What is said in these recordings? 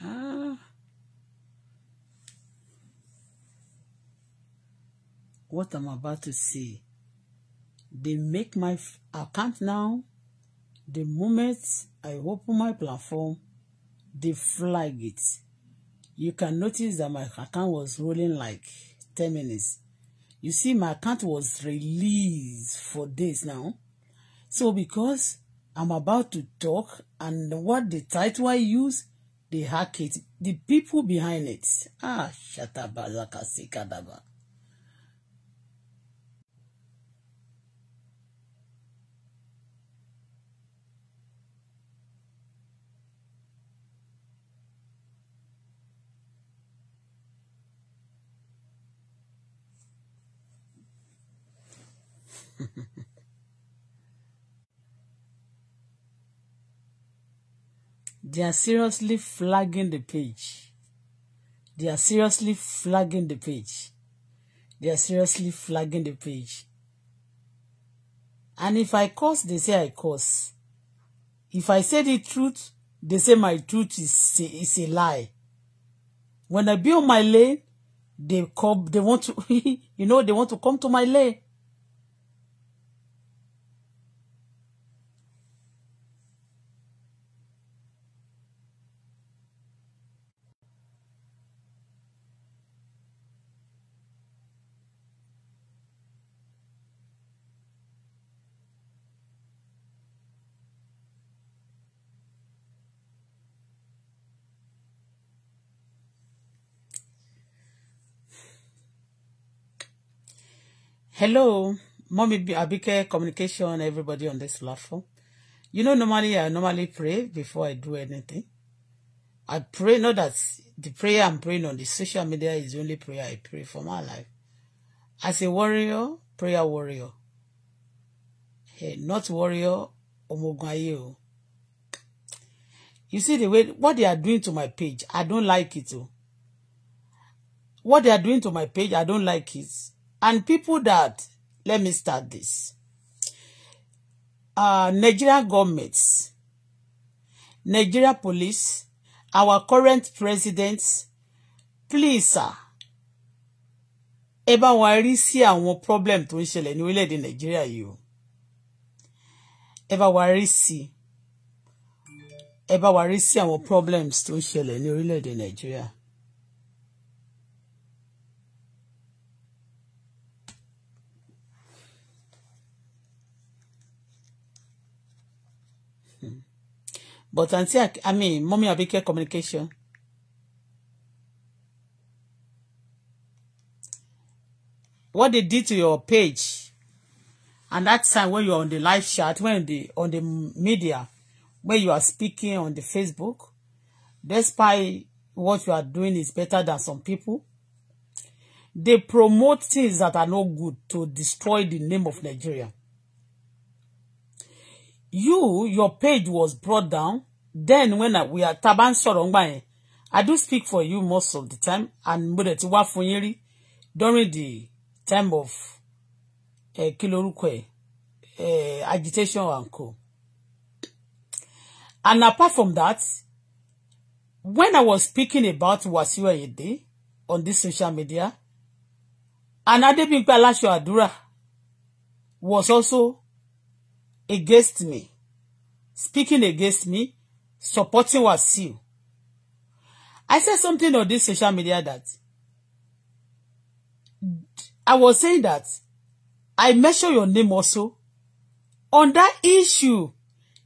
ah. What I'm about to say. They make my account now. The moment I open my platform, they flag it. You can notice that my account was rolling like 10 minutes. You see, my account was released for days now. So because I'm about to talk and what the title I use, they hack it. The people behind it. Ah, shatabalakasikadaba. Mm-hmm. They are seriously flagging the page. They are seriously flagging the page. They are seriously flagging the page. And if I curse, they say I curse. If I say the truth, they say my truth is a, is a lie. When I be on my lane, they come. They want to, you know, they want to come to my lane. Hello, Mommy Abike Communication, everybody on this platform. You know, normally I normally pray before I do anything. I pray, not that the prayer I'm praying on the social media is the only prayer I pray for my life. As a warrior, prayer warrior. Hey, not warrior, omogayo. You see the way, what they are doing to my page, I don't like it. Too. What they are doing to my page, I don't like it and people that let me start this uh, Nigerian governments Nigeria police our current president please sir ẹ bá wa rí sí àwọn problem tó ń ṣẹlẹ̀ ní orílẹ̀-èdè Nàìjíríà yìí o ẹ bá wa rí sí ẹ bá wa rí sí àwọn problems tó ń ṣẹlẹ̀ ní orílẹ̀-èdè Nàìjíríà but aunty i mean mummy Abike communication. what they did to your page and that time when you're on the live chat when the on the media when you are speaking on the Facebook despite what you are doing is better than some people they promote things that are no good to destroy the name of Nigeria you your page was brought down then when I, we are taba ń sọ̀rọ̀ I do speak for you most of the time and mo dẹ̀ ti during the time of eh, kí eh, agitation and co and apart from that when I was speaking about Wasiu Ayinde on this social media and Adebimpe Alasho Adura was also against me, speaking against me, supporting Wasiu. I said something on this social media that I was saying that I measure your name also on that issue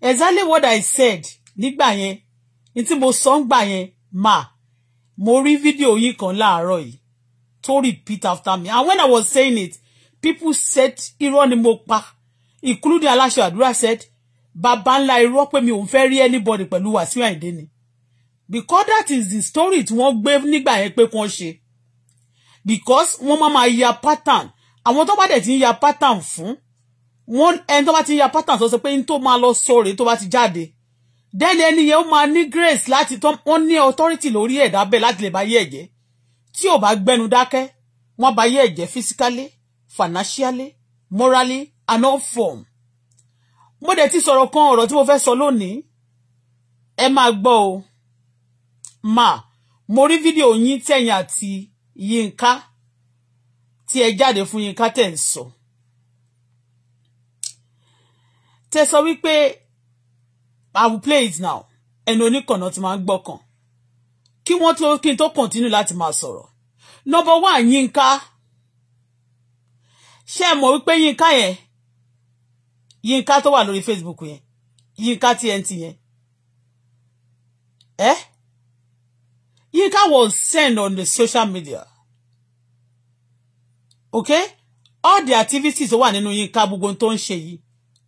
exactly what I said nígbà yẹn ní tí mo sọ ń gbà yẹn mà mo rí fídíò yìí kan láàárọ̀ yìí tó repeat after me and when I was saying it people said irọ́ ni mo pa including aláṣọ àdúrà said bàbá ńlá irọ́ pé mi ò fẹ́ rí anybody pẹ̀lú Wàsíù Àyìndé ni because that is the story tí wọ́n gbé nígbà yẹn pé kí wọ́n ṣe because wọ́n máa ma ya pattern àwọn tó bá dẹ̀ ti ń ya pattern fún wọ́n ẹni tó bá ti ń ya pattern sọ pé n tó máa lọ sóòrè tó bá ti jáde then ẹni yẹn ó máa ní grace láti tán wọ́n ní authority lórí ẹ̀dá bẹ́ẹ̀ láti lè bá yé ẹ̀jẹ̀ tí ò bá gbẹnu dákẹ́ wọ́n bá yé ẹ̀jẹ̀ physically financially morally are not formed mo de ti sọ̀rọ̀ kan ọ̀rọ̀ tí mo fẹ́ sọ lónìí ẹ máa gbọ́ o ma mo rí fídíò yín tẹ̀yìn àti Yínká tí ẹ jáde fún Yínká tẹ̀ ń sọ tẹ sọ wípé I will play it now ẹnu oníkànnà ti máa ń gbọ́kàn kí wọ́n to kí n continue lati máa sọ̀rọ̀ number one yinka ṣé ẹ mọ̀ wípé Yínká yẹn yínká tó wà lórí facebook yẹn yínká tnt yẹn ẹ eh? yínká was sent on the social media okay all the activities tó wà nínú yínká gbogbo tó ń ṣe yìí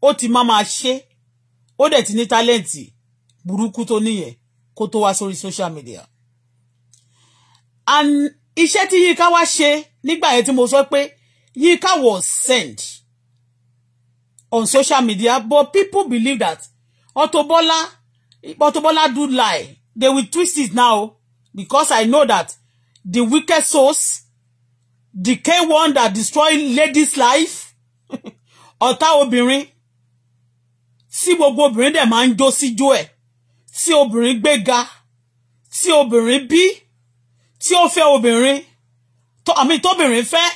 ó ti má máa ṣe ó dẹ̀ ti ní tálẹ́ǹtì burúkú tó níyẹn kó tó wá sórí social media and iṣẹ́ tí yínká wá ṣe nígbà yẹn tí mo sọ pé yínká was sent on social media, but people believe that Otobola, Bola, Auto do lie. They will twist it now because I know that the wicked source, the K1 that destroy ladies' life, ọ̀tá obìnrin, tí gbogbo obìnrin dẹ̀ máa ń jó síjó ẹ̀, tí obìnrin gbéga, tí obìnrin bí, tí ó fẹ́ obìnrin, tó àmì tóbìnrin fẹ́,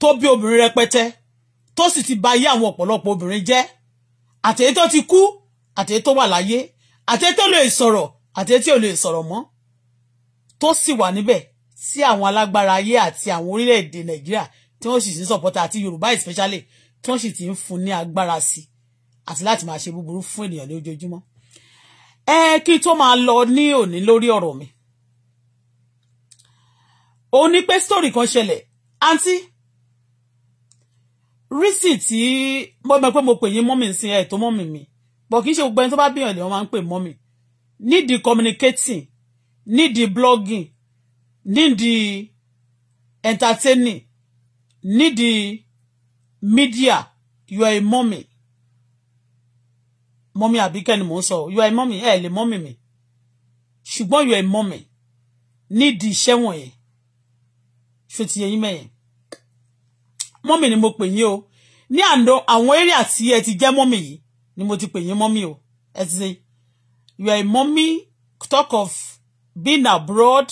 tó bí obìnrin rẹpẹtẹ tó sì ti ba ayé àwọn ọ̀pọ̀lọpọ̀ obìnrin jẹ́ àtẹ̀yẹ tó ti kú àtẹ̀yẹ tó wà láyé àtẹ̀yẹ tó lè sọ̀rọ̀ àtẹ̀yẹ tí ò lè sọ̀rọ̀ mọ́ tó sì wà níbẹ̀ sí àwọn alágbára ayé àti àwọn orílẹ̀-èdè nàìjíríà tí wọ́n sì ti ń sọ̀pọ̀tà àti yorùbá especially tí wọ́n sì ti ń fún ní agbára sí àti láti máa ṣe búburú fún ènìyàn ní ojoojúmọ́ ẹ kí tó máa lọ ní òní lórí ọ̀rọ̀ mi òun pé story kan ṣẹlẹ̀ àǹtí rísì tí mo mọ̀ pé mo pè yín mọ́mì sí ẹ̀ tó mọ́mì mi bọ̀ kì í ṣe gbogbo ẹni tó bá bíyàn lè máa ń pè mọ́mì need the communicating need the blogging need the entertaining need the media you are a mọ́mì mọ́mì àbíkẹ́ ni mò ń sọ you are a mọ́mì ẹ̀ lè mọ́mì mi ṣùgbọ́n you are a mọ́mì need the iṣẹ́ wọ̀nyẹn ṣó ti yẹ yín mọ́mì ni mo pè yín o ní àndó àwọn area tí ẹ ti jẹ́ mọ́mì yìí ni mo ti pè yín mọ́mì o ẹ ti ṣe you are a mommy talk of being abroad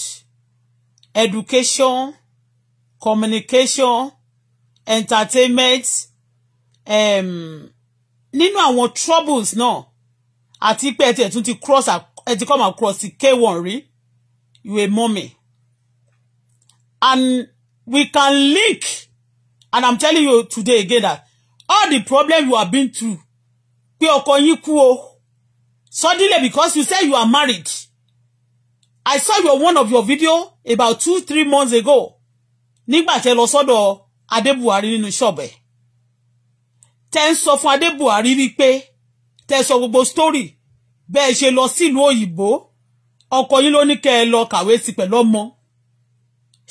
education communication entertainment um, nínú àwọn troubles náà àti pé ẹ ti tún ti cross ẹ ti come across ti k1 rí you a mommy and we can link and i'm telling you today again that all the problem you have been through pé ọkọ yín kú o suddenly because you say you are married i saw your one of your video about two three months ago nígbà tẹ́ lọ sọ́dọ̀ adébuhari nínú ṣọọbẹ tẹ́ ń sọ fún adébuhari wípé tẹ́ sọ gbogbo story bẹ́ẹ̀ ṣe lọ sílùú òyìnbó ọkọ yín ló ní kawe ẹ lọ kàwé sí pẹ̀lú ọmọ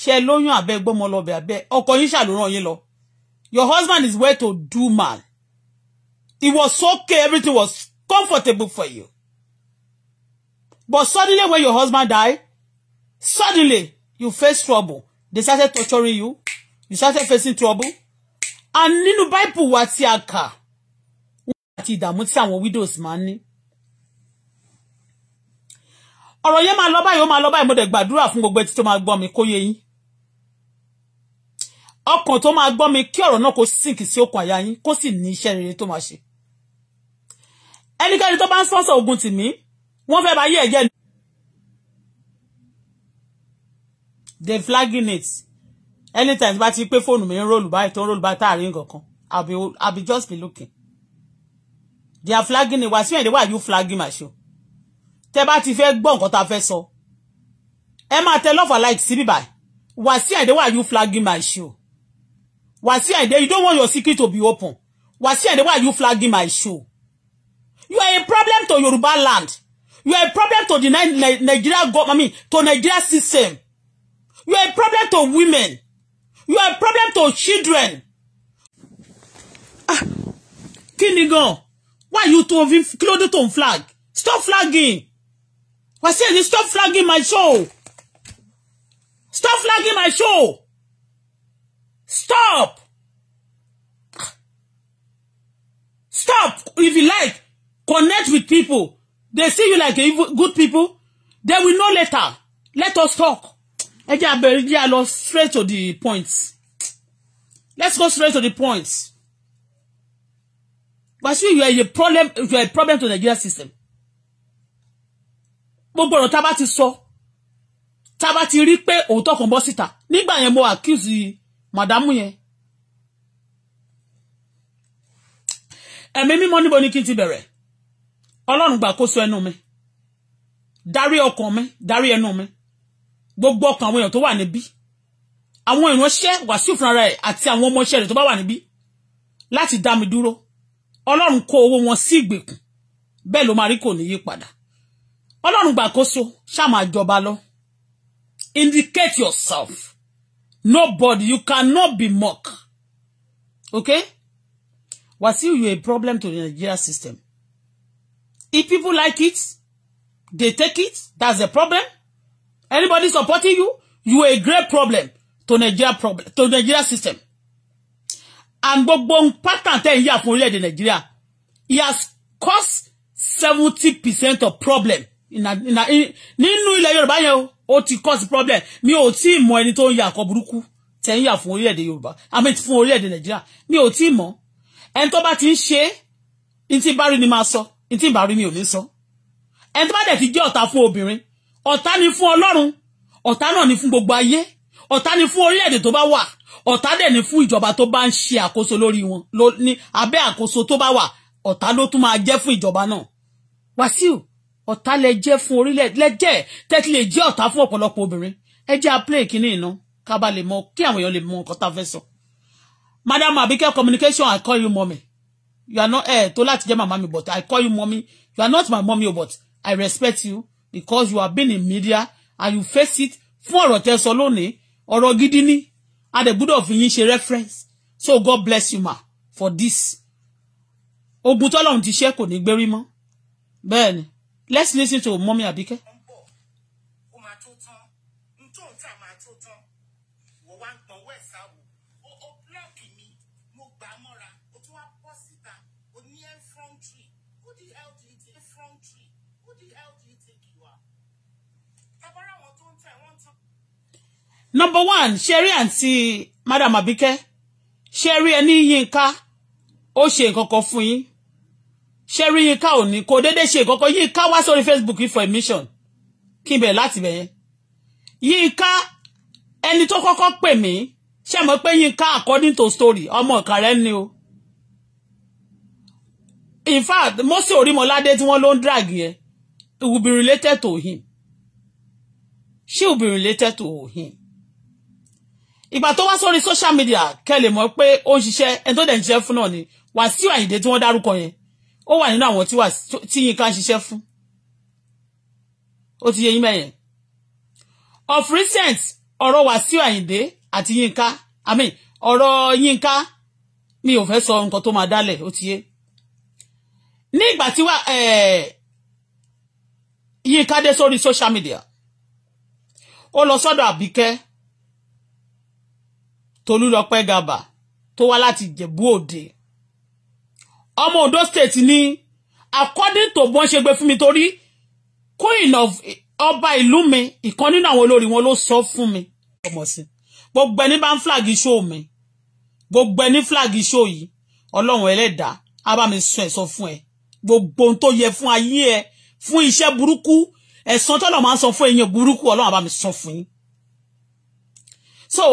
ṣe lóyún àbẹ gbọ́mọ lọbẹ àbẹ ọkọ yín ṣàlùràn yín lọ. Your husband is where to do man. It was okay, everything was comfortable for you. But suddenly when your husband died, suddenly you face trouble. They started torturing you. You started facing trouble. And nínú Bible wa tí a kà, wọ́n àti ìdààmú widows máa ń ní. Ọ̀rọ̀ yẹn máa lọ báyìí, ó máa mo dẹ̀ gbàdúrà fún gbogbo ẹtí tó máa gbọ́ mi kó yé ọkàn tó máa gbọ́ mi kí ọ̀rọ̀ náà kó sink sí okùn àyà yín kó sì ní iṣẹ́ rere tó máa ṣe ẹnikẹ́ni tó bá ń sponsor ogun tì wọ́n fẹ́ bá yí ẹ̀jẹ̀ ni. they flagging it anytime bá ti pé fóònù mi ń rólù báyìí tó ń rólù báyìí táàrí nǹkan i be i be just be looking they are flagging it wàásù ẹ̀dẹ̀ wà yóò flagging my show tẹ bá ti fẹ́ gbọ́ nǹkan tá a fẹ́ sọ ẹ máa tẹ lọ́fà like síbí báyìí wàásù ẹ̀dẹ̀ wà yóò flagging my show. Wasiu Ayinde, you don't want your secret to be open. Wasiu Ayinde, why are you flagging my show? You are a problem to Yoruba land. You are a problem to the Nigeria government, I mean, to Nigeria system. You are a problem to women. You are a problem to children. Ah, kí ni gan? Why you to kí ló flag? Stop flagging. Wasiu Ayinde, stop flagging my show. Stop flagging my show. Stop! Stop! If you like, connect with people. They see you like evil, good people. They will know later. Let us talk. Ẹ jẹ́ abẹ́rẹ́ jẹ́ lọ straight to the points. Let's go straight to the points. Wasiu, you are a problem, you are a problem to the Nigeria system. Gbogbo ọ̀rọ̀ tá a bá ti Talk tá a bá ti rí pé òótọ́ kan bọ́ màdámù yẹn ẹ̀mí mímọ́ níbo ni kí n ti bẹ̀rẹ̀ ọlọ́run gbàkóso ẹnu mi darí ọkàn mi darí ẹnu mi gbogbo ọkàn àwọn èèyàn tó wà níbí àwọn ìránṣẹ́ wàsíù fúnra ẹ̀ àti àwọn ọmọọṣẹ́ rẹ̀ tó bá wà níbí láti dá mi dúró ọlọ́run kó owó wọn sí ìgbèkùn bẹ́ẹ̀ ló máa rí kò ní yí padà ọlọ́run gbàkóso ṣáà máa jọba lọ indicate yourself Nobody, you cannot be mock. Okay? Wasiu, you a problem to the Nigeria system. If people like it, they take it, that's the problem. Anybody supporting you, you a great problem to Nigeria problem to Nigeria system. And gbogbo pattern ten yà for orílẹ̀-èdè Nigeria, he has caused seventy percent of problem nínú ilẹ̀ yorùbá yẹn o ti cause problem mi ò tí ì mọ ẹni tó ń ya àkọ burúkú tẹ̀ ń yà fún orílẹ̀-èdè yorùbá àmì fún orílẹ̀-èdè nàìjíríà mi ò tí ì mọ ẹni tó bá ti ń ṣe é ní tí bá rí ni máa sọ ní tí bá rí ni ò ní sọ ẹni tó bá dẹ̀ ti jẹ́ ọ̀tá fún obìnrin ọ̀tá ni fún ọlọ́run ọ̀tá náà ni fún gbogbo ayé ọ̀tá ni fún orílẹ̀-èdè tó bá wà ọ̀tá dẹ̀ ni fún ìjọba tó bá ń ṣe àkóso lórí wọn ní abẹ́ àkóso tó bá wà ọ̀tá ló tún máa jẹ́ fún ìjọba náà Wàsíù ọ̀tá lẹ jẹ́ fún orílẹ̀ lẹ tẹ́tí lè jẹ́ ọ̀tá fún ọ̀pọ̀lọpọ̀ obìnrin ẹ jẹ́ àplẹ̀ kínní iná ká bá lè mọ kí àwọn èèyàn lè mọ nǹkan tá a fẹ́ sọ. madam Abike communication I call you mommy you are not ẹ tó láti jẹ́ màmá mi but I call you mommy you are not my mommy oh, but I respect you because you have been in media and you face it fún ọ̀rọ̀ tẹ́ sọ lónìí ọ̀rọ̀ gidi ni a fi yín ṣe reference so God bless you ma for this ogun tọ́lọ́run ti ṣe kò ní gbérí mọ́ bẹ́ẹ̀ ni let's listen to mommy Abike. number one ṣeré àǹtí madam Abike, Sherry ẹni yínká ó ṣe nǹkan kan fún yín ṣé rí yín ká ò ní kò déédéé ṣe kọ́kọ́ yín ká wá sórí Facebook for admission kí n bẹ̀rẹ̀ láti bẹ̀ yẹn yín ká ẹni tó kọ́kọ́ pè mí ṣé mọ̀ pé yín ká according to story ọmọ ọ̀kan rẹ̀ ni o in fact Mósè Orímọládé tí wọ́n ló ń drag yẹn it will be related to him she will be related to him ìgbà tó wá sórí social media kẹ́ lè mọ̀ pé ó ń ṣiṣẹ́ ẹni tó dẹ̀ ń ṣiṣẹ́ fún náà ni Wàsíù Àyìndé tí wọ́n dárúkọ yẹn ó wà nínú àwọn tí Yínká ń ṣiṣẹ́ fún ó ti yẹ yín mẹ́yẹn of recent ọ̀rọ̀ Wàsíù Àyìndé àti Yínká i mean ọ̀rọ̀ Yínká mi ò fẹ́ sọ nǹkan tó máa dálẹ̀ ó ti yé ní ìgbà tí wà eh, Yínká dé sórí social media ó lọ sọ́dọ̀ Àbíkẹ́ Tolúlọpẹ́ Gàbà tó wá láti Jẹ̀bú Òde ọmọ Ondo state ni according to bọ́n ṣe gbé fún mi torí queen of ọba ìlú mi ìkan nínú àwọn olórí wọn ló sọ fún mi ọmọ sí gbogbo ẹni bá ń flag show mi gbogbo ẹni flag show yìí ọlọ́run ẹlẹ́dàá á bá mi sọ ẹ̀sọ́ fún ẹ gbogbo ohun tó yẹ fún ayé ẹ fún iṣẹ́ burúkú ẹ̀san tọ́lọ̀ máa ń sọ fún èèyàn burúkú ọlọ́run á bá mi sọ fún yín. so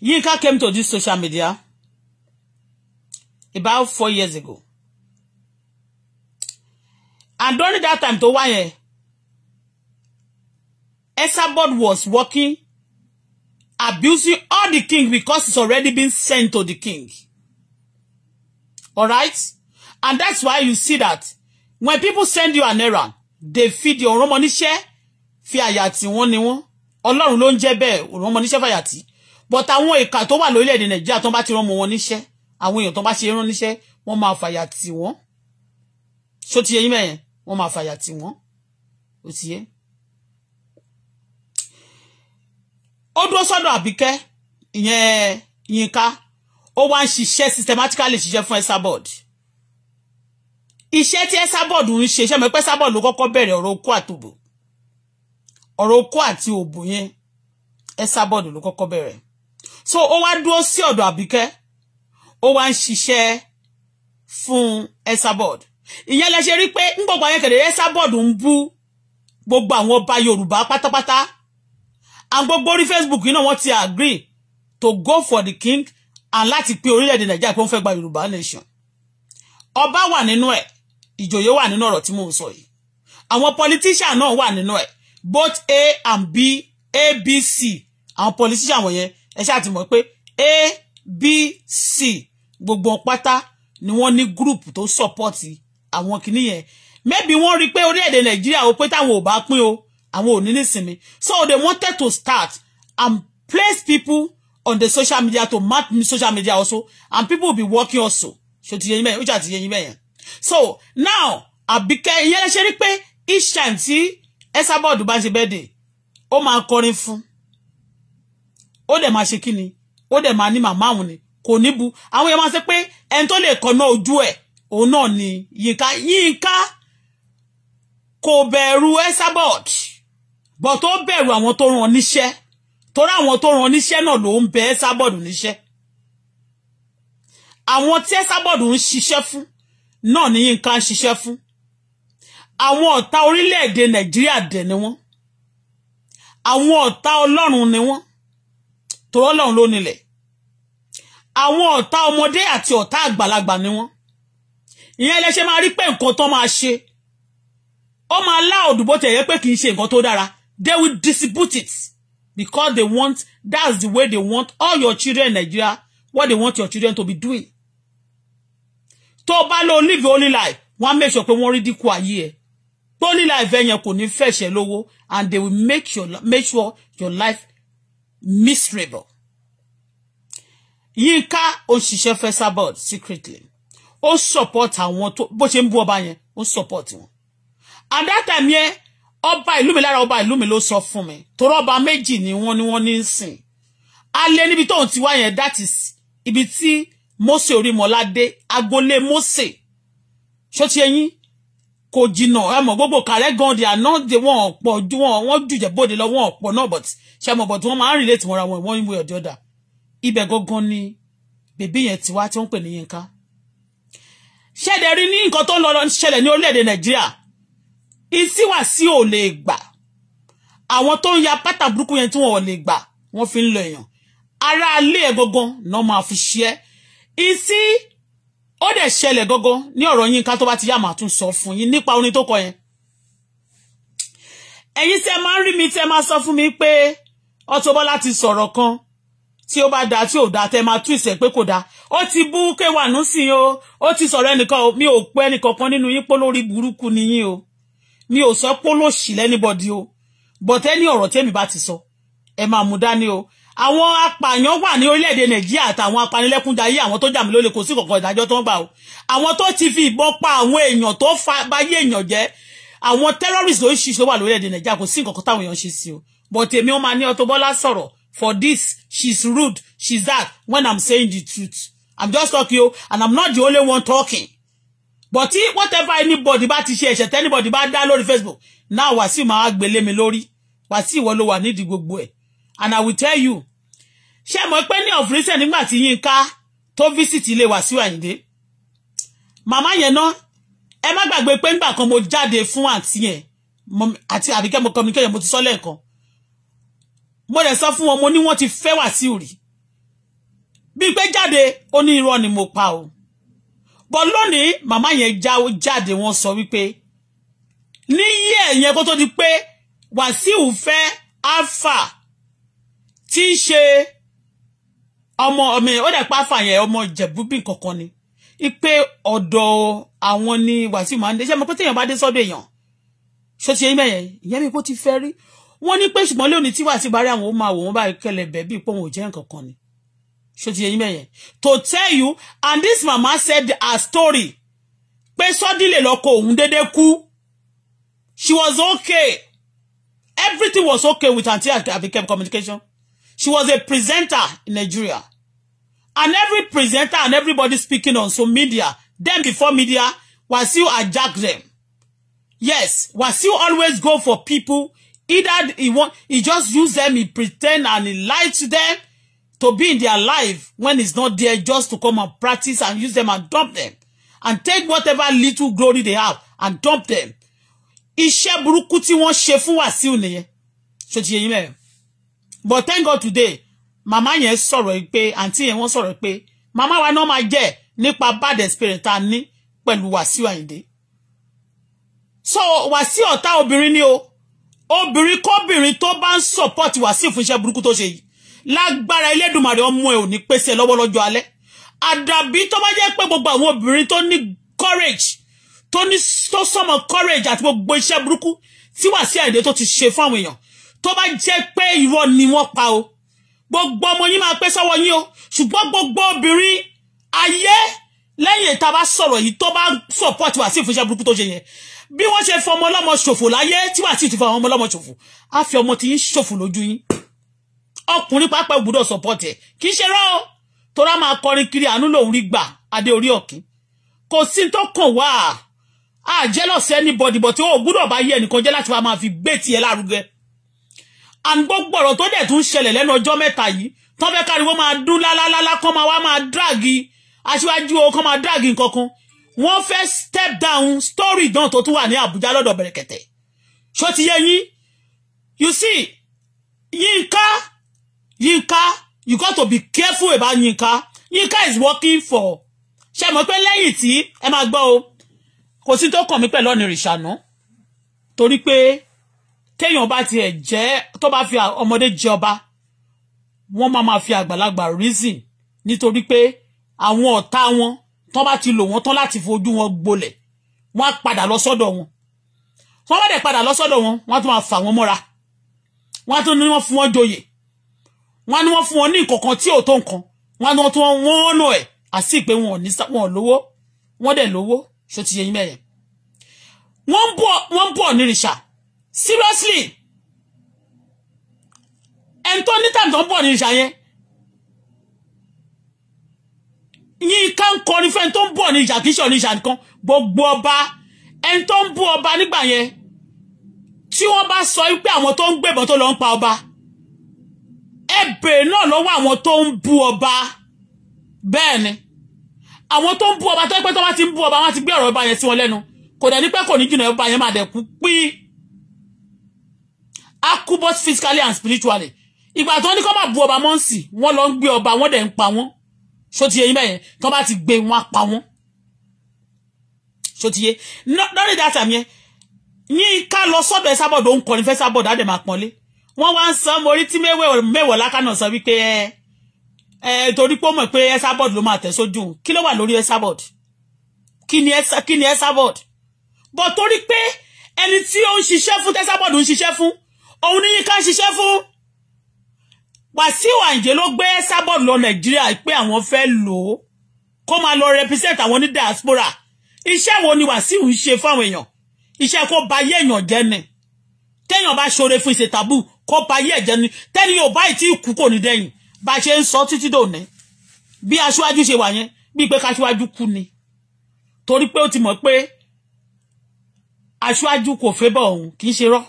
Yinka came to this social media about four years ago and during that time tó why Esabod was working abusing all the king because he's already been sent to the king all right and that's why you see that when people send you an errand they feed your ọ̀rọ̀ mọ́níṣẹ́ fi àyà tí wọ́n ni wọ́n ọlọ́run ló ń jẹ́ bẹ́ẹ̀ ọ̀rọ̀ mọ́níṣẹ́ fàyà tí but àwọn ìka tó wà lórílẹ̀‐èdè nàìjíríà tó bá ti rán ọmọ wọn níṣẹ́ àwọn èèyàn tó bá ṣe rán níṣẹ́ wọ́n máa fàyà tì wọ́n ṣó ti eyín mẹ́yẹn wọ́n máa fàyà tì wọ́n ó ti yé. ó dúró sọ́dọ̀ àbíkẹ́ ìyẹn yínká ó wá ń ṣiṣẹ́ systematically ṣiṣẹ́ fún Esabod iṣẹ́ tí Esabod ń ṣe iṣẹ́ mẹ́pẹ́ Esabod ló kọ́kọ́ bẹ̀rẹ̀ ọ̀rọ̀ okó àtòbò ọ̀rọ̀ okó àti òbò yẹn Esabod ló kọ́kọ́ bẹ̀rẹ̀ so ó wá dúró sí ọ̀dọ̀ àbíkẹ́ ó wá ń ṣiṣẹ́ fún Esabod ìyẹn lẹ ṣe rí pé ń gbogbo àwọn kẹ̀lẹ́ Esabod ń bú gbogbo àwọn ọba Yorùbá pátápátá àwọn gbogbo orí Facebook yìí náà wọ́n ti agree to go for the king and láti pé orílẹ̀-èdè Nàìjíríà pé wọ́n fẹ́ gba Yorùbá nation ọba wà nínú ẹ̀ ìjòyè wà nínú ọ̀rọ̀ tí mò ń sọ yìí àwọn politician náà wà nínú ẹ̀ both A and B ABC àwọn politician wọ̀nyẹn ẹ ṣáà ti mọ̀ pé A bc gbogbo pátá ni wọ́n ní group tó support àwọn kìíní yẹn maybe wọ́n rí i pé orílẹ̀-èdè nàìjíríà ó pé táwọn ò bá pín o àwọn ò ní nísinmi so they wanted to start and place people on the social media to mark social media also and people will be working also ṣe ti yẹn mẹ́yẹn ó ṣe àti yẹn mẹ́yẹn so now àbíkẹ́ ìyẹn ṣe rí pé each time tí ẹsàbọ̀dù bá ń ṣe bẹ́ẹ̀ dè ó máa kọrin fún ó dẹ̀ máa ṣe kí ni ó dẹ̀ máa ní màmá òun ni kò ní bu àwọn èèyàn máa ṣe pé ẹni tó lè kọ́nà ojú ẹ̀ òun náà ni Yínká Yínká kò bẹ̀rù Esabod bọ̀ tó bẹ̀rù àwọn tó ràn níṣẹ́ torí àwọn tó ràn níṣẹ́ náà ló ń bẹ Esabod níṣẹ́ àwọn tí Esabod ń ṣiṣẹ́ fún náà ni yinka ń ṣiṣẹ́ fún àwọn ọ̀tá orílẹ̀-èdè Nàìjíríà dẹ̀ ni wọ́n àwọn ọ̀tá Ọlọ́run ni wọ́n tòrọ́ lọ́run ló nílẹ̀ àwọn ọ̀tá ọmọdé àti ọ̀tá àgbàlagbà ni wọ́n ìyẹn lẹ ṣe máa rí pé nǹkan tó máa ṣe ó máa láòdù bó tẹ̀yẹ pé kì í ṣe nǹkan tó dára they will distribute it because they want that's the way they want all your children in Nigeria what they want your children to be doing tó bá lọ live only life wọ́n á make sure pé wọ́n rí dínkù ayé ẹ̀ tó ní life ẹ̀ yẹn kò ní fẹ̀ṣẹ̀ lówó and they will make, your, make sure your life miserable Yinka, Yínká òṣìṣẹ́ fẹsà board secretly ó support àwọn tó bó ṣe ń bú ọba yẹn ó support wọn and that time yẹn ọba ìlú mi lára ọba ìlú mi ló sọ fún mi torí ọba méjì ni wọ́n ni wọ́n ní í sìn alẹ́ níbi tóun ti wá yẹn that is ibi tí Mósè Orímọládé agboolé Mósè ṣó ti yẹ kò jìnnà àmọ́ gbogbo kàrẹ́ gan they are not the one ọ̀pọ̀ ju wọn wọ́n jùjẹ́ bóde lọ wọn ọ̀pọ̀ náà but ṣe mọ̀ but wọ́n máa ń relate mọ́ra wọn one way or the other ibẹ̀ gangan ni bèbí yẹn ti wá tí wọ́n pè ní Yínká ṣẹ̀dẹ̀ rí ní nǹkan tó ń lọ ṣẹlẹ̀ ní orílẹ̀-èdè Nàìjíríà ìsíwà sí ò lè gbà àwọn tó ń ya pátá burúkú yẹn tí wọn ò lè gbà wọ́n fi ń lọ èèyàn aráalé ẹ̀ gangan náà máa fi ṣe é ó dẹ̀ ṣẹlẹ̀ gógó ní ọ̀rọ̀ yín ká tó bá ti yá màá tún sọ fún yín nípa orin tó kọ yẹn ẹ̀yin tí ẹ máa ń rí mi tí máa sọ fún mi pé Auto Bola ti sọ̀rọ̀ kan tí ó bá da tí ò da tẹ máa tú ìṣẹ́ pé kò da ó ti bú kéwàánú sí o ó ti sọ̀rọ̀ ẹnìkan mi ò pẹ́ ẹnìkankan nínú yín pólórí burúkú nìyí o mi ò sọ pólóṣì lẹ́nìbọ̀dì o bọ̀tẹ́ ní ọ̀rọ̀ tẹ́mi bá ti sọ ẹ máa mú dání o àwọn apààyàn wà ní orílẹ̀-èdè nàìjíríà àtàwọn apanilẹ́kúnjayé àwọn tó jàmí lólè kò sí kọ̀ọ̀kan ìdájọ́ tó ń gbà o àwọn tó ti fi ìbọn pa àwọn èèyàn tó fa báyé èèyàn jẹ́ àwọn terrorist ló ń ṣiṣẹ́ wà lórílẹ̀-èdè nàìjíríà kò sí nǹkan táwọn èèyàn ṣe sí o but èmi ó máa ní Auto Bola sọ̀rọ̀ for this she's rude she's that when i'm saying the truth i'm just talking o and i'm not the only one talking but if whatever anybody bá ti ṣe ẹ̀ṣẹ̀ tẹ́nibọ̀dì bá dá lórí Facebook náà wàásù máa gbélé mi lórí wàásù ìwọ ló wà nídìí gbogbo ẹ̀ and i will tell you ṣé mọ̀ pé ní of recent nígbà tí Yínká tó visit ilé Wàsíù Àyìndé màmá yẹn náà ẹ má gbàgbé pé nígbà kan mo jáde fún àǹtí yẹn àti àbíkẹ́ mo communicate yẹn mo ti sọ lẹ́ẹ̀kan mo dẹ̀ sọ fún wọn mo ní wọ́n ti fẹ́ Wàsíù rí bíi pé jáde ó ní irọ́ ni mo pa o bọ́ lónìí màmá yẹn jáde wọ́n sọ wípé ní yíyẹ yẹn kó tó di pé Wàsíù fẹ́ alpha tí ń ṣe ọmọ mi ó dẹ̀ pa fàyẹn ọmọ jẹ̀búbì kankan ni ipe ọ̀dọ̀ àwọn ni Wàsíù máa ń dé ṣé mo pé téèyàn bá dé sọ́dọ̀ èèyàn ṣó ti yẹn mẹ́yẹn ìyẹn mi kó ti fẹ́ rí wọ́n ní pé ṣùgbọ́n lónìí tí Wàsíù bá rí àwọn ó máa wò wọ́n báyìí kẹlẹ̀ bẹ́ẹ̀ bíi ò jẹ́ nǹkan ni ṣó ti yẹn mẹ́yẹn to tell you and this mama said her story pé sọ́dílé lọ́kọ òun déédéé kú she was okay everything was okay with I became communication She was a presenter in Nigeria. And every presenter and everybody speaking on some media, them before media, was you hijack them. Yes, was you always go for people. Either he want, he just use them, he pretend and he lie to them to be in their life when it's not there just to come and practice and use them and dump them. And take whatever little glory they have and dump them. Iṣẹ́ burúkú tí wọ́n ṣe fún Wasiu nìyẹn. Ṣé but thank God today Mama yẹn sọ̀rọ̀ pé àǹtí yẹn wọ́n sọ̀rọ̀ pé Mama wa náà máa jẹ́ nípa bad experience ta ní pẹ̀lú Wàsíù Àyìndé so Wàsíù ọ̀tá obìnrin ni o obìnrin kóbìnrin tó bá ń support Wàsíù fún iṣẹ́ burúkú tó ṣe yìí lágbára Elédùmarè ọmọ ẹ̀ ò ní pèsè lọ́wọ́ lọ́jọ́ alẹ́ àdàbí tó bá jẹ́ pé gbogbo àwọn obìnrin tó ní courage tó ní tó sọmọ courage àti gbogbo iṣẹ́ burúkú tí Wàsíù Àyìndé tó ti ṣe fún àwọn èèyàn tó bá jẹ́ pé irọ́ ni wọ́n pa o gbogbo ọmọ yín máa pẹ́ sọ́wọ́ yín o ṣùgbọ́n gbogbo obìnrin ayé lẹ́yìn tá a bá sọ̀rọ̀ yìí tó bá support wá sí ìfúnṣẹ́ burúkú tó ṣe yẹn bí wọ́n ṣe fọmọ ọlọ́mọ ṣòfò láyé tí wàá sì ti fọ ọlọ́mọ ṣòfò á fi ọmọ tí yín ṣòfò lójú yín ọkùnrin pápá ògbúdọ̀ support ẹ̀ kì í ṣe rọ́ torá máa kọrin kiri àánú lòun rí gbà adé orí ọ̀kín kò sí tó kàn wá à jealous anybody but ó gbúdọ̀ bá yé ẹnìkan jẹ́ láti wá máa fi gbé tiẹ̀ lárugẹ and gbogbo ọ̀rọ̀ tó dẹ̀ tún ṣẹlẹ̀ lẹ́nu ọjọ́ mẹ́ta yìí tán fẹ́ káriwo máa dún lálálálá kán máa wá máa dráàgì aṣíwájú o kán máa dráàgì nǹkan kan wọ́n fẹ́ step down story náà tó tún wà ní Àbújá lọ́dọ̀ bẹ̀rẹ̀kẹ̀tẹ̀ ṣó ti yé yín you see Yinka Yinka you got to be careful about Yinka Yinka is working for ṣe mọ̀ pé lẹ́yìn tí ẹ máa gbọ́ o kò sí tó kàn mí pẹ̀lú ọ̀nìrìṣànú torí pé téèyàn bá tiẹ̀ jẹ́ tó bá fi ọmọdé jẹ ọba wọ́n máa máa fi àgbàlagbà reason nítorí pé àwọn ọ̀tá wọn tán bá ti lò wọ́n tán láti fojú wọn gbolẹ̀ wọ́n á padà lọ sọ́dọ̀ wọn wọ́n bá dẹ̀ padà lọ sọ́dọ̀ wọn wọ́n á tún máa fà wọ́n mọ́ra wọ́n á tún ní wọ́n fún wọn joyè wọ́n á ní wọ́n fún wọn ní nǹkankan tí ò tó nǹkan wọ́n á ní wọ́n tún wọ́n nù ẹ̀ àti ìpè wọn ò ní wọn ò lówó wọ́n dẹ̀ lówó ṣó ti yẹ yín mẹ́yẹn wọ́n ń bọ̀ nírìṣà seriously ẹni tó ní tàbí tó ń bọ̀ ní ìṣà yẹn yínká ń kọrin fẹ́ni tó ń bọ̀ ní ìṣà kìí ṣe oníṣà nìkan gbogbo ọba ẹni tó ń bú ọba nígbà yẹn tí wọ́n bá sọ wípé àwọn tó ń gbébọn tó lọ ń pa ọba ẹbẹ̀ náà lọ́wọ́ àwọn tó ń bú ọba bẹ́ẹ̀ ni àwọn tó ń bú ọba tó ń pẹ́ tó bá ti ń bú ọba wọ́n ti gbé ọ̀rọ̀ ọba yẹn sí wọn lẹ́nu kò dẹ̀ ní pẹ́ kò ní jìnnà ọba yẹn máa dẹ̀ kú pín akú both physically and spiritually ìgbà tó ní kó má bu ọba mọ́ sí wọ́n lọ ń gbé ọba wọ́n dẹ̀ ń pa wọ́n ṣótiyé yín bẹ́yẹn tó bá ti gbé wọn á pa wọ́n ṣótiyé lórí dátà yẹn Yínká lọ sọ́dọ̀ ẹ̀ sábọ̀dọ̀ òun kọrin fẹ́ sábọ̀dọ̀ á dẹ̀ máa pọ́nlé wọ́n wá ń san mo rí tí mẹ́wọ̀ lákànnà sọ wípé ẹ ẹ torí pé ó mọ̀ pé Esabod ló máa tẹ̀ sójú kí ló wà lórí Esabod kí ni Esabod bọ̀ torí pé ẹni tí ó ń ṣiṣẹ́ fún tẹ́sábọ̀dù ń ṣiṣẹ́ fún òun ní ká ṣiṣẹ́ fún Wàsíù Àyìndé ló gbé Sábọ̀n lọ Nàìjíríà pé àwọn fẹ́ lò ó kó máa lọ represent àwọn ní diaspora iṣẹ́ wo ni Wàsíù ń ṣe fáwọn èèyàn iṣẹ́ kó ba ayé èèyàn jẹ́ ni téèyàn bá ṣoore fún ìṣe tàbú kó ba ayé ẹ̀jẹ̀ ni tẹ́ni yóò bá ìtí ìkú kò ní dẹ́yìn bá a ṣe ń sọ títí dòní bí aṣíwájú ṣe wà yẹn bíi pé káṣíwájú kú ni torí pé ó ti mọ̀ pé aṣíwájú kò fẹ́ bọ̀ òun kì í ṣe rọ́ọ̀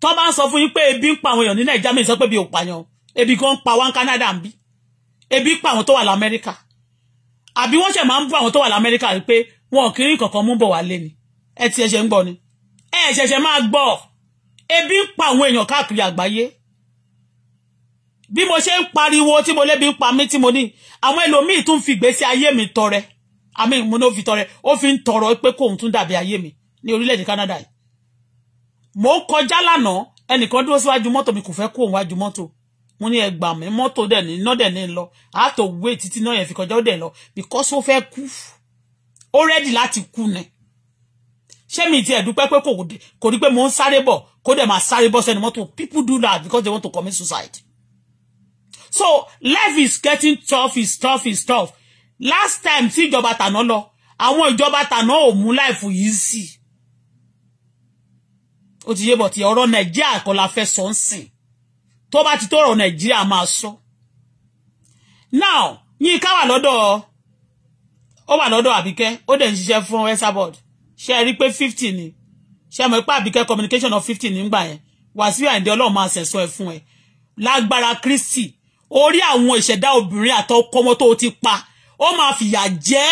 tó bá ń sọ fún yín pé ebi ń pa àwọn èèyàn ní nàìjíríà mi sọ pé ebi ò pààyàn ebi kan ń pa wá ní Canada ń bí ebi pa àwọn tó wà lamẹ́ríkà àbí wọ́n ṣẹ̀ máa ń bú àwọn tó wà lamẹ́ríkà rí pé wọn kì í kankan mú bọ̀ wá lé ni ẹ ti ṣẹ̀ṣẹ̀ ń gbọ́ ni ẹ ṣẹ̀ṣẹ̀ máa gbọ́ ebi ń pa àwọn èèyàn káàkiri àgbáyé bí mo ṣe ń pariwo tí mo lébi ń pa mí tí mo ní àwọn ẹlòmíì tún fi ìgbésí ayé mi tọrẹ àmì ìmúná fi tọrẹ ó fi ń tọrọ pé kóun tún dàbí ayé mi ní orílẹ̀-èdè Canada yìí mo kọjá lánàá ẹnìkan dúró síwájú mọ́tò mi kò fẹ́ kó òun wájú mọ́tò mo ní ẹgbà mi mọ́tò dẹ̀ ní iná dẹ̀ ní lọ a tó wé títí náà yẹn fi kọjá ó dẹ̀ lọ because ó fẹ́ kú ó rẹ́dì láti kú ni ṣé mi ti ẹ̀dúpẹ́ pé kò kò rí pé mo ń sáré bọ̀ kó dẹ̀ máa sáré bọ́ sẹ́ni mọ́tò people do that because they want to commit suicide so life is getting tough is tough is tough last time tí ìjọba tàná lọ àwọn ìjọba tàná ò mú life yìí sí ó ti yé bọ̀ ti ọ̀rọ̀ nàìjíríà kan la fẹ́ sọ ń sìn tó bá ti tọ̀rọ̀ nàìjíríà máa sọ now Yínká wà lọ́dọ̀ ó wà lọ́dọ̀ Àbíkẹ́ ó dẹ̀ ń ṣiṣẹ́ fún Esabod ṣe rí pé fifty ni ṣe mọ̀ pé Àbíkẹ́ communication of fifty nígbà yẹn Wàsíù Àyìndé Ọlọ́run máa ṣẹ̀sọ́ ẹ fún ẹ lágbára Kristi orí àwọn ìṣẹ̀dá obìnrin àtọkọmọ tó ti pa ó máa fìyà jẹ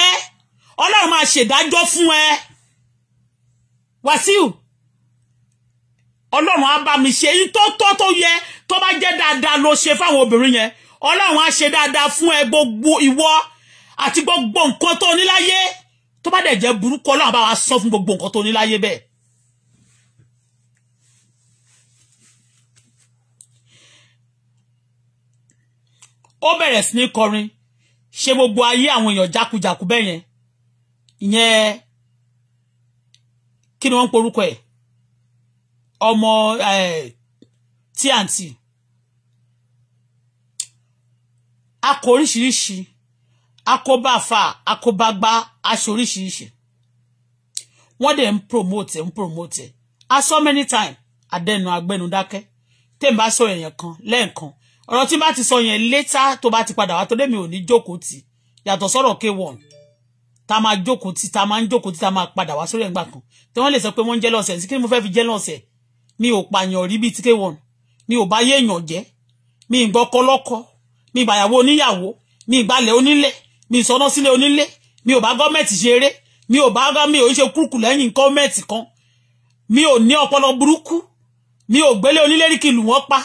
Ọlọ́run máa ṣèdájọ́ fún ẹ Wàsíù ọlọ́run á bá mi ṣe èyí tó tọ́ tó yẹ tó bá jẹ́ dáadáa ló ṣe fáwọn obìnrin yẹn ọlọ́run á ṣe dáadáa fún ẹ gbogbo ìwọ àti gbogbo nǹkan tó ní láyé tó bá dẹ̀ jẹ́ burúkú ọlọ́run bá wa sọ fún gbogbo nǹkan tó ní láyé bẹ́ẹ̀. ó bẹ̀rẹ̀ sí ní kọrin ṣe gbogbo ayé àwọn èèyàn jákujàku bẹ́ẹ̀ yẹn ìyẹn kí ni wọ́n ń porúkọ ẹ̀ ọmọ tí àǹtí a kò oríṣiríṣi a kò bá fa a kò bá gbá aṣọ oríṣiríṣi wọ́n dẹ̀ ń promote ẹ̀ ń promote ẹ̀ a sọ many time adẹnu agbẹnu dákẹ́ tẹ̀ ń bá sọ èèyàn kan lẹ́ẹ̀kan ọ̀rọ̀ tí bá ti sọ yẹn létà tó bá ti padà wá tó dé mi ò ní jókòó tì yàtọ̀ sọ̀rọ̀ k1 tá máa jókòó tì tá máa ń jókòó tì tá máa padà wá sórí ẹ̀ǹgbà kan tí wọ́n lè sọ pé wọ́n ń jẹ́ lọ́sẹ̀ sí kí ni mo fẹ́ fi jẹ́ lọ́sẹ̀ mi ò pààyàn rí bíi ti k mi ò bá yéèyàn jẹ́ mi ìgbọ́kọ lọ́kọ mi ìgbàyàwó oníyàwó mi ìgbàlẹ̀ onílẹ̀ mi ìsọná sílé onílé mi ò bá gọ́ọ̀mẹ̀tì ṣeré mi ò bá mi ò ṣe kúrùkù lẹ́yìn gọ́ọ̀mẹ̀tì kan mi ò ní ọpọlọ burúkú mi ò gbélé onílé lù wọ́n pa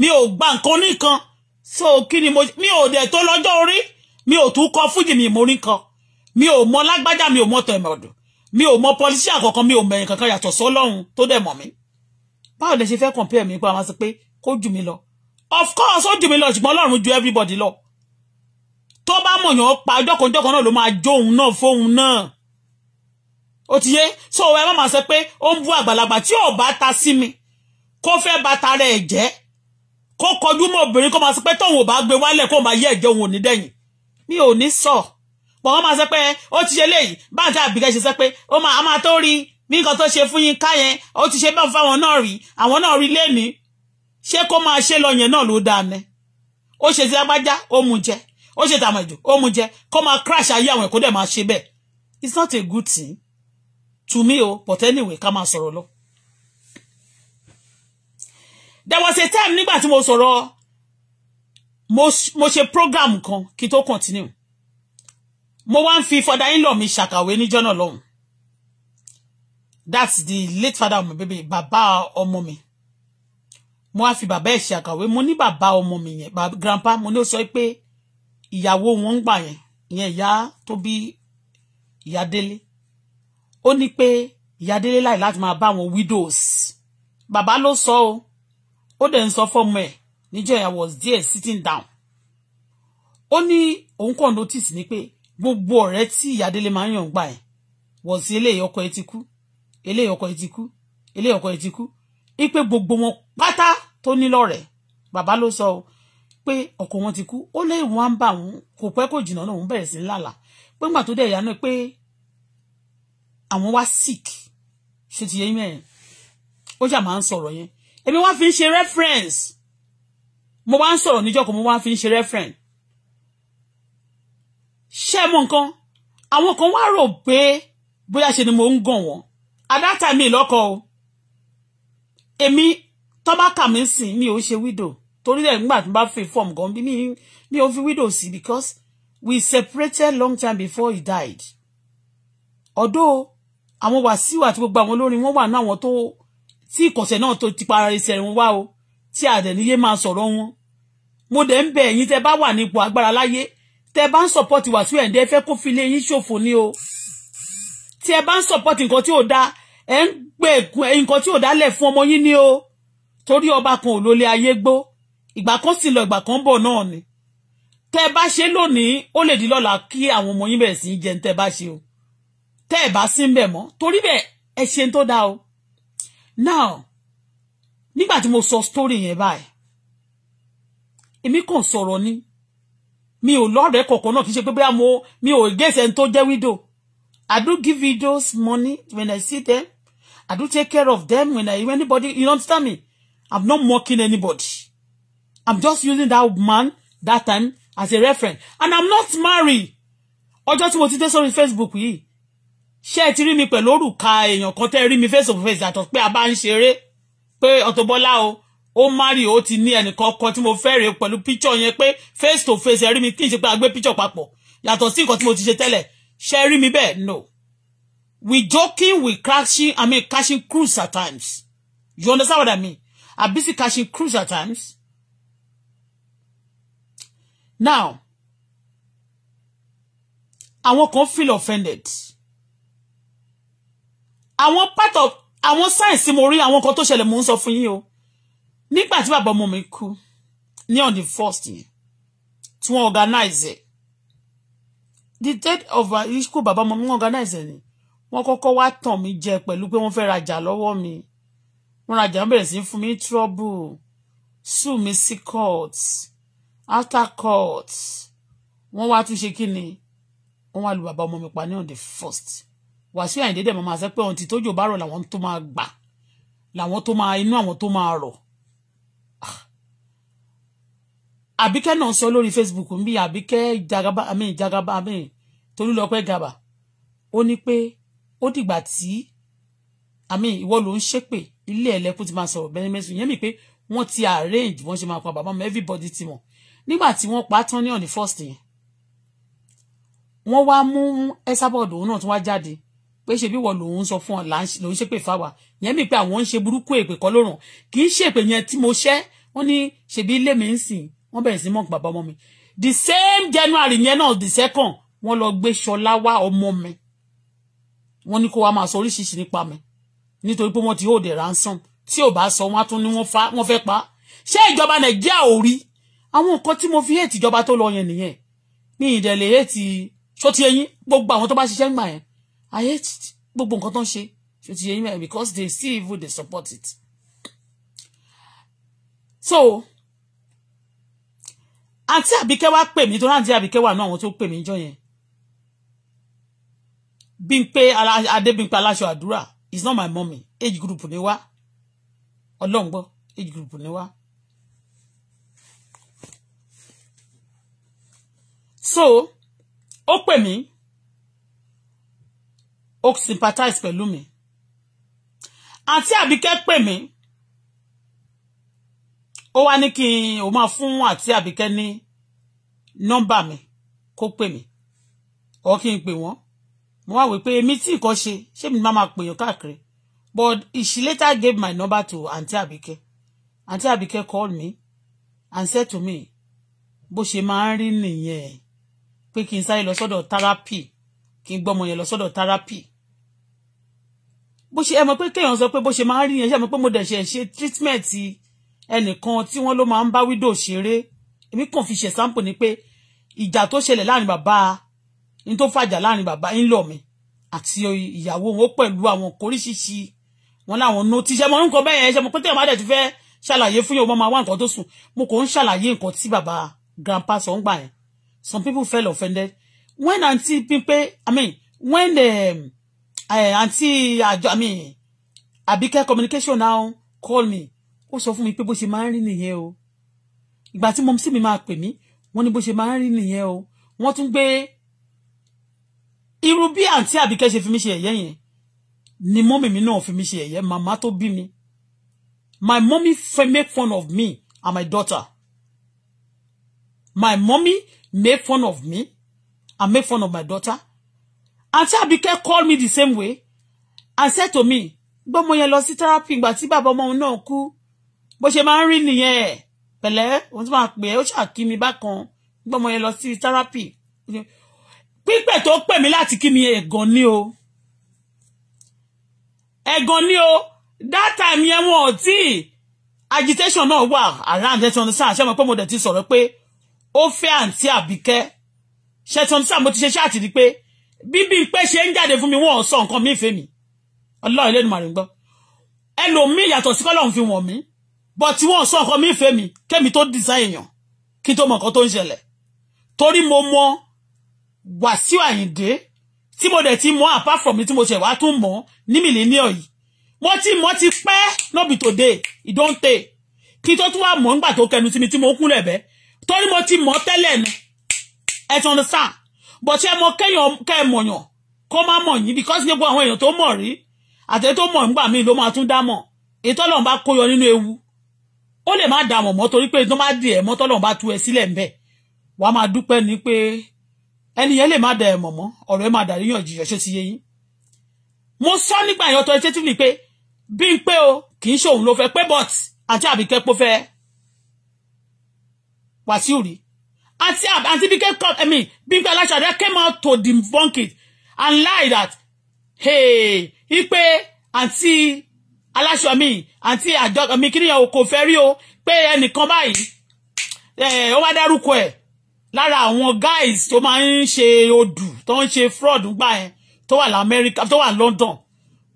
mi ò gba nǹkan nìkan so kí ni mo mi ò dẹ̀ tó lọ́jọ́ orí mi ò tún kọ fújì mi ìmọ̀ kan mi ò mọ lágbájá mi ò mọ tẹ̀mọ̀dù mi ò mọ pọlisí àkọ́kọ́ mi ò mẹ̀yìn kankan yàtọ̀ sọ́lọ́run tó dẹ̀ mọ̀ mí báwo lẹ ṣe fẹ́ compare mi pa máa sọ pé kó jù mí lọ of course ó jù mí lọ ṣùgbọ́n ọlọ́run ju everybody lọ tó bá mọ̀yàn pa ọjọ́kanjọ́kan náà ló máa jó òun náà fóun náà ó ti yé so ẹ má máa sọ pé ó ń bú àgbàlagbà tí ò bá ta sí mi kó fẹ́ ba tara ẹ̀ jẹ́ kó kọjú mọ́ obìnrin kó máa sọ pé tóun ò bá gbé wálẹ̀ kó máa yẹ ẹ̀jẹ̀ òun ò ní dẹ̀yìn mi ò ní sọ pọ̀ wọ́n máa sọ pé ó ti ṣe léyìí báńkì àbíkẹ́ ṣe sọ pé ó máa tó rí bí nǹkan tó ṣe fún yín ká yẹn ó ti ṣe báwọn fáwọn náà rí àwọn náà rí lénìí ṣé kó máa ṣe lọ yẹn náà ló dáa mẹ́ ó ṣe ti agbájá ó mu jẹ ó ṣe tàmọ̀jù ó mu jẹ kó máa crash ayé àwọn ẹ̀kọ́ dẹ̀ máa ṣe bẹ́ẹ̀ it's not a good thing to me o but anyway ká máa sọ̀rọ̀ lọ. there was a time nígbà tí mo sọ̀rọ̀ mo ṣe program kan kí tó continue mo wá ń fi in-law mi ṣàkàwé ni náà lọ́hùn that's the late father of my baby Baba or Mommy. mo á fi bàbá ẹ̀ ṣe àkàwé mo ní bàbá ọmọ mi yẹn grandpa mo ní ó sọ pé ìyàwó wọn ń gbà yẹn ìyẹn ìyá tó bí ìyá délé ó ní pé ìyá délé láì láti widows Baba lo sọ o ó dẹ̀ ń sọ fọ́mọ ẹ̀ níjọ́ I was there sitting down ó ní òun kàn notice ni pé gbogbo ọ̀rẹ́ tí ìyá délé máa ń yàn gbà ẹ̀ wọ̀ sí eléyìí eléyìí ọkọ ẹ̀ ti kú eléyìí ọkọ ẹ̀ ti kú ipe gbogbo wọn pátá tó ní lọ́rẹ̀ẹ́ bàbá ló sọ o pé ọkọ wọn ti kú ó lé ìwọ̀n à ń bà wọn kò pẹ́ kò jìnnà náà òun bẹ̀rẹ̀ sí lálà pé ńgbà tó dẹ̀ yá náà pé àwọn wá sick ṣe ti yẹ mẹ́rin ó jà ń sọ̀rọ̀ yẹn èmi wá fi ń ṣe reference mo wá ń sọ̀rọ̀ níjọ́ kan mo wá fi ń ṣe reference ṣé mo nǹkan àwọn kan wá rò pé bóyá ṣe ni mo ń gàn wọ́n at that time mi lọ́kọ o èmi tó bá kà mí sìn mi ò ṣe widow torí ẹ̀ nígbà tí n bá fi form gan bí mi ò fi widow sí because we separated long time before he died although àwọn wàsíù àti gbogbo àwọn olórin wọn wà ní àwọn tó tí ìkọ̀sẹ̀ náà tó ti para ẹsẹ̀ wọn wá o tí àdẹ̀níyé máa sọ̀rọ̀ wọn mo dẹ̀ ń bẹ ẹ̀yin tẹ́ bá wà nípò agbára láyé tẹ́ bá ń sọ̀pọ̀tì wàsíù ẹ̀ǹdẹ́ fẹ́ kó fi lé yín ṣòfò ni o tí ẹ bá ń support nǹkan tí ò dáa ẹ ń gbé nǹkan tí ò dáa lẹ̀ fún ọmọ yín ni o torí ọba kan ò lólé ayé gbó ìgbà kan sì lọ ìgbà kan bọ̀ náà ni tẹ́ ẹ bá ṣe lónìí ó lè di lọ́la kí àwọn ọmọ yín bẹ̀rẹ̀ sí í jẹun tẹ́ ẹ bá ṣe o tẹ́ ẹ bá sí ń bẹ̀ mọ́ torí bẹ́ẹ̀ ẹ ṣe tó dáa o now nígbà tí mo sọ story yẹn báyìí èmi kàn sọ̀rọ̀ ni mi ò lọ́rẹ̀ẹ́ kọ̀ọ̀kan náà kì í ṣe pé bóyá mo mi ò gẹ̀ẹ́sẹ̀ tó jẹ́ widow I do give widows money when I see them. I do take care of them when I anybody. You understand me? I'm not mocking anybody. I'm just using that man that time as a reference. And I'm not married. Ọjọ́ tí mo ti dé sórí Facebook yìí. Share ẹ ti rí mi pẹ̀lú òrùka èèyàn kan tẹ́ rí mi face to face That was a bá ń ṣeré pé Auto Bola o ó márì ó ti ní ẹnìkan kan tí mo fẹ́ rèé pẹ̀lú píchọ̀ yẹn pé face to face ẹ rí mi kí n ṣe pé a gbé píchọ̀ papọ̀ yàtọ̀ sí nǹkan tí mo ti ṣe tẹ́lẹ̀ ṣe rí mi bẹ́ẹ̀ no we joking we crashing i mean crashing cruise at times you understand what i mean i'm busy crashing cruise at times now àwọn kan feel offended àwọn part of àwọn signs tí mo rí àwọn kan tó ṣẹlẹ̀ mò ń sọ fún yín o nígbà tí bàbá ọmọ mi kú ní on the first yẹn To organize it the third of ikú school, Baba mi wọ́n organize ni wọ́n kọ́kọ́ wá tàn mí jẹ pẹ̀lú pé wọ́n fẹ́ rajà lọ́wọ́ mi wọ́n rajà wọ́n bẹ̀rẹ̀ sí fún mi trouble sue mi sí court after courts. wọ́n wá tún ṣe kí ni wọ́n wá lu bàbá ọmọ mi pa ní on the first Wàsíù Àyìndé dẹ̀ máa ṣe pé ohun tí tójò bá rọ̀ làwọn tó máa gbà làwọn tó máa inú àwọn tó máa rọ̀ àbíkẹ́ náà sọ lórí facebook ń bí àbíkẹ́ jagaba àmín jagaba àmín tolúlọpẹ́ gaba ó ní pé ó dìgbà tí àmín ìwọ ló ń ṣépè ilé ẹlẹ́kùn ti máa sọ̀rọ̀ bẹ́ẹ̀ mẹ́sùn yẹn mi pé wọ́n ti arrange wọ́n ṣe máa pa bàbá mi everybody ti mọ̀ nígbà tí wọ́n pa tán ní ọ̀nì first yẹn wọ́n wá mú ẹ́sàbọ̀dù òun náà tó wá jáde pé ṣe bí wọ́n lòun sọ fún ọ lòun ṣépè fáwa yẹn mi pé àwọn ń ṣe burúkú èpè kọ́ lórùn kì í ṣèpè yẹn tí mo ṣẹ́ wọ́n ní ṣèbí ilé mi ń sìn wọ́n bẹ̀rẹ̀ sí mọ̀kì bàbá ọmọ mi the same january yẹn náà the second wọ́n lọ gbé ṣọlá wá ọmọ mi wọ́n ní kó wa máa sọ oríṣiríṣi nípa mi nítorí pé wọ́n ti hold ransom tí ò bá sọ wọ́n á tún ní wọ́n fẹ́ pa ṣé ìjọba nàìjíríà ò rí àwọn nǹkan tí mo fi hate ìjọba tó lọ yẹn nìyẹn mi ì dẹ̀ lè hate ṣó gbogbo àwọn tó bá ṣiṣẹ́ ńgbà yẹn i gbogbo nǹkan tó ń ṣe ṣó ti eyín because they still even dey support it so àǹtí àbíkẹ́ wá pè mí tó ráǹtí àbíkẹ́ wà ní àwọn tó pè mí jọ yẹn Bímpé Adébímpé aláṣọ àdúrà is not my mommy age group ni wá ọlọ́run gbọ́ age group ni wá. so ó pè mí ó sympathize pẹ̀lú mi àǹtí àbíkẹ́ pè mí ó wá ní kí n ò máa fún àti àbíkẹ́ ní nọ́mbà mi kó pè mí ọ kí n pè wọ́n mo wá wí pé èmi tí nǹkan ṣe ṣé mi máa pèèyàn káàkiri but she later gave my number to aunty abike aunty abike called me and said to me bó ṣe máa ń rí nìyẹn pé kí n sáré lọ sọ́dọ̀ therapy kí n gbọ́mọ yẹn lọ sọ́dọ̀ therapy bó ṣe ẹ mọ̀ pé kéèyàn sọ pé bó ṣe máa ń rí yẹn ṣe mọ̀ pé mo dẹ̀ ṣe ṣe treatment ẹnìkan tí wọ́n ló máa ń bá widow ṣeré èmi kàn fi ṣe sample ni pé ìjà tó ṣẹlẹ̀ láàrin bàbá ní tó fàjà láàrin bàbá ńlọ mi àti ìyàwó wọn pẹ̀lú àwọn kóríṣiṣi wọn láwọn notí ṣe mọ nǹkan bẹ́ẹ̀ yẹn ṣe mọ pé tẹ̀wọ́n adẹ̀ ti fẹ́ ṣàlàyé fún yòówó máa wá nǹkan tó sùn mo kò ń ṣàlàyé nǹkan tí bàbá grandpa sọ ń gbà yẹn some people felt offended when aunty Bímpé i mean when um, uh, aunty àjọ i mean Abike communication now call me ó sọ fún mi pé bó ṣe máa ń rí nìyẹn o ìgbà tí mọ̀mísí mi máa pè mí wọ́n ní bó ṣe máa ń rí nìyẹn o wọ́n tún gbé irú bí àǹtí àbíkẹ́ ṣe fi mí ṣe ẹ̀yẹ́ yẹn ni mọ́mì mi náà fi mí ṣe ẹ̀yẹ́ màmá tó bí mi my mommy make fun of me and my daughter my mommy make fun of me and make fun of my daughter àǹtí àbíkẹ́ call me the same way and said to me gbọ́mọ yẹn lọ sí therapy ìgbà tí bàbá ọmọ náà kú bó ṣe máa ń rí nìyẹn pẹ̀lẹ́ òun tí máa pè é ó ṣàkí bákan gbọ́mọ yẹn lọ sí therapy pípẹ́ tó pè mí láti kí mi ẹ̀gàn ni o ẹ̀gàn ni o that time yẹn wọn ò agitation náà wà around ẹ̀ tí wọ́n ti sàn ṣé mo pé mo dẹ̀ ti sọ̀rọ̀ pé ó fẹ́ àǹtí àbíkẹ́ ṣe tí wọ́n ti mo ti ṣe ṣáàtì ni pé bíbí pé ṣe ń jáde fún mi wọn ò sọ nǹkan mí fèmí ọlọ́run lẹ́nu màrí ẹlòmíì yàtọ̀ sí kọ́lọ́run fi wọ̀n mí but wọ́n sọ nǹkan mi fẹ́ mi kémi tó design èèyàn kí n tó mọ to tó ń ṣẹlẹ̀ torí mo mọ Wàsíù Àyìndé tí mo dẹ̀ ti mọ apart from tí mo ṣe wá tún mọ ní millennium yìí mo ti mọ ti pẹ́ no be today e don't take. kí n tó tún wá mọ̀ nígbà tó kẹnu sí mi tí mo kúnlẹ̀ bẹ́ẹ̀ torí mo ti mọ̀ tẹ́lẹ̀ ni ẹ ti understand but ẹ mọ kéèyàn kẹ́ ẹ mọ̀yàn kó má mọ̀ yín because gbogbo àwọn èèyàn tó mọ̀ rí àtẹ tó mọ̀ nígbà míì ló máa tún dá mọ̀ ètò ọlọ́run bá kó yọ nínú ewu ó lè má dààmú mọ́ torí pé tó má dì ẹ̀ mọ́ tọ́lọ́run bá tú ẹ sílẹ̀ ń bẹ̀ wàá máa dúpẹ́ ni pé ẹni yẹn lè má dà ẹ̀ mọ̀ mọ́ ọ̀rọ̀ ẹ má dà yíyàn jìyàn ṣó ti yé yín mo sọ nígbà yẹn authoritatively pé bí n pé o kì í ṣòun ló fẹ́ pé but àti àbíkẹ́ pó fẹ́ wàsíù rí àti àti bí kẹ́kọ̀ọ́ I mean bí n pé aláṣàdé came out to debunk it and lie that hey ipe àti aláṣọ mi àti àjọ mi kí nìyẹn kò fẹ́ rí o pé ẹnìkan báyìí ó wá dárúkọ ẹ̀ lára àwọn guys tó máa ń ṣe odù tó ń ṣe fraud gbà yẹn tó wà lamẹ́ríkà tó wà London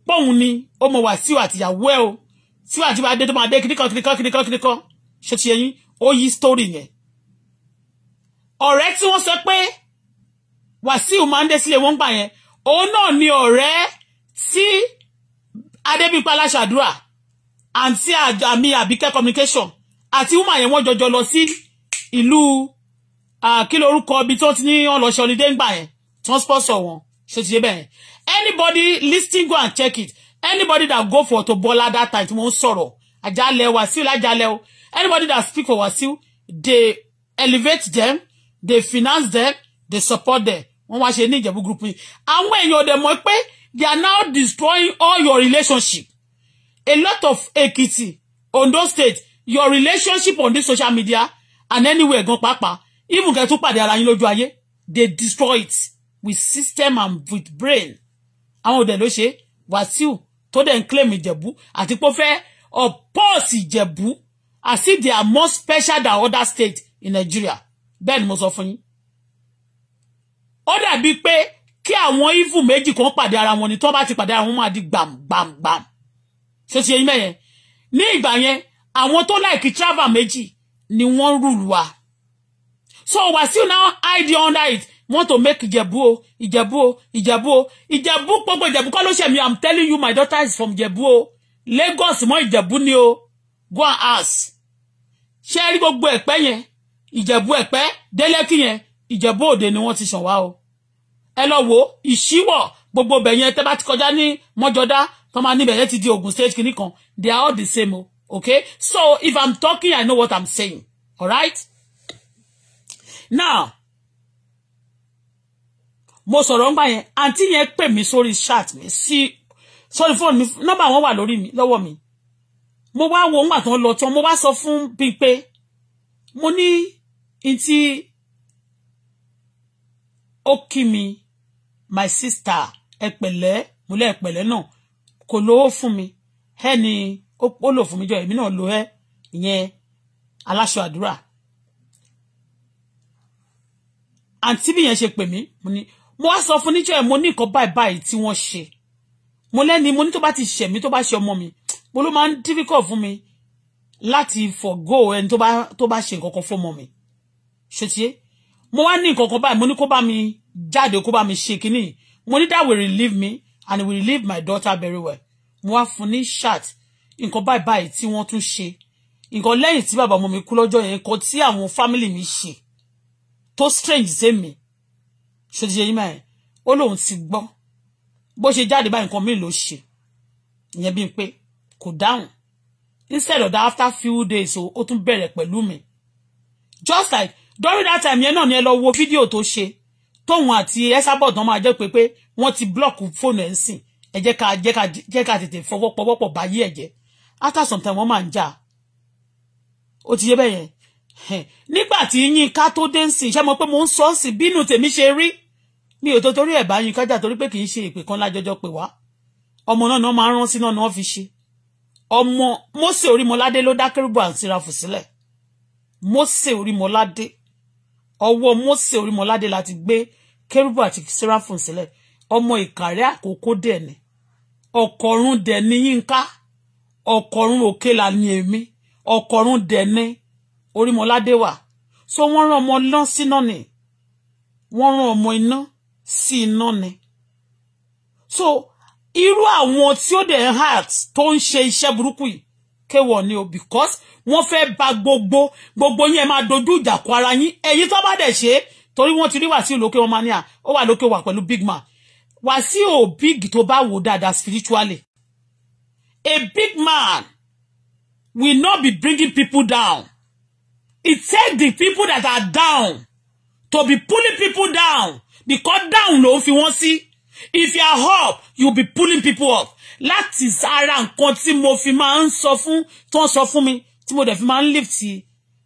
pọ́ùn ni ó mọ̀ Wàsíù àtìyàwó ẹ̀ o Wàsíù àti bá dé tó máa dé kíníkan kíníkan kíníkan kíníkan ṣe ti yẹn ó yí story yẹn ọ̀rẹ́ tí wọ́n sọ pé Wàsíù máa ń dé sílé wọn gbà yẹn òun náà ni ọ̀rẹ́ tí. Si, adébíyipá aláṣàdúrà àǹtí àmì àbíkẹ́ communication àti woman yẹn wọ́n jọjọ lọ sí ìlú kí lorúkọ ibi tó ti ní ọlọ́ṣọ́ ní déńgbà yẹn transponsor wọn ṣe ti ṣe bẹ́ẹ̀ anybody listing go and check it anybody that go for to Bola that time tí mo ń sọ̀rọ̀ àjálẹ̀ Wàsíù lájálẹ̀ o anybody that speak for Wàsíù they elevate them they finance them they support them wọ́n wá ṣe ní Ìjẹ̀bú group yìí àwọn èèyàn ò dẹ̀ mọ̀ pé They are now destroying all your relationship. A lot of on those states, your relationship on this social media and anywhere gan papa, even get to pàdé ara yín lójú ayé, they destroy it with system and with brain. Àwọn they ló ṣe Wàsíù you? dẹ̀ ń claim Jebu. At the ó fẹ́ oppose Ìjẹ̀bú as if they are more special than other states in Nigeria. Then ni mo sọ fún yín kí àwọn evil méjì kan pàdé ara wọn ni tó bá ti pàdé ara wọn máa di gbàmgbàmgbàm ṣé ti yẹn ní ìgbà yẹn àwọn tó láìkí travel méjì ni wọ́n rúlu wa so Wasiu now hide under it want to make Ìjẹ̀bú o Ìjẹ̀bú o Ìjẹ̀bú o Ìjẹ̀bú gbogbo Ìjẹ̀bú kọ́ ló ṣe mi i'm telling you my daughter is from Ìjẹ̀bú o Lagos mọ́ Ìjẹ̀bú ni o go and ask ṣé rí gbogbo ẹ̀pẹ́ yẹn Ìjẹ̀bú ẹ̀pẹ́ délẹ́kì yẹn Ìjẹ̀bú Òde ni wọ́n ti ṣàn wá o ẹ lọ wo ìṣíwọ̀ gbogbo ibẹ̀ yẹn tẹ́ bá ti kọjá ní mọ́jọ́dá tó máa níbẹ̀ yẹn ti di Ògùn state kìíní kan they are all the same o okay so if i'm talking i know what i'm saying all right now mo sọ̀rọ̀ ńgbà yẹn àǹtí yẹn pè mí sórí chat mi sí sórí fóònù mi nọ́mbà wọn wà lórí mi lọ́wọ́ mi mo wá wo ńgbà tó ń lọ tán mo wá sọ fún bíi pé mo ní ntí ó kí mi my sister ẹ̀pẹ̀lẹ́ múlẹ̀ ẹ̀pẹ̀lẹ́ náà kò lówó fún mi ẹ ni ó lò fún mi jọ èmi náà lo ẹ ìyẹn aláṣọ àdúrà àǹtí bí yẹn ṣe pè mí mo ní mo wá sọ fún níjọ́ ẹ̀ mo ní nǹkan báyìí báyìí tí wọ́n ṣe mo lẹ́ni mo ní tó bá ti ṣẹ̀ mí tó bá ṣe ọmọ mi mo ló máa ń difficult fún mi láti forgo ẹni tó bá ṣe nǹkan kan fún ọmọ mi ṣètìyé mo wá ní nǹkan kan báyìí mo ní kó bá mi jáde kó bá mi ṣe kínní mo ní that will relieve me and will relieve my daughter very well mo wá fún ní chat nǹkan báyìí báyìí tí wọ́n tún ṣe nǹkan lẹ́yìn tí bàbá ọmọ mi kú lọ́jọ́ yẹn nǹkan tí àwọn family mi ṣe tó strange sí mi ṣòtí ṣe yín máa yẹn ó lóun ti gbọ́ bó ṣe jáde báyìí nǹkan míì ló ṣe ìyẹn bíi pé kò dáhùn instead of that after few days o tún bẹ̀rẹ̀ pẹ̀lú mi just like during that time yẹn náà ni ẹ lọ wo fídíò tó ṣe tóun àti ẹsàbọ̀d náà máa jẹ́ pé pé wọ́n ti blọ́ọ̀kù fóònù ẹ̀ ń sìn ẹ jẹ́ ká jẹ́ ká jẹ́ ká tètè fọwọ́pọ̀wọ́pọ̀ báyé ẹ̀ jẹ́ after some time wọ́n máa ń jà ó ti yé bẹ́ẹ̀ yẹn nígbà tí Yínká tó dé ń sìn ṣé mo pé mo ń sọ ọ́ sí bínú tèmi ṣe rí mi ò tó torí ẹ̀ bá Yínká jà torí pé kì í ṣe ìpè kan lájọjọ pé wá ọmọ náà náà máa ń rán sí náà ni wọ́n fi ṣe ọmọ Mósè Orímọládé ló dá Kérúbù àti Séráfù sílẹ̀ Mósè Orímọládé ọwọ́ Mósè Orímọládé láti gbé kérúbù àti sẹ́ráfù sílẹ̀ ọmọ ìkàrẹ́ àkókò dẹ̀ ni ọ̀kọ̀run dẹ̀ ni yínká ọ̀kọ̀run òkè là ní èmi ọ̀kọ̀run dẹ̀ ni orímọládé so wọ́n rán ọmọ iná síná ni wọ́n rán ọmọ iná sí iná ni so irú àwọn tí ó dẹ̀ heart tó ń ṣe iṣẹ́ burúkú yìí kéwọ̀ ni o because wọ́n fẹ́ ba gbogbo gbogbo yín ẹ máa dojú ìjà kọ ara yín ẹ̀yin tó bá dẹ̀ ṣe é torí wọ́n ti rí Wàsíù lókè wọn máa ní à ó wà lókè wà pẹ̀lú big man Wàsíù big tó bá wò dáadáa spiritually a big man will not be bringing people down it take the people that are down to be pulling people down because down ló ń fi wọ́n sí if you are up you be pulling people up láti ara nǹkan tí mo fi máa ń sọ fún tó ń sọ fún mi tí mo dẹ̀ fi máa ń lift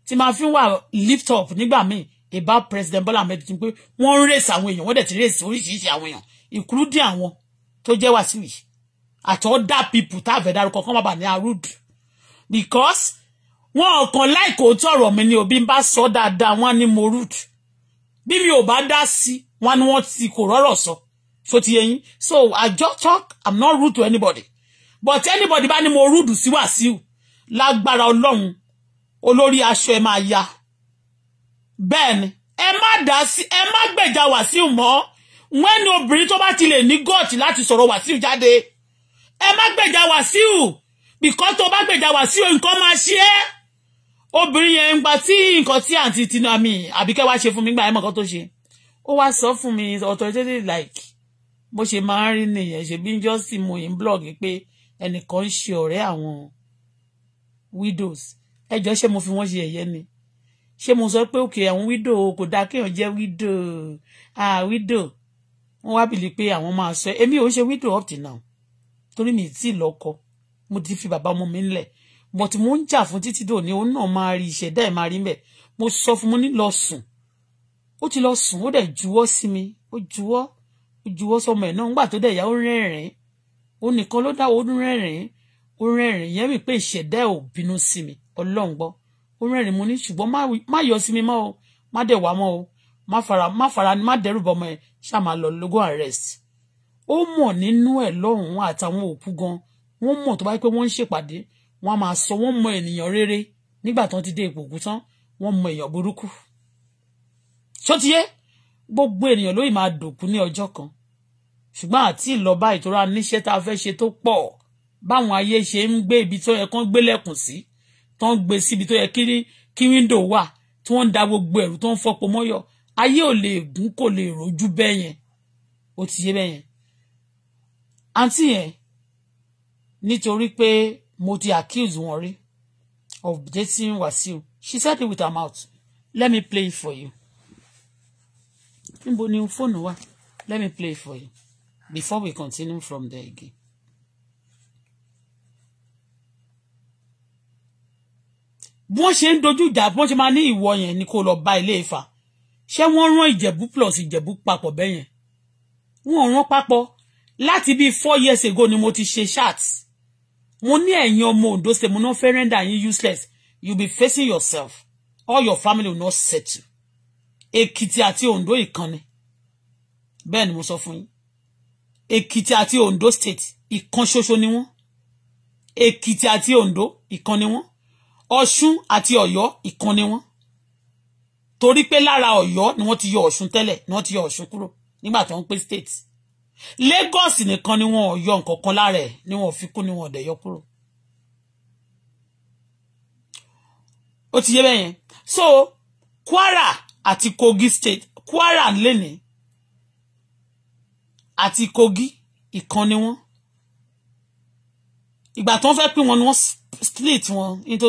tí máa fi wà lift up nígbà míì about president Bola Ahmed Tinubu pé wọ́n ń rèsì àwọn èèyàn wọ́n dẹ̀ ti rèsì oríṣiríṣi àwọn èèyàn including àwọn tó jẹ́ Wàsíù yìí àti other people tá a fẹ́ dárúkọ kọ́ bàbá ní arúd because wọn ò kàn láìkò tó ọ̀rọ̀ mi ni òbí ń bá sọ dáadáa wọn ní mo rude bí mi ò bá dá sí wọn ni wọn ti kò rọ́rọ̀ sọ so ti yẹn so I just talk I'm not rude to anybody but anybody bá ní mo rude sí Wàsíù lágbára Ọlọ́run olórí aṣọ ẹ máa ya bẹ́ẹ̀ ni ẹ má dá sí ẹ má gbèjà Wàsíù mọ́ wọ́n ní obìnrin tó bá ti lè ní gọ́ọ̀tì láti sọ̀rọ̀ Wàsíù jáde ẹ má gbèjà Wàsíù bìkọ́ tó bá gbèjà Wàsíù nǹkan máa ṣe é obìnrin yẹn ń gba tí nǹkan tí àǹtí tinami àbíkẹ́ wá ṣe fún mi gbà ẹ̀ mọ̀ kan tó ṣe ó wá sọ fún mi authoritative like bó ṣe máa ń rí nìyẹn ṣe bí n jọ́ sì mo yìí blog pé ẹnìkan ń ṣe ọ̀rẹ́ àwọn widows ẹjọ́ ṣé mo fi wọ́n ṣe ẹ̀yẹ ni ṣé mo sọ pé òkè àwọn wídò kò dáa kéèyàn jẹ́ wídò ah wídò wọ́n wá bìlí pé àwọn máa sọ èmi ò ṣe wídò up till now torí mi tí ì lọ́kọ mo ti fi bàbá ọmọ mi ńlẹ̀ but mo ń jà fún títí dòní òun náà máa rí ìṣẹ̀dá ẹ̀ máa rí mbẹ̀ mo sọ fún mo ní lọ sùn ó ti lọ sùn ó dẹ̀ juwọ́ sí mi ó juwọ́ ó juwọ́ sọmọ ẹ̀ náà ńgbà tó dẹ̀ yá ó rẹ́rìn-ín ó nìkan ló dáwọ́ ó rẹ́rìn-ín ó rẹ́rìn-ín yẹn mi pé ìṣẹ̀dá ẹ̀ ò bínú sí mi ọlọ́ngbọ́n ó rẹ́rìn mo ní ṣùgbọ́n má yọ sí mi mọ́ o má dẹ̀ wá mọ́ o má fara má fara má dẹ́rù bọ́ ọmọ ẹ̀ ṣáà lọ lógo arrest ó mọ̀ nínú ẹ̀ lọ́hùn-ún àtàwọn òkú gan wọ́n mọ̀ tó bá yẹ pé wọ́n ń ṣèpàdé wọ́n á máa sọ wọ́n mọ ènìyàn rere nígbà tán ti dé ipò òkú tán wọ́n mọ èèyàn burúkú ṣótiyé gbogbo ènìyàn lóyìn máa dòkú ní ọjọ́ kan ṣùgbọ́n àti ìlọba ìtura níṣẹ́ tá a fẹ́ ṣe tó pọ̀ báwọn ayé ṣe ń gbé ibi tó yẹ kán gbélẹ̀kùn sí tó ń gbé síbi tó yẹ kí kí wíńdò wà tí wọ́n ń da gbogbo ẹ̀rù tó ń fọpo mọ́yọ̀ ayé ò lè gún kò lè rojú bẹ́ẹ̀ yẹn ó ti yé bẹ́ẹ̀ yẹn àǹtí yẹn nítorí pé mo ti accuse wọn rí of dating Wasiu she said it with her mouth let me play it for you níbo ni fóònù wà let me play it for you before we continue from there again. bọ́n ṣe ń dojú ìjà bọ́n ṣe máa ní ìwọ yẹn ni kò lọ bá ilé Ifá ṣé wọ́n rán ìjẹ̀bú plus ìjẹ̀bú papọ̀ bẹ́ẹ̀ yẹn wọ́n rán papọ̀ láti bíi four years ago ni mo ti ṣe chat mo ní ẹ̀yin ọmọ Ondo ṣe mo náà fẹ́ render yín useless you be facing yourself all your family will not settle Èkìtì àti Ondo ìkànnì bẹ́ẹ̀ ni mo sọ fún yín Èkìtì àti Ondo state ìkan ṣoṣo ni wọ́n Èkìtì àti Ondo ìkan ni wọ́n ọ̀ṣun àti ọ̀yọ́ ìkan ni wọ́n torí pé lára ọ̀yọ́ ni wọ́n ti yọ ọ̀ṣun tẹ́lẹ̀ ni wọ́n ti yọ ọ̀ṣun kúrò nígbà tó ń pé state lagos nìkan ni wọn yọ nǹkan kan lára ẹ̀ ni wọn fi kún ni wọn ò yọ kúrò. ó ti yé bẹ́ẹ̀ yẹn so kwara àti kogi state kwara lẹ́ni àti kogi ìkan ni wọ́n ìgbà tó ń fẹ́ pín wọn ni wọ́n split wọn into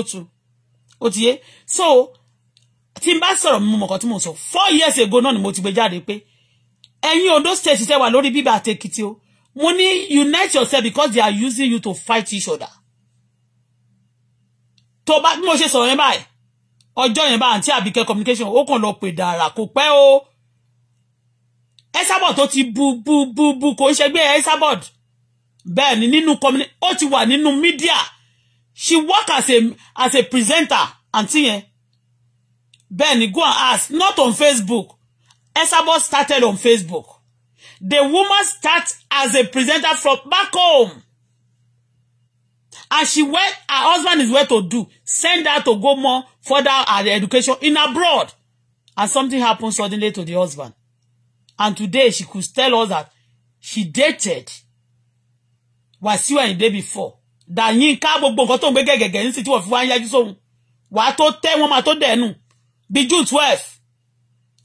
ó so tí n bá sọ̀rọ̀ mímú mọ̀kàn tí mò sọ four years ago náà ni mo ti gbé jáde pé ẹ̀yin Ondo state ṣiṣẹ́ wà lórí bíbá àtẹ̀kìtì o mo ní unite yourself because they are using you to fight each other tó bá bí mo ṣe sọ̀rọ̀ yẹn báyìí ọjọ́ yẹn bá àǹtí àbíkẹ́ communication ó kàn lọ pè dára kò pẹ́ o esabod tó ti bu bu bu bu kò ń ṣẹgbẹ́ esabod bẹ́ẹ̀ ni nínú ó ti wà nínú media she work as a as a presenter àǹtí yẹn Ben, go and ask not on Facebook esabod started on Facebook the woman start as a presenter from back home and she wait her husband is well to do send her to go more further her education in abroad and something happened suddenly to the husband and today she could tell us that she dated was Wasiu day before dàyín ká gbogbo nǹkan tó ń gbé gẹ̀gẹ̀gẹ̀ ń sì tí wọ́n fi wá ń yájú sóhun wàá tó tẹ́ wọ́n máa tó dẹ̀nu bí june twelve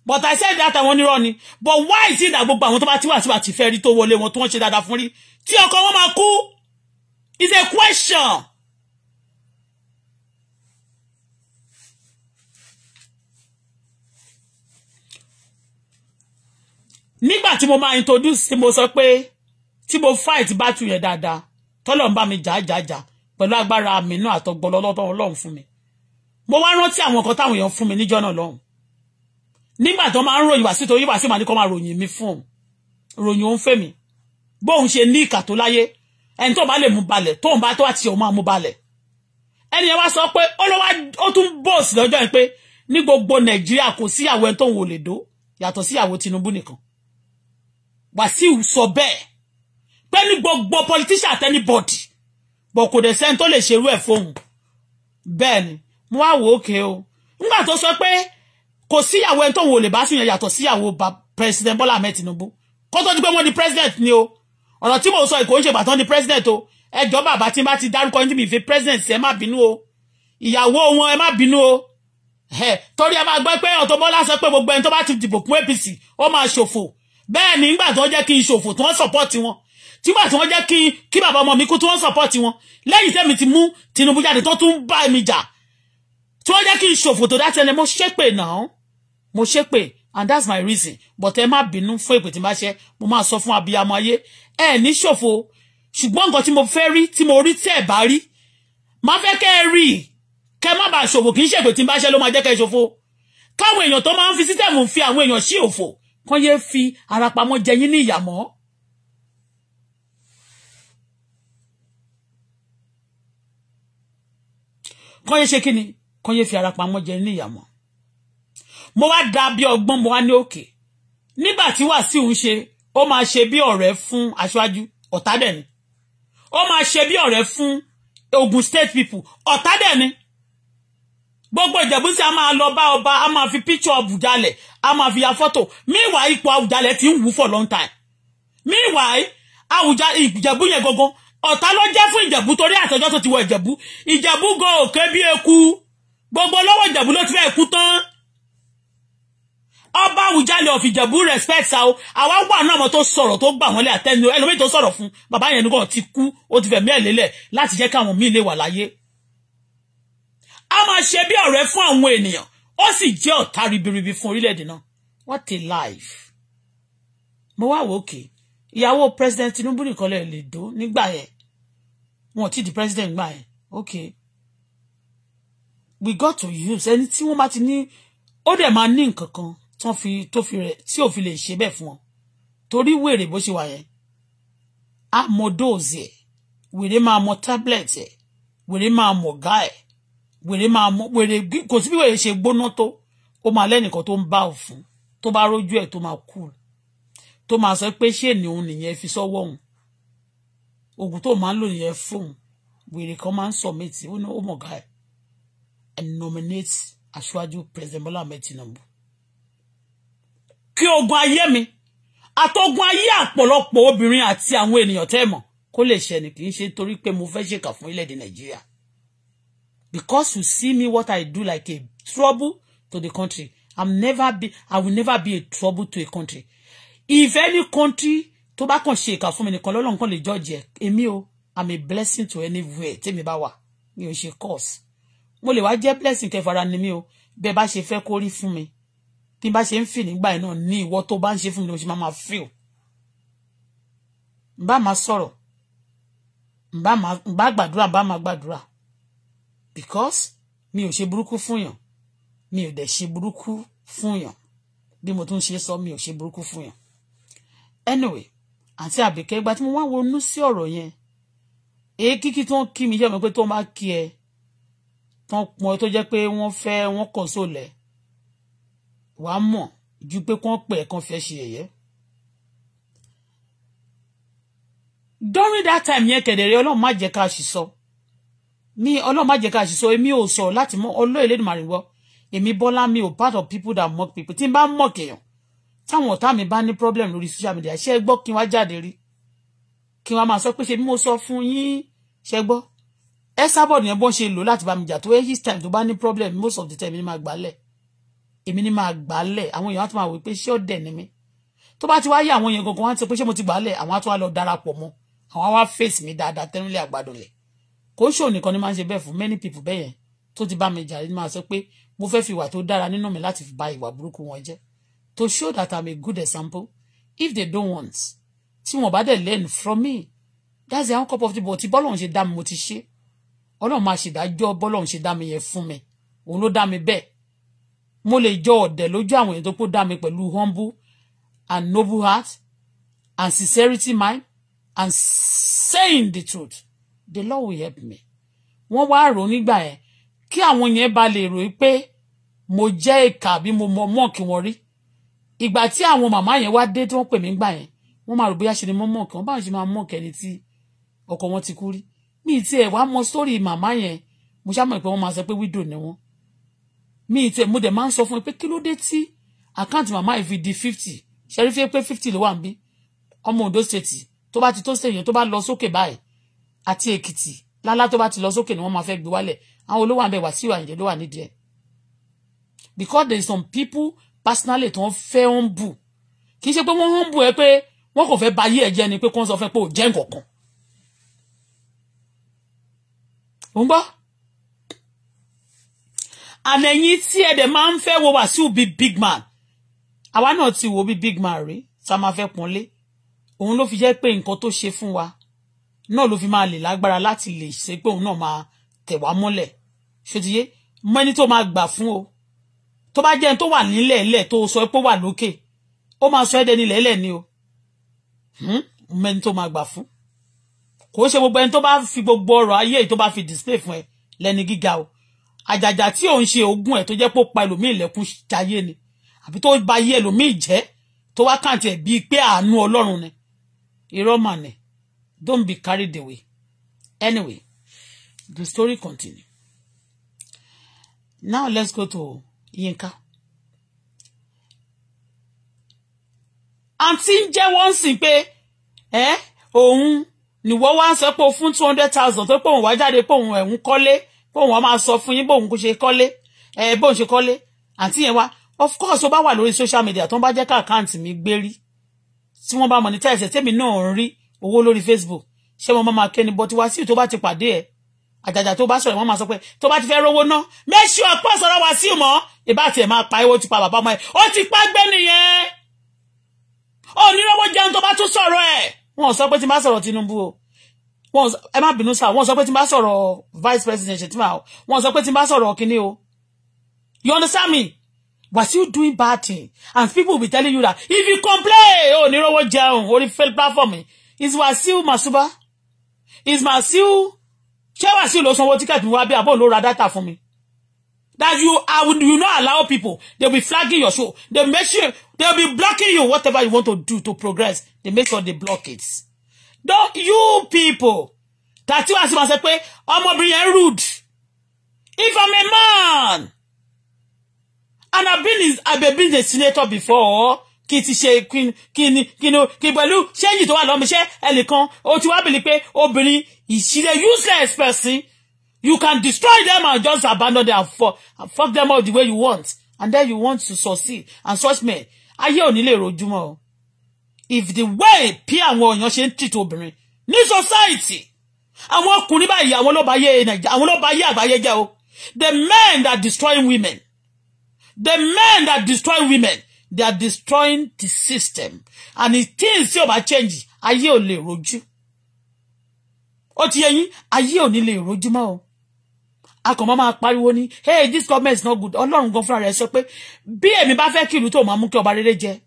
but i said that àwọn onírọ́ ni but why is it that gbogbo àwọn tó bá tiwa tiwa ti fẹ́ rí tó wọlé wọn tó wọ́n ṣe dáadáa fún rí tí ọkọ wọn máa kú is a question. nígbà tí mo máa introduce mo sọ pé tí mo fight battle yẹn dáadáa tọ́lọ̀ ń bá mi jà jà jà pẹ̀lú agbára mi náà àtọ̀gbọ́n lọ́lọ́tọ́ ọlọ́run fún mi mo wá rántí àwọn nǹkan táwọn èèyàn fún mi níjọ́ náà lọ́hùn nígbà tó máa ń ròyìn wá sí torí wá sí màá ní kó máa ròyìn mi fún òun ròyìn òun fẹ́ mi bóun ṣe ní ìkà tó láyé ẹni tó bá lè mú balẹ̀ tóun bá tó àti ọmọ àmú balẹ̀ ẹni yẹn wá sọ pé ó tún bóòsì lọ́jọ́ yẹn pé ní gbogbo nàìjíríà kò síyàwó ẹni tóun ò lè dó yàtọ̀ síyàwó Tinubu nìkan Wàsíù sọ bẹ́ẹ̀ pé ní gbogbo politician àti anybody bọ̀ kò dẹ̀ sẹ́ni tó lè ṣerú ẹ̀ fóun bẹ́ẹ̀ ni mo wá wò ó ké o nígbà tó sọ pé kò síyàwó ẹni tóun ò lè bá sùn yẹn yàtọ̀ síyàwó bá president Bọ́lá Ahmed Tinubu kó tó di pé wọ́n di president ni o ọ̀rọ̀ tí mo sọ èkó ń ṣe bàtán di president o ẹjọ́ bàbá tí n bá ti dárúkọ ní tìmí fi president ẹ má bínú o ìyàwó wọn ẹ má bínú o torí ẹ máa gbọ́ pé Auto Bola sọ pé gbogbo ẹni tó bá ti dìbò fún APC ó máa ṣòfò bẹ́ẹ̀ ni nígbà tó jẹ́ kí n ṣòfò tí wọ́n support wọn tígbà tí wọ́n jẹ́ kí kí bàbá ọmọ mi kú tí wọ́n support wọn lẹ́yìn tẹ́mi ti mú Tinubu jáde tó tún bá mi jà tí wọ́n jẹ́ kí n ṣòfò tó dátẹ́ lẹ mo ṣépè náà mo ṣépè and that's my reason but ẹ má bínú fún èpè tí n bá ṣe mo máa sọ fún abiyamọ ayé ẹ ní ṣòfò ṣùgbọ́n nǹkan tí mo fẹ́ rí tí mo rí tẹ́ ba bá rí má fẹ́ kẹ́ ẹ rí kẹ́ má bàa ṣòfò kì í ṣèpè tí n bá ṣe ló máa jẹ́ kẹ́ ẹ ṣòfò káwọn èèyàn tó máa fi sítẹ̀mù fi àwọn èèyàn sí òfò fi ara pamọ́ jẹ yín ní ìyàmọ́ kọ́yé ṣe kí ni kọ́yé fi ara pamọ́ jẹ ní ìyàmọ́ mo wá da bí ọgbọ́n mo wá ní òkè nígbà tí Wàsíù ń ṣe ó máa ṣe bí ọ̀rẹ́ fún aṣáájú ọ̀tá dẹ̀ ni ó máa ṣe bí ọ̀rẹ́ fún Ogun State people ọ̀tá dẹ̀ ni gbogbo ìjẹ̀bùsí a máa lọ bá ọba a máa fi píṣọ Àbújalẹ̀ a máa fi ya fọ́tò meanwhile ipò Àwùjalẹ̀ ti ń wù for long time meanwhile Àwùjalẹ̀ ìjẹ̀bú yẹn gangan ọ̀tá ló jẹ́ fún ìjẹ̀bú torí àtọjọ́ tó ti wọ ìjẹ̀bú ìjẹ̀bú gan òkè bí eku gbogbo lọ́wọ́ ìjẹ̀bú ló ti fẹ́ kú tán ọba àwùjalè of ìjẹ̀bú respect sa o àwa wà náà mo tó sọ̀rọ̀ tó gbà wọ́n lé àtẹnu ẹlòmíì tó sọ̀rọ̀ fún bàbá yẹn nìkan ti kú ó ti fẹ̀mí ẹ̀ lélẹ̀ láti jẹ́ káwọn míì lè wà láyé a máa ṣe bí ọ̀rẹ́ fún àwọn ènìyàn ó sì jẹ́ ọ̀tá ribiribi fún orílẹ̀-èdè náà what a life mo wá wò ó kéé ìyàwó president Tinubu nìkan lè lè dó nígbà yẹn wọn ò di president gbà yẹn ok we got to use ẹni tí wọ́n bá ti ní ó dẹ̀ máa ní nǹkan kan tán fi tó fi rẹ̀ tí ò fi lè ṣe bẹ́ẹ̀ fún wọn torí wèrè bó ṣe wà yẹn á mọ dóòzì ẹ̀ wèrè máa mọ tablet ẹ̀ wèrè máa mọ ọ̀gá ẹ̀ wèrè máa mọ wèrè kò sí bí wèrè ṣe gbóná tó ó máa lẹ́nìkan tó ń bá òfin tó bá rójú ẹ̀ tó máa cool tó máa sọ pé ṣé ni òun nìyẹn fi sọ́wọ́ òun oògùn tó máa ń lò nìyẹn fóun wèrè kan máa ń submit ó ní ó mọ̀gá ẹ̀ and nominate aṣáájú president Bola Ahmed Tinubu kí ogun ayé mi àtogun ayé àpọ̀lọpọ̀ obìnrin àti àwọn ènìyàn tẹ́ mọ̀ kó lè ṣẹ ni kì í ṣe torí pé mo fẹ́ ṣèkà fún ilẹ̀ èdè Nàìjíríà because you see me what I do like a trouble to the country I'm never be I will never be a trouble to a country if any country tó bá kàn ṣe ìkà fún mi nìkan lọ́lọ́run kàn lè judge ẹ̀ èmi o i'm a blessing to anywhere tèmi bá wà mi ò ṣe curse mo lè wá jẹ́ blessing kẹfara ni mi o bẹ́ẹ̀ bá ṣe fẹ́ kó rí fún mi tí n bá ṣe ń fì nígbà yẹn náà ní ìwọ tó bá ń ṣe fún mi ni mo ṣe máa feel n bá máa sọ̀rọ̀ n bá gbàdúrà n bá máa gbàdúrà because mi ò ṣe burúkú fún yàn mi ò dẹ̀ ṣe burúkú fún yàn bí mo tún ṣe sọ mi ò ṣe burúkú fún yàn anyway àti àbíkẹ́ ìgbà tí mo wá ronú sí ọ̀rọ̀ yẹn èé kíkí tó ń kí mi jẹ́ mi pé tó máa kí ẹ tó ń pọn tó jẹ́ pé wọ́n fẹ́ wọ́n kọ̀ sólẹ̀ wàá mọ̀ ju pé kán pè é kán fẹ́ ṣe ẹ̀yẹ́. during that time yẹn kẹ̀dẹ̀rẹ́ ọlọ́run má jẹ́ ká sì sọ mi ọlọ́run má jẹ́ ká sì sọ èmi ò sọ láti mọ ọlọ́ọ̀lẹ́dùnmáà rẹ̀ wọ èmi bọ́lá mi ò part of people that mock people tí n bá mock èèyàn táwọn ọ̀tá mi bá ní problem lórí social media ṣé gbọ́ kí wá jáde rí kí wá máa sọ pé ṣe bí mo sọ fún yín ṣé gbọ́ ẹ sábọ̀ ní ẹbọ́n ṣe lò láti bá mi jà tó each time tó bá ní problem most of the time èmi ni máa gbálẹ̀ èmi ni máa gbálẹ̀ àwọn èèyàn á tún máa wò pé ṣé ọ̀dẹ̀ ni mí tó bá ti wá yé àwọn èèyàn gangan wá ti sọ pé ṣé mo ti gbálẹ̀ àwọn á tún wá lọ darapọ̀ mọ́ àwọn á wá face mi dáadáa tẹnulẹ àgbàdùnlẹ̀ kò ń ṣò nìkan ni máa ń ṣe bẹ́ẹ̀ fún many people bẹ́ẹ̀ yẹn tó ti bá mi jà ní máa sọ pé mo fẹ́ fi ìwà tó dára nínú mi láti fi bà ìwà burúkú wọn jẹ́ to show that I'm a good example if they don't want see, wọ́n bá learn from me that's the uncle of the body bọ́lọ̀ ń ṣe dá mi mo ti ṣe ọlọ́run máa ṣèdájọ́ bọ́lọ̀ ń ṣe dá mi yẹn fún mi òun ló dá mi bẹ́ẹ̀ mo lè jọ ọ̀dẹ̀ lójú àwọn èèyàn tó humble and noble heart and sincerity mind and saying the truth the Lord will help me wọ́n wa Roni ba. yẹn kí àwọn yẹn bá lè rò pé mo jẹ́ ìkà bí mo mọ mọ́ kí wọ́n rí ìgbà tí àwọn màmá yẹn wá dé tí wọ́n pè mí gbà yẹn wọ́n máa rò bóyá ṣe ni mo mọ̀ kí wọ́n báwọn ṣe máa mọ̀ kẹ́ni tí ọkọ wọn ti kú rí mi ì tiẹ̀ wá mọ sórí màmá yẹn mo ṣá mọ̀ pé wọ́n máa sọ pé wídò ni wọ́n mi ì tiẹ̀ mo dẹ̀ máa ń sọ fún mi pé kí ló dé tí àkáǹtì màmá yìí fi di fifty ṣẹ́rí fi pé fifty ló wà ń bí ọmọ Ondo state tó bá ti tó state yẹn tó bá lọ sókè báyìí àti Èkìtì lálá tó bá ti lọ sókè ni wọ́n máa fẹ́ gbé wálẹ̀ àwọn olówó àbẹ̀wà sí ìwà ìjẹ́ ló wà nídìí ẹ̀ because there is some people personally tó ń fẹ́ humble kì í ṣe pé wọ́n humble ẹ pé wọ́n kò fẹ́ bayé ẹ jẹ́ ni pé kó ń sọ fẹ́ pé ò jẹ́ nǹkankan ò ń gbọ́ ànẹ̀yìn tí ẹ̀dẹ̀ máa ń fẹ́ wo Wàsíù bíi big man àwa náà ti wo bíi big man rí tá a máa fẹ́ pọ́nlé òun ló fi jẹ́ pé nǹkan tó ṣe fún wa náà ló fi máa lè lágbára láti lè ṣe pé òun náà máa tẹ̀ wá mọ́lẹ̀ ṣòtìyé mọ ẹni tó máa gbà fún o tó bá jẹ́ ẹni tó wà nílẹ̀ ẹ̀lẹ̀ tó sọ pé ó wà lókè ó máa sọ ẹ́dẹ́ni lẹ́lẹ̀ ni o mẹ́ni hmm? tó máa gbà fún kò ṣe gbogbo ẹni tó bá fi gbogbo ọrọ̀ ayé tó bá fi display fún ẹ lẹ́ni gíga o àjàjà tí òun ṣe ogún ẹ̀ tó jẹ́ pé ó pa ẹlòmíì lẹ́kún jayé ni àbí tó ba ayé ẹlòmíì jẹ́ tó wá kàǹtì ẹ̀ bíi pé àánú ọlọ́run ni irọ́ mà ni don't be carried away anyway the story continue now let's go to Yínká àǹtí ń jẹ́ wọ́n ń sìn pé ẹ́ òun nìwọ́ wá ń sọ pé fún two hundred thousand tó pé òun wá jáde pé òun ẹ̀hún kọ́lé pé òun máa sọ fún yín bóun kò ṣe kọ́lé ẹ̀ bóun ṣe kọ́lé àǹtí yẹn wá of course ó bá wà lórí social media tó ń bá jẹ́ ká àkáǹtì mi gbérí tí wọ́n bá monetize tèmi náà ń rí owó lórí Facebook ṣé wọ́n máa ma kẹ́ni bọ́tí wá sí ìtò bá ti pàdé ẹ̀ àjàjà tó bá sọ̀rọ̀ wọ́n máa sọ pé tó bá ti fẹ́ rówó ná méṣù ọ̀pọ̀ sọ̀rọ̀ wá sí mọ́ ìbá tiẹ̀ máa pa ewo ti pa bàbá ọmọ ẹ̀ ó ti pa gbé nìyẹn onírọ́wọ́ jẹun tó bá tún sọ̀rọ̀ ẹ̀ wọ́n sọ pé tí n bá sọ̀rọ̀ Tinubu o wọ́n ẹ má bínú sáà wọ́n sọ pé tí n bá sọ̀rọ̀ vice president Shettima o wọ́n sọ pé tí n bá sọ̀rọ̀ kínní o you understand me Was you doing bad thing and people be telling you that if you complain onírọ́wọ́ jẹun orí fail platform is Wasiu Masuba is Wasiu ṣé Wàsíù ló sanwó tíkẹ́ẹ̀tì wá bí àbọ̀ ló dátà fún mi that you are you not allow people they be flagging your show they make sure they be blocking you whatever you want to do to progress they make sure they block it don't you people tàti wá sí ma ṣe pé ọmọbìnrin yẹn rude if i'm a man and i've been, I've been a senator before kí ti ṣe kíni kíni kí pẹ̀lú ṣéyìn tó wà lọ́mọṣẹ́ ẹnìkan o ti wá bìlí pé obìnrin ìṣílẹ̀ useless person you can destroy them and just abandon them and fuck, and fuck them up the way you want and then you want to succeed and such men ayé ò ní lè rojúmọ́ o if the way bí àwọn èèyàn ṣe ń treat obìnrin ní society àwọn ọkùnrin báyìí àwọn ló bà ayé nàìjíríà àwọn ló bà ayé àgbáyé jẹ́ o the men that destroy women the men that destroy women they are destroying the system and the things tí o bá change ayé ò lè rojú ó ti yẹ yín ayé ò ní lè rojú mọ́ o akọ̀mọ́ máa pariwo ní hey this government is not good ọlọ́run gan fúnra rẹ̀ sọ pé bí èmi bá fẹ́ kí to tó mu mú kí ọba rere jẹ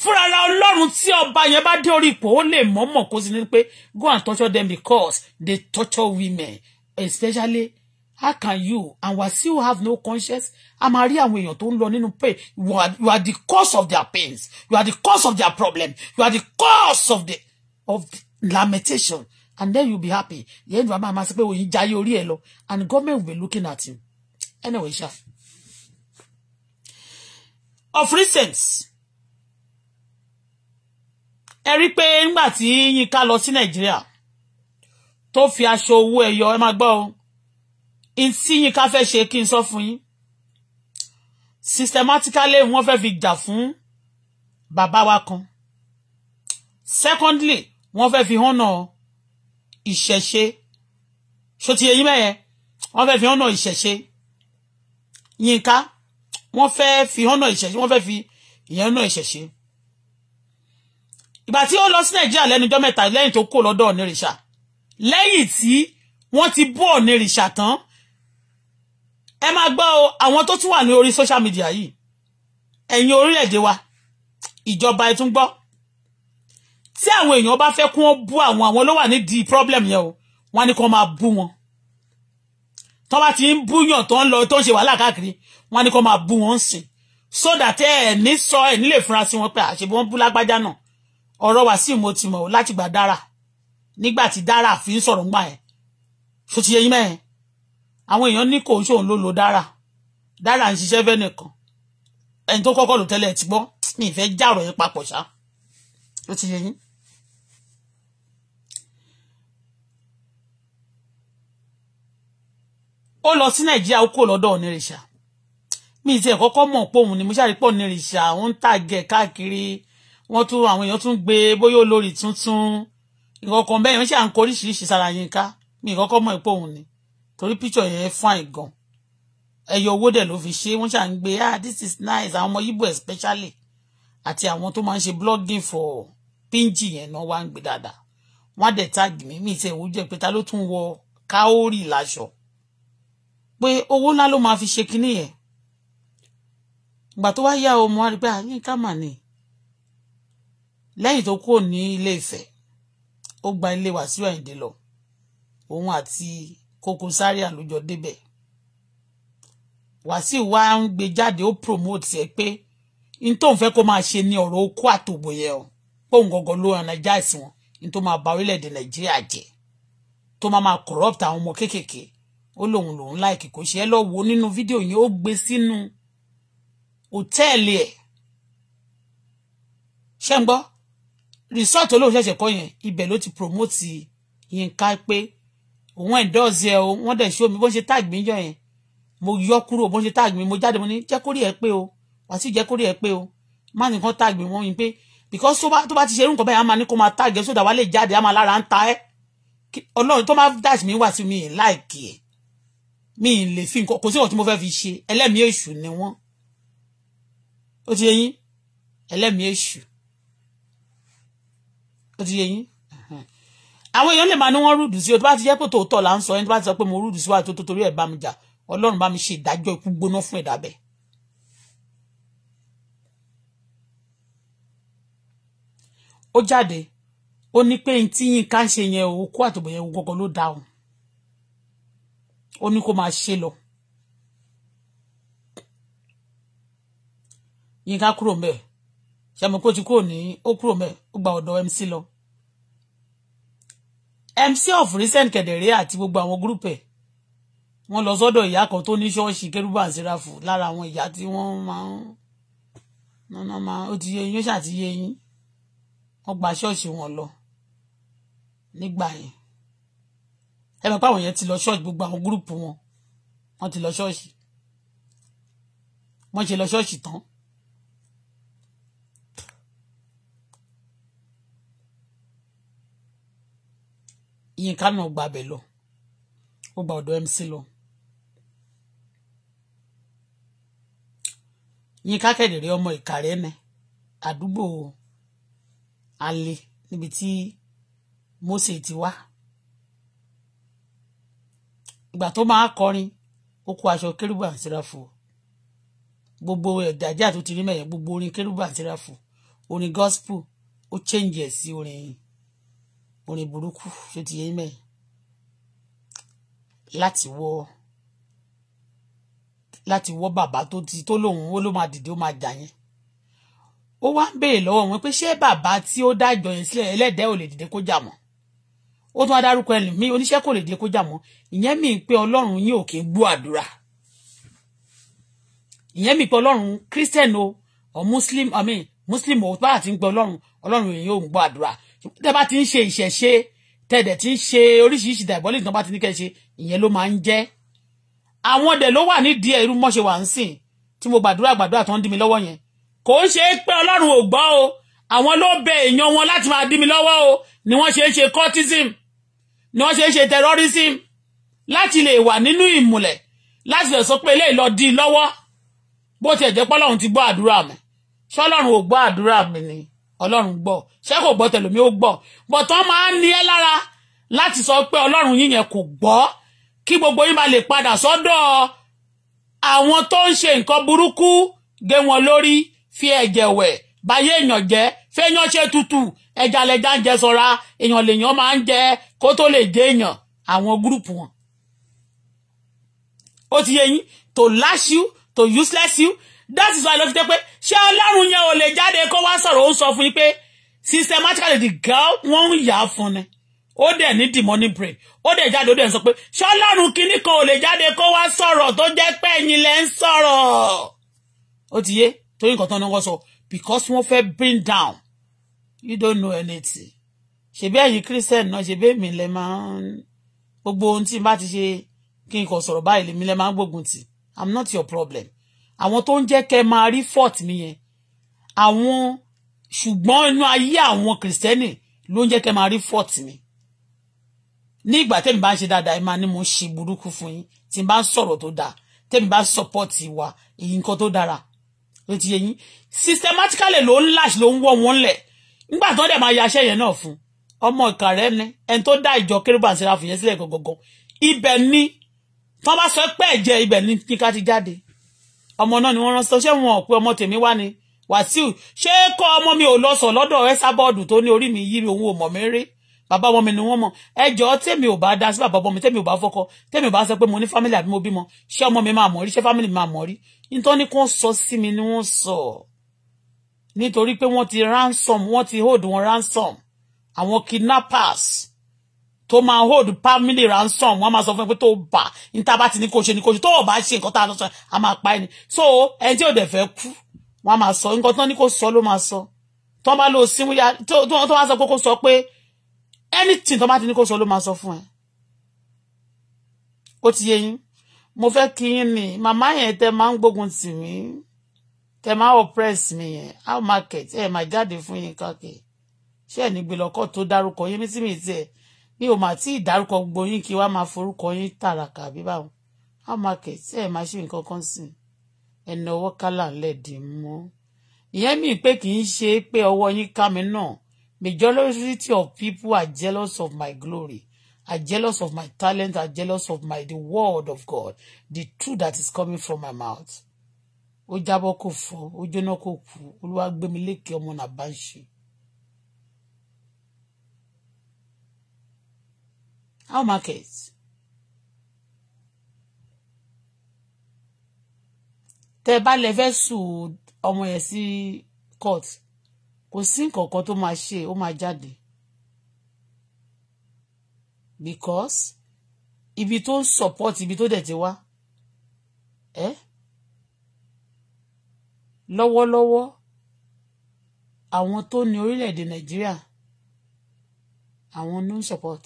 fúnra ra ọlọ́run tí ọba yẹn bá dé orí ipò ó lè mọ̀ọ́mọ̀ kó sí ní pé go and torture them because they torture women especially how can you and we still have no conscience a máa rí àwọn èèyàn tó ń lọ pain you are you are the cause of their pains you are the cause of their problem you are the cause of the of the lamentation and then you be happy yẹn ní wàá máa ma sọ pé òyìn oh, jayé orí and government will be looking at you anyway ṣá. of recent ẹ rí pé nígbà tí Yínká lọ sí Nàìjíríà tó fi aṣọ owó ẹyọ ẹ máa gbọ́ o in tí yín ká fẹ́ ṣe kí n sọ fún yín systematically wọ́n fẹ́ fi jà fún bàbá wa kan secondly wọ́n fẹ́ fi hànà ìṣẹ̀ṣe ṣó ti yé yín mẹ́yẹn wọ́n fẹ́ fi hànà ìṣẹ̀ṣe yínká wọ́n fẹ́ fi hànà ìṣẹ̀ṣe wọ́n fẹ́ fi ìyẹn hànà ìṣẹ̀ṣe ìgbà tí ó lọ sí nàìjíríà lẹ́nu ọjọ́ mẹ́ta lẹ́yìn tó kó lọ́dọ̀ ọ̀nìrìṣà lẹ́yìn tí wọ́n ti bú ọ̀nìrìṣà tán ẹ máa gbọ́ o àwọn tó tún wà ní orí social media yìí ẹ̀yin orílẹ̀-èdè wa ìjọba ẹ tún gbọ́ tí àwọn èèyàn bá fẹ́ kí wọ́n bú àwọn àwọn ló wà nídìí problem yẹn o wọ́n ní kí wọ́n máa bú wọn tó bá ti ń búyàn tó ń lọ tó ń ṣe wàhálà káàkiri wọ́n ní kí wọ́n máa bú wọn sìn so that ẹ ní sọ ẹ nílè fúnra sí wọn pé àṣebí wọ́n bú lágbájá náà ọ̀rọ̀ wà sí ìmọ̀ tìmọ̀ láti gbà dára nígbà tí dára fi ń sọ̀rọ̀ ńgbà ẹ̀ ṣó ti yẹ yín mẹ́rin àwọn èèyàn ní kò ń ṣòun ló lo dára dára ń ṣiṣẹ́ fẹ́ nìkan ẹni tó kọ́kọ́ lò tẹ́lẹ̀ ti gbọ́ mi ìfẹ́ já ọ̀rọ̀ yẹn papọ̀ ṣá ó ti yẹ yín. ó lọ sí nàìjíríà ó kò lọ́dọ̀ onírìṣà mi ti ẹ̀ kọ́kọ́ mọ̀ pé òun ni mo ṣàrí pọ̀ onírìṣà ó ń tàgẹ̀ káàkiri wọ́n tún àwọn èèyàn tún gbé bóyá olórí tuntun nǹkan bẹ́ẹ̀ wọ́n ṣe à ń kó oríṣiríṣi sára yín ká mi ìkọ́kọ́ mọ̀ pé òun ni torí píchọ̀ yẹn fine gan ẹyọ owó dẹ̀ ló fi ṣe wọ́n ṣà ń gbé ah this is nice àwọn ọmọ Yíbò especially àti àwọn tó máa ń ṣe blogging for pinji yẹn náà wá ń gbé dáadáa wọ́n á dẹ̀ tag mi mi ìṣe ìwújẹ pé ta ló tún wọ káórì láṣọ pé owó ńlá ló máa fi ṣe kinní yẹn ìgbà tó wá yá o mo wá rí pé àyínká ah, mà ní lẹ́yìn tó kúrò ní ilé Ifẹ̀ ó gba ilé Wàsíù Àyìndé lọ òun àti Koko Zaria ló jọ débẹ̀ Wàsíù wa ń gbé jáde ó promote ẹ pé n tó ń fẹ́ kó máa ṣe ni ọ̀rọ̀ okó àtòbò yẹn o póun gangan ló ran nàìjíríà sí wọn n tó máa ba orílẹ̀-èdè nàìjíríà jẹ́ tó máa máa corrupt àwọn ọmọ kéékèèké ó lóun lòun láìkì kò ṣe é lọ wo nínú fídíò yẹn ó gbé sínú hòtẹ́ẹ̀lì ẹ̀ ṣé ń gbọ́ resort olóhùn kọ́ yẹn ibẹ̀ ló ti promote Yínká pé òun endorse ẹ o wọ́n dẹ̀ ṣó mi bó ṣe tag mi jọ yẹn mo yọ kúrò bó ṣe tag mi mo jáde mo ní jẹ́ kórè ẹ pé o wàásù jẹ́ kórè ẹ pé o má nìkan tag mi wọ́n yin pé because tó bá ti ṣe irú nǹkan báyìí a máa ní kó máa tag ẹ sódà wá lè jáde a máa lára ń ta ẹ ọlọ́run tó máa dash mi wá sí mi yẹn láìkì ẹ̀ mi ì lè fi nǹkan kò sí ọ̀tí mo fẹ́ fi ṣe ẹlẹ́mìí èṣù ni wọ́n ó ti yẹ yín ẹlẹ́mìí èṣù ó ti yẹ yín àwọn èèyàn lè máa ní wọ́n rúdù sí o tó bá ti jẹ́ pé tòótọ́ là ń sọ ẹni tó bá ti sọ pé mo rúdù sí wa tó torí ẹ̀ bá mi jà ọlọ́run bá mi ṣe ìdájọ́ ikú gbóná fún ẹ̀dá bẹ́ẹ̀. ó jáde ó ní pé tí Yínká ń ṣe yẹn o kó àtòbọ̀ yẹn gbọ́gbọ́ ló dá òun ó ní kó máa ṣe lọ. Yínká kúrò mẹ́ẹ̀ ṣàmùkó ti kúrò ní ó kúrò mẹ́ẹ̀ ó gba ọ̀dọ̀ MC lọ MC of recent kẹ̀dẹ̀rẹ́ àti gbogbo àwọn gúrùpù ẹ̀ wọ́n lọ sọ́dọ̀ ìyá kan tó ní ṣọ́ọ̀ṣì kérúbà sírafù lára àwọn ìyá tí wọ́n máa ń nánà máa ó ti yé yín ó ṣàti yé yín wọ́n gba ṣọ́ọ̀ṣì wọn lọ nígbà yẹn ẹ mọ̀ pé àwọn yẹn ti lọ ṣọ́ọ̀ṣì gbogbo àwọn gúrùpù wọn wọ́n ti lọ ṣọ́ọ̀ṣì wọ́n ṣe lọ ṣọ́ọ̀ṣì tán Yínká náà gba abẹ lọ ó gba ọ̀dọ̀ MC lọ Yínká kẹdẹrẹ ọmọ Ìkàrẹ́ ni àdúgbò alẹ níbi tí Mósè ti wá ìgbà tó máa kọrin ó kó aṣọ kérúbù àǹtíráfò gbogbo ẹ̀dájà tó ti rí mẹ́yẹ gbogbo orin kérúbù àǹtíráfò orin gospel ó change sí orin yìí orin burúkú ṣé ti yé mẹ́yìn láti wọ́ láti wọ́ bàbá tó ti tó lòun ó ló máa dìde ó máa jà yẹn ó wá ń béèrè lọ́wọ́ wọn pé ṣé bàbá tí ó dájọ́ yẹn sílẹ̀ ẹlẹ́dẹ́ ò lè dìde kó jà mọ́ ó tún wá dárúkọ oníṣẹ́ kò lè dìde kó jà mọ́ ìyẹn mi pé ọlọ́run yín ò kí ń gbọ́ àdúrà ìyẹn mi pé ọlọ́run christian o or muslim i mean muslim o bá àti ń gbọ́ ọlọ́run ọlọ́run yìí ò ń gbọ́ àdúrà tẹ́ bá ti ń ṣe ìṣẹ̀ṣe tẹ́ dẹ̀ ti ń ṣe oríṣiríṣi diabolic tán bá ti ní kẹ́ ṣe ìyẹn ló máa ń jẹ́ àwọn dẹ̀ ló wà nídìí ẹ̀rú mọ́ṣe wà ń sìn tí mo gbàdúrà gbàdúrà tó ń dí mi lọ́wọ́ yẹn kò ń ṣe é pé ọlọ́run ò gbọ́ o àwọn ló bẹ èèyàn wọn láti máa dí mi lọ́wọ́ o ni wọ́n ṣe é ṣe cultism ni wọ́n ṣe é ṣe terrorism láti lè wà nínú ìmùlẹ̀ láti lè sọ pé eléyìí lọ dí lọ́wọ́ bó tiẹ̀ jẹ́ pé ọlọ́run ti gbọ́ àdúrà mi ṣọ́lọ́run ò gbọ́ àdúrà mi ni ọlọ́run gbọ́ ṣé kò gbọ́ tẹlòmí ó gbọ́ bọ̀tán máa ń ní ẹ lára láti sọ pé ọlọ́run yín yẹn kò gbọ́ kí gbogbo yín máa lè padà sọ́dọ̀ àwọn tó ń ṣe nǹkan burúkú gé wọn lórí fi ẹ̀jẹ̀ wẹ̀ báyé èèyàn jẹ́ fẹ́yàn ṣe tútù ẹja lẹja ń jẹ sọ́ra èèyàn lèèyàn máa ń jẹ kó tó lè jẹ èèyàn àwọn gúrùpù wọn. ó ti yẹ yín to lash you to useless you that is why ló fi tẹ́ pé ṣé ọlọ́run yẹn ò lè jáde kó wá sọ̀rọ̀ ó sọ fún yín pé systematically the girl wọ́n ń yà á fún ni ó dẹ̀ ní the morning prayer ó dẹ̀ jáde ó dẹ̀ sọ pé ṣé ọlọ́run kinní kan ò lè jáde kó wá sọ̀rọ̀ tó jẹ́ pé ẹ̀yin lẹ́ ń sọ̀rọ̀ ó ti yé torí nǹkan tán ni wọ́n sọ because wọ́n fẹ́ bring down you don't know anything ṣèbí ẹ̀yin christian náà ṣèbí èmi lẹ máa ń gbogbo ohun tí n bá ti ṣe kí n kàn sọ̀rọ̀ báyìí lèmi lẹ máa ń gbógun tì i'm not your problem àwọn tó ń jẹ́ kẹ́ máa rí fort nìyẹn àwọn ṣùgbọ́n inú ayé àwọn kìrìsìtẹ́nì ló ń jẹ́ kẹ́ máa rí fort mi ní ìgbà tẹ́mi bá ń ṣe dáadáa ẹ máa ní mo ṣe burúkú fún yín tí n bá ń sọ̀rọ̀ tó dáa tẹ́mi bá support wa èyí nǹkan tó dára ló ti yẹ yín systematically ló ń lash ló ń wọ́ wọn lẹ̀ nígbà tó dẹ̀ máa ya aṣẹ́ yẹn náà fún ọmọ ìka rẹ ni ẹni tó dá ìjọ kérúbà síra fìyẹn sílẹ̀ gọ̀gọ̀gọ̀ ibẹ̀ ni tí wọ́n bá sọ pé ẹ̀jẹ̀ ibẹ̀ ni kíkà ti jáde ọmọ náà ni wọ́n rán sọ ṣé wọn pé ọmọ tèmi wá ni Wàsíù ṣé kọ́ ọmọ mi ò lọ sọ lọ́dọ̀ ẹ sábọọdù tó ní orí mi yí mi òun ò mọ mi rí bàbá ọmọ mi ni wọ́n mọ̀ ẹjọ tèmi ò bá dá sí bàbá ọmọ mi tèmi ò bá fọkọ tèmi ò bá sọ pé mo ní fámìlì àbí mo bímọ ṣé ọmọ mi máa mọ̀ rí ṣé fámìlì mi máa mọ̀ rí nítorí kò sọ sí mi ni wọ́n sọ nítorí pé wọ́n ti ransom wọ́n ti hold wọn ransom àwọn kidnappers tó máa hold family ransom wọ́n máa sọ fún ẹ pé tó bà ní a bá ti ní kó ṣe ní kó ṣe tó o bá ṣe nǹkan tá a lọ sọ a máa pa ẹni so ẹni tí ò dẹ̀ fẹ́ kú wọ́n máa sọ nǹkan tó ní kó sọ ló máa sọ tó bá lọ sí wíyá tó bá sọ pé kó sọ pé anything tó bá ti ní kó sọ ló máa sọ fún ẹ ó ti yé yín mo fẹ́ kí yín ni màmá yẹn tẹ máa ń gbógun tì mí tẹ máa oppress mi yẹn how market ẹ máa jáde fún yín káàkiri ṣé ẹ nígbè lọkọ tó dárúkọ yín mí sí mi tiẹ̀ mi ò mà tí ì gbogbo yín kí wá máa forúkọ yín tààràkà bí báwọn á máa kẹ̀ tí ẹ̀ máa ṣe nǹkan kan sí i ẹnu ọwọ́ kálà lẹ́ẹ̀dì mú ìyẹn mi pé kì í ṣe pé ọwọ́ yín ká mi náà majority of people are jealous of my glory are jealous of my talent are jealous of my the word of God the truth that is coming from my mouth ó jábọ́ kò fọ́ ó jóná kò kú olúwa gbé mi lékè ọmọ nàbà ń ṣe. How market? Tẹ́ bá lè fẹ́ sùn ọmọ yẹn sí court kò sí nǹkan tó máa ṣe ó máa jáde because ibi tó ń support ibi tó dẹ̀ ti wá ẹ́ lọ́wọ́lọ́wọ́ àwọn tó ní orílẹ̀-èdè Nàìjíríà àwọn ló ń support.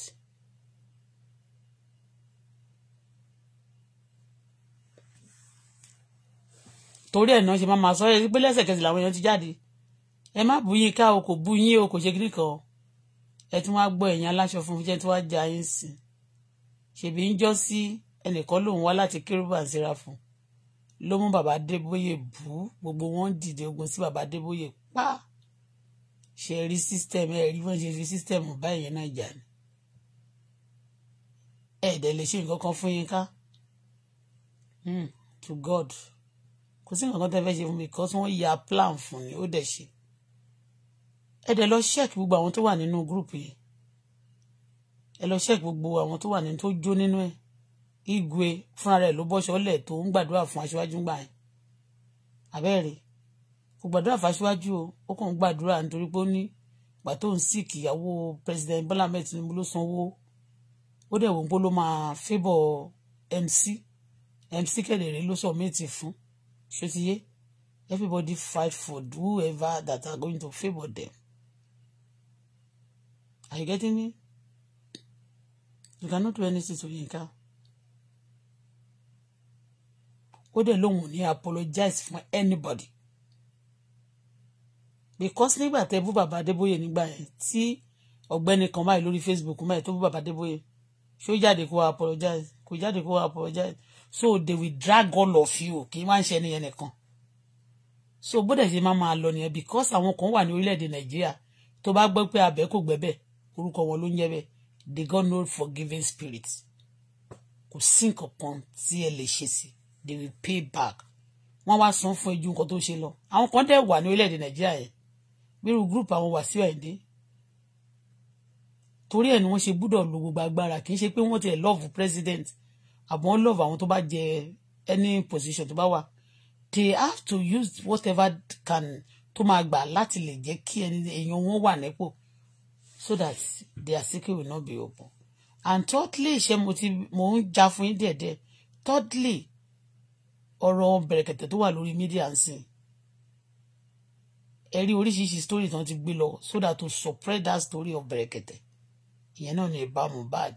torí ẹ̀ náà ṣe máa máa sọ ẹ pé lẹ́sẹ̀kẹsẹ̀ làwọn èèyàn ti jáde ẹ má bú yín ká o kò bú yín o kò ṣe kiri kan ẹ tún wá gbọ́ ẹ̀yìn aláṣọ funfun jẹ́ tí wàá jẹ ayé sí i ṣèbí ń jọ́ sí ẹnìkan lòun wá láti kérúbà síra fún ló mú bàbá Adébóyè bú gbogbo wọn dìde ogun sí bàbá Adébóyè pa ṣe rí system ẹ rí wọn ṣe fi system báyìí náà jà ni ẹ dẹ̀ lè ṣe nǹkan kan fún yín ká hmm, to God kò sí nǹkan tẹ́ fẹ́ ṣe fún mi because wọ́n ya plan fún ni ó dẹ̀ ṣe ẹ dẹ̀ lọ ṣẹ́ẹ̀kì gbogbo àwọn tó wà nínú gúrùpù yìí ẹ lọ ṣẹ́ẹ̀kì gbogbo àwọn tó wà nínú tó jó nínú ẹ̀ igwe fúnra rẹ̀ ló bọ́ṣọ lẹ̀ tó ń gbàdúrà fún aṣíwájú gbà yẹn àbẹ́rẹ́ kò gbàdúrà fún o ó kàn ń gbàdúrà nítorí pé ó ní ìgbà tó ń sìkì ìyàwó president bala Ahmed Tinubu ló sanwó ó dẹ̀ wọ́n pé ló máa fébọ̀ MC MC kẹ̀lẹ́rẹ́ ló sọ méjì fún ṣòtìyé everybody fight for whoever that are going to favor them are you getting me you cannot do anything to Yinka ó dẹ̀ lóun ò apologize for anybody because nígbà tẹ bú baba Adébóyè nígbà yẹn tí ọ̀gbẹ́ni kan báyìí lórí Facebook báyìí tó bú bàbá Adébóyè ṣó jáde ko apologize kó jáde kó apologize so they will drag all of you kì í máa ń ṣe ẹnìyẹn nìkan so bóde ṣe máa máa lọ nìyẹn because àwọn kan wà ní orílẹ̀-èdè nàìjíríà tó bá gbọ́ pé abẹ́ kò gbẹ́bẹ̀ orúkọ wọn ló ń jẹ́ bẹ́ẹ̀ they got no forgiving spirit kò sí nǹkan kan tí ẹ lè ṣe sí they will pay back wọ́n wá san fún ẹjú nǹkan tó ṣe lọ àwọn kan dẹ̀ wà ní orílẹ̀-èdè nàìjíríà yẹn bírú group àwọn Wàsíù Àyìndé torí ẹ̀ ni wọ́n ṣe gbúdọ̀ lo gbogbo agbára kì í ṣe pé wọ́n ti ẹ̀ love president àbọ̀n love àwọn tó bá jẹ any position tó bá wà they have to use whatever can tó máa gbà láti lè jẹ́ kí ẹni èèyàn wọn wà nípò so that their secret will not be open and thirdly ṣe mo ti mo ń ja fún yín díẹ̀díẹ̀ thirdly ọ̀rọ̀ bẹ̀rẹ̀kẹ̀tẹ̀ tó wà lórí media ń sìn ẹ rí oríṣiríṣi story tí wọ́n ti gbé lọ so that to suppress that story of bẹ̀rẹ̀kẹ̀tẹ̀ ìyẹn náà ni ìbá bad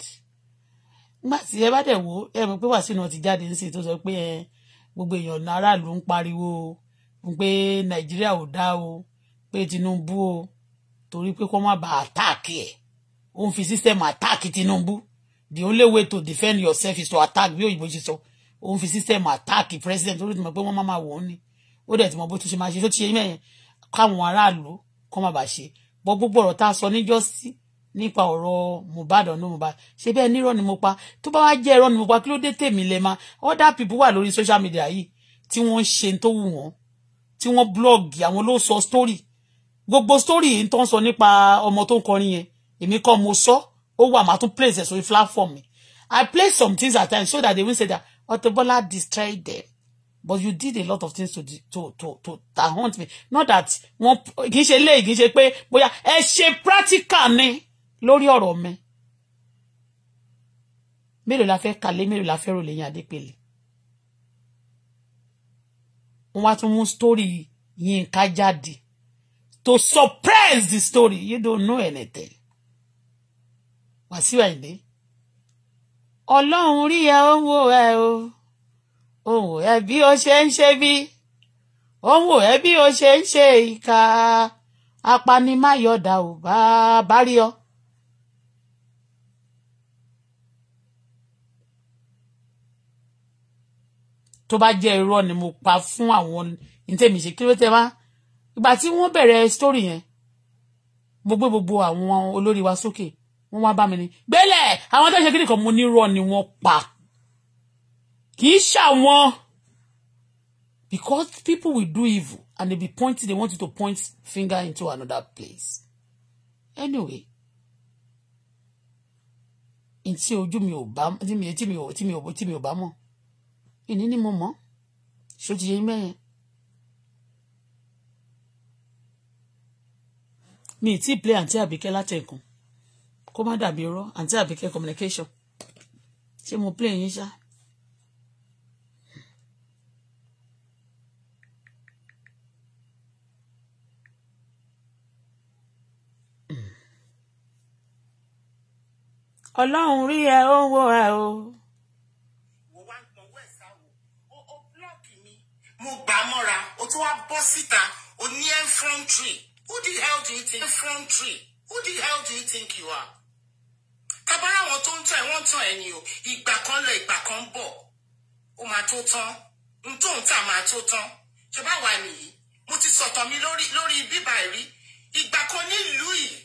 nígbà tí ẹ bá dẹ̀ wò ẹ mọ̀ pé Wàsíù náà ti jáde ńsìn tó sọ pé ẹ gbogbo èèyàn aráàlú ń pariwo o pé Nàìjíríà ò dá o pé Tinubu o torí pé kó má ba àtáàkì ẹ̀ ó ń fi sísẹ́mù àtáàkì Tinubu the only way to defend yourself is to attack bí òyìnbó ṣe sọ ó ń fi sísẹ́mù àtáàkì president ó lè ti mọ̀ pé wọ́n má máa wò ó ní ó dẹ̀ ti mọ̀ bó tún ṣe máa ṣe tó ti ṣe mẹ́yẹn káwọn aráàlú kó má bàa ṣe bọ́ gbogbo ọ̀rọ̀ tá a sọ níjọ́ sí nípa ọ̀rọ̀ Mohbad ọ̀nà Mohbad ṣe bẹ́ẹ̀ nírọ̀ ni mo pa tó bá wá jẹ́ irọ́ ni mo pa kí ló dé tèmi lẹ ma other people wà lórí social media yìí tí wọ́n ń ṣe tó wù wọ́n tí wọ́n blọ́ọ̀gì àwọn ló sọ story gbogbo story yìí tó ń sọ nípa ọmọ tó ń kọrin yẹn èmi kọ́ mo sọ ó wà máa tún place ẹ̀ sórí platform mi I play some things at times so that they will say that Auto Bola destroyed them but you did a lot of things to to to to that haunt me not that wọn kì í ṣe lé kì í ṣe pé bóyá ẹ ṣe practical ni lórí ọ̀rọ̀ mi mélòó la fẹ́ kàlé mélòó la fẹ́ rò lẹ́yìn adépele wọ́n wá tún mú story Yínká jáde to surprise the story you don't know anything Wàsíù Àyìndé ọlọ́run rí ẹ ó ń wò ẹ o ó ń wò ẹ bí o ṣe ń ṣe bí ó wò ẹ bí o ṣe ń ṣe ìka apanimáyọ̀dà ò bá bá rí ọ. tó bá jẹ́ irọ́ ni mo pa fún àwọn ntẹ̀mí ṣe kí ló tẹ́ wá ìgbà tí wọ́n bẹ̀rẹ̀ story yẹn gbogbo gbogbo àwọn olórí wa sókè wọ́n wá bá mi ní gbélé àwọn tó ń ṣe kí nìkan mo ní irọ́ ni wọ́n pa kì í ṣàwọn because people will do evil and they be pointing they want you to point finger into another place anyway ntí ojú mi ò bá tí mi ò tí mi ò tí mi ò bá mọ̀ ìní ni mo mọ̀ ṣòjì yẹn mẹ́yẹn. mi ì tí ì play àǹtí àbíkẹ́ látẹ̀kùn kó má dàbí irọ́ àǹtí àbíkẹ́ communication ṣé mo play yín ṣá. ọlọ́run rí ẹ ó ń wo ẹ o. mo gbà mọ́ra o tún wá bọ́ síta o ní infantry who the hell do you think infantry who the hell do you think you are tabara àwọn tó ń tàn ẹ́ wọ́n tàn ẹ́ ni o ìgbà kan lọ ìgbà kan bọ̀ ó máa tó tán n tó ń tà máa tó tán ṣe bá wà nìyí mo ti sọ̀tọ̀ mi lórí bíbá rí ìgbà kan nílùú yìí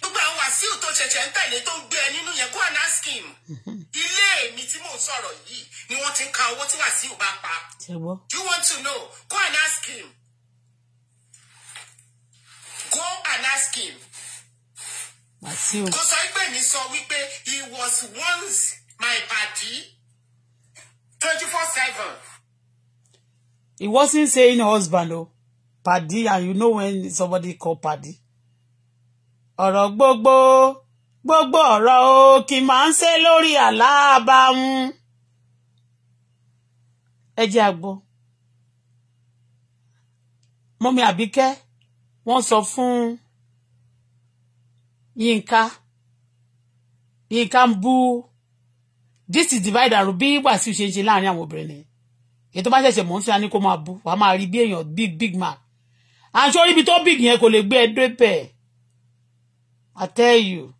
gbogbo àwọn wàsíù tó ṣẹ̀ṣẹ̀ ń tẹ̀lé tó ń gbé ẹ nínú yẹn gwana scheme ilé mi tí mò ń sọ̀rọ̀ yìí ni wọ́n ti ń ka owó tí wàsíù bá pa do you want to know go and ask him go and ask him kò sọ pé mi sọ wípé he was once my padi twenty four seven. he wasn't saying husband o oh. padi and you know when somebody call padi ọ̀rọ̀ gbogbo gbogbo ọ̀rọ̀ o kì máa ń ṣe lórí àlàábàmú. ẹ jẹ́ àgbọ̀ mọ́mí àbíkẹ́ wọ́n sọ fún yínká yínká ń bú this is divide and bí wàásù ṣe ń ṣe láàrin àwọn obìnrin ni èyí tó bá ṣẹ̀ṣẹ̀ mọ̀ ń sọ ya ni kó máa bú wàá máa rí bí èèyàn big big man àṣọ orí ibi tó big yẹn kò lè gbé ẹ dé bẹ́ẹ̀. I tell you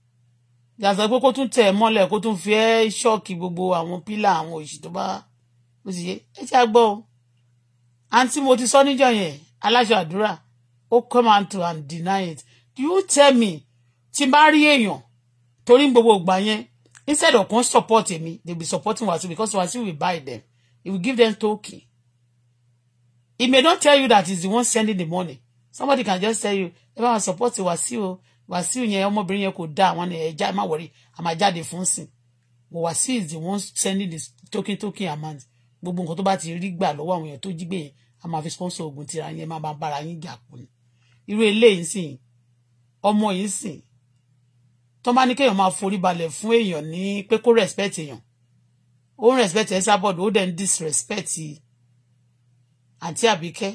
yàtọ̀ pé kó tún tẹ̀ ẹ́ mọ́lẹ̀ kó tún fi ẹ́ ṣọ́ọ̀kì gbogbo àwọn pílà àwọn òṣì tó bá ó sì yé ẹ ṣe àgbọ̀ o àǹtí mo ti sọ níjọ yẹn aláṣọ àdúrà ó come out and deny it you tell me tí n bá rí èèyàn torí gbogbo ìgbà yẹn instead of kan support èmi they be supporting Wasiu because Wasiu will buy them he will give them token he may not tell you that he's the one sending the money somebody can just tell you ẹ bá wọn support Wasiu o Wàsíù yẹn ọmọbìnrin yẹn kò dá àwọn ẹja má wọrí àmàjáde fún sìn but Wàsíù is the one sending the token token amount gbogbo nǹkan tó bá ti rí gbà lọ́wọ́ àwọn èèyàn tó jí gbé yẹn a máa fi sponsor oògùn tira yẹn máa bára yín jà pọ̀ ni irú eléyìí sìn ọmọ yìí sìn tó bá ní kéèyàn máa forí balẹ̀ fún èèyàn ní pé kó respect èèyàn ó respect ẹ̀ sábọ̀dù ó dẹ̀ ń disrespect àǹtí àbíkẹ́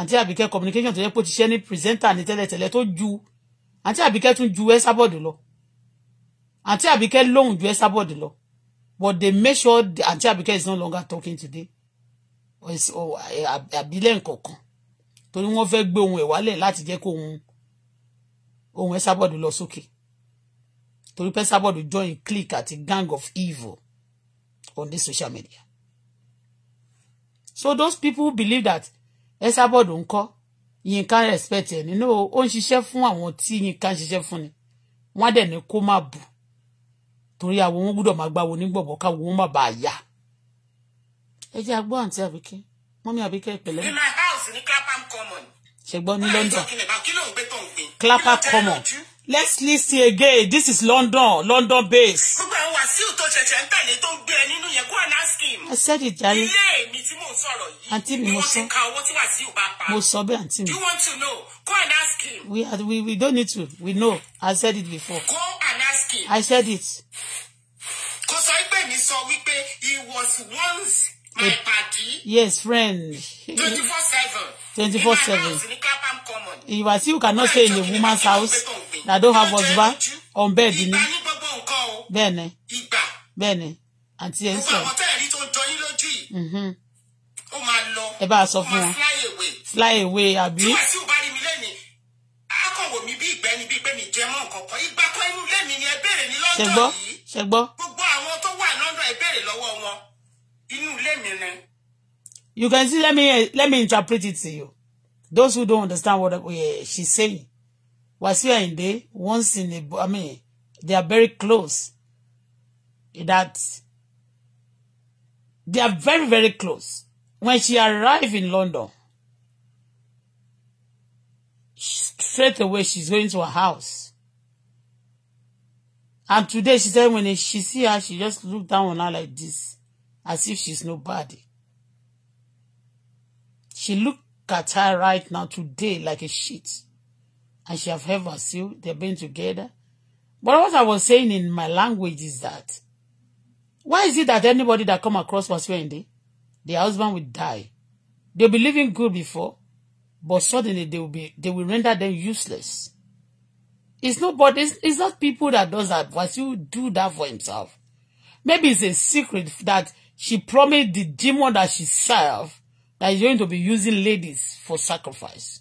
àǹtí àbíkẹ́ communication tó yẹ pé ó ti ṣe ní presenter ní tẹ́lẹ̀tẹ́lẹ̀ tó ju àǹtí àbíkẹ́ tún ju Esabod lọ àǹtí àbíkẹ́ lóhùn ju Esabod lọ but they make sure àǹtí àbíkẹ́ is no longer talking today àbílẹ̀ eh, nkankan torí wọ́n fẹ́ gbé ohun ẹ̀ wálẹ̀ láti jẹ́ kó ohun ohun Esabod lọ sókè torí pé Esabod join clique àti gang of evil on this social media so those people believe that Esabod ń kọ́ Yínká respect ẹ̀ nínú ó ń ṣiṣẹ́ fún àwọn tí Yínká ń ṣiṣẹ́ fún ni wọ́n á dẹ̀ ní kó má bù torí àwọn wọn gbúdọ̀ máa gbáwo nígbọ̀gbọ́ káwọn wọn má bàa yá. ẹ jẹ́ agbọ́ àǹtí àbíkẹ́ mọ́mí àbíkẹ́ pẹ̀lẹ́. in my house ní Clapham Common. ṣùgbọ́n ní London Clapham Common let's listen again this is London London base. gbogbo àwọn wàsíù tó ṣẹ̀ṣẹ̀ ń tẹ̀lé tó gbé ẹ nínú yẹn kó àná scheme. I said it jàre. ilé mi tí mò ń sọ̀rọ̀ yìí. àǹtí mo ti ka owó tí wàsíù bá pa. mo sọ bẹ́ẹ̀ àǹtí mi. do you want to know go and ask him. we are we we don't need to we know I said it before. go and ask him. I said it. kò sọ pé mi sọ wípé he was once my eh, padi. yes friend. twenty four seven twenty four seven you cannot stay in a woman's house that don't have husband on bed ni bẹ́ẹ̀ ni bẹ́ẹ̀ ni àǹtí ẹ̀ ń sọ. Mm-hmm. ẹ bá a sọ fún wọn fly away àbí. tí Wàsíù bá rí mi lẹ́nu akọ̀wò mi bí ìgbẹ́ni bí ìgbẹ́ni jẹ́ mọ́ nǹkan kan ìgbà kan inú lẹ́nu ni ẹ bèrè ní lọ́jọ́ yìí gbogbo àwọn tó wà lọ́dọ̀ ẹ bèrè lọ́wọ́ wọn inú lẹ́nu ni. You can see, let me let me interpret it to you. Those who don't understand what she's saying. was here in Ayinde, once in a, I mean, they are very close. That they are very, very close. When she arrived in London, straight away she's going to her house. And today she said when she see her, she just looked down on her like this, as if she's nobody. She look at her right now today like a shit. And she have ever seen they've been together. But what I was saying in my language is that why is it that anybody that come across Wasuende, their husband will die? They'll be living good before, but suddenly they will be they will render them useless. It's nobody. It's, it's not people that does that. Wasu do that for himself. Maybe it's a secret that she promised the demon that she served that is going to be using ladies for sacrifice.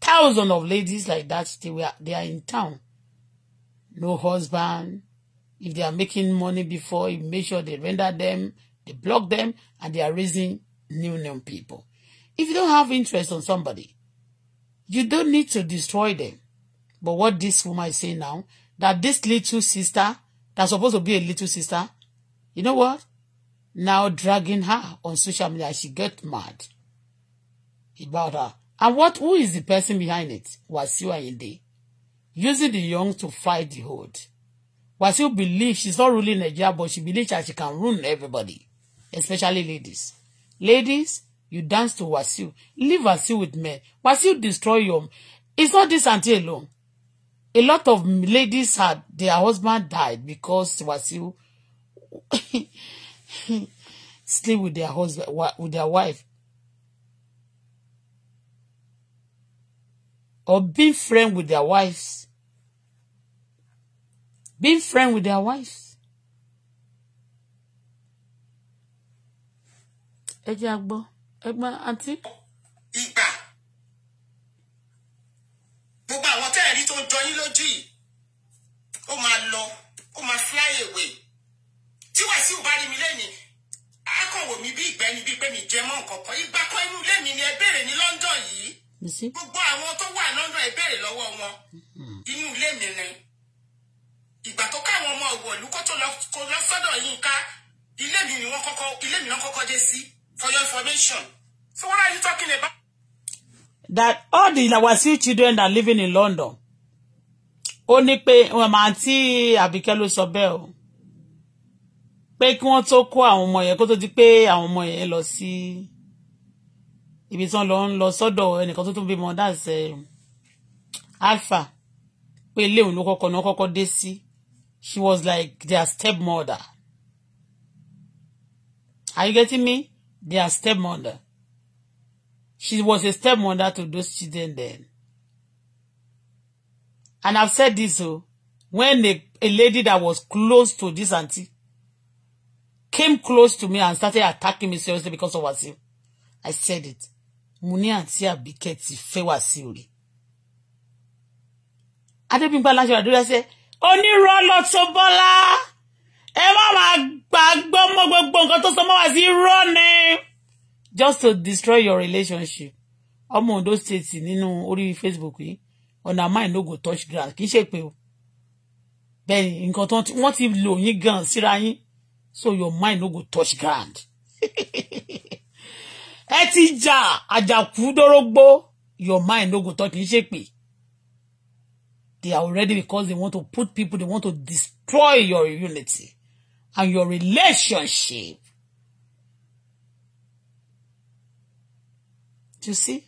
Thousands of ladies like that, they, were, they are in town. No husband. If they are making money before, you make sure they render them, they block them, and they are raising new new people. If you don't have interest on somebody, you don't need to destroy them. But what this woman is saying now, that this little sister, that's supposed to be a little sister, you know what? now dragging her on social media. She get mad about her. And what who is the person behind it? Wasiu Ayinde. Using the young to fight the old. Wasiu believes she's not ruling Nigeria, but she believes that she can ruin everybody, especially ladies. Ladies, you dance to Wasiu. Leave Wasiu with men. Wasiu destroy your... It's not this auntie alone. A lot of ladies had their husband died because Wasiu... sleep with their husband with their wife or being friend with their wives being friend with their wives ẹ jẹ́ àgbọ́ ẹgbọ́n àǹtí. ìgbà gbogbo àwọn tẹ́ẹ̀rí tó ń jọ yín lójú yìí ó máa lọ ó fly away tí Wàsíù bá rí mi lẹ́ni akọ̀wò mi bí ìgbẹ́ni bíi pé mi jẹ́ mọ́ nǹkan kan inú ilé mi ni ẹ béèrè ní London yìí gbogbo àwọn tó wà London ẹ béèrè lọ́wọ́ wọn inú ilé mi ni ìgbà tó káwọn ọmọ ìwọ̀lú kó tó lọ sọ́dọ̀ yín ká ilé mi ni wọ́n kọ́kọ́ ilé mi náà kọ́kọ́ dé sí for your information so what are you talking about. that all the Wasiu children are living in London ó ní pé wọn máa tí Àbíkẹ́ ló sọ bẹ́ẹ̀ o pé kí wọ́n tó kó àwọn ọmọ yẹn kó tó di pé àwọn ọmọ yẹn lọ sí ibi tí wọ́n lọ ń lọ sọ́dọ̀ ẹnìkan tó tún bímọ dáàsẹ̀ eh, alpha pé ilé òun ló kọ́kọ́ náà kọ́kọ́ dé sí she was like their stepmother are you getting me their stepmother she was a stepmother to those children then and I've said this o. Oh, when a, a lady that was close to this auntie came close to me and started attacking me seriously because of Wasiu. I said it. Mo ní àǹtí Àbíkẹ́ ti fẹ́ Wasiu rí. Adébímpé Aláṣọ Àdúrà ṣe onírọ́ lọ́tọ́ Bọ́lá ẹ má máa gbàgbọ́ mọ́ gbogbo nǹkan tó Just to destroy your relationship. Ọmọ Ondo State nínú orí Facebook yìí ona mine no go touch grass kì í ṣe pé o. Bẹ́ẹ̀ni nǹkan tí wọ́n ti lò yín gan síra yín so your mind no go touch ground. ẹ ti jà àjàkú dórógbó your mind no go touch kì í ṣe pé they are already because they want to put people they want to destroy your unity and your relationship. you see?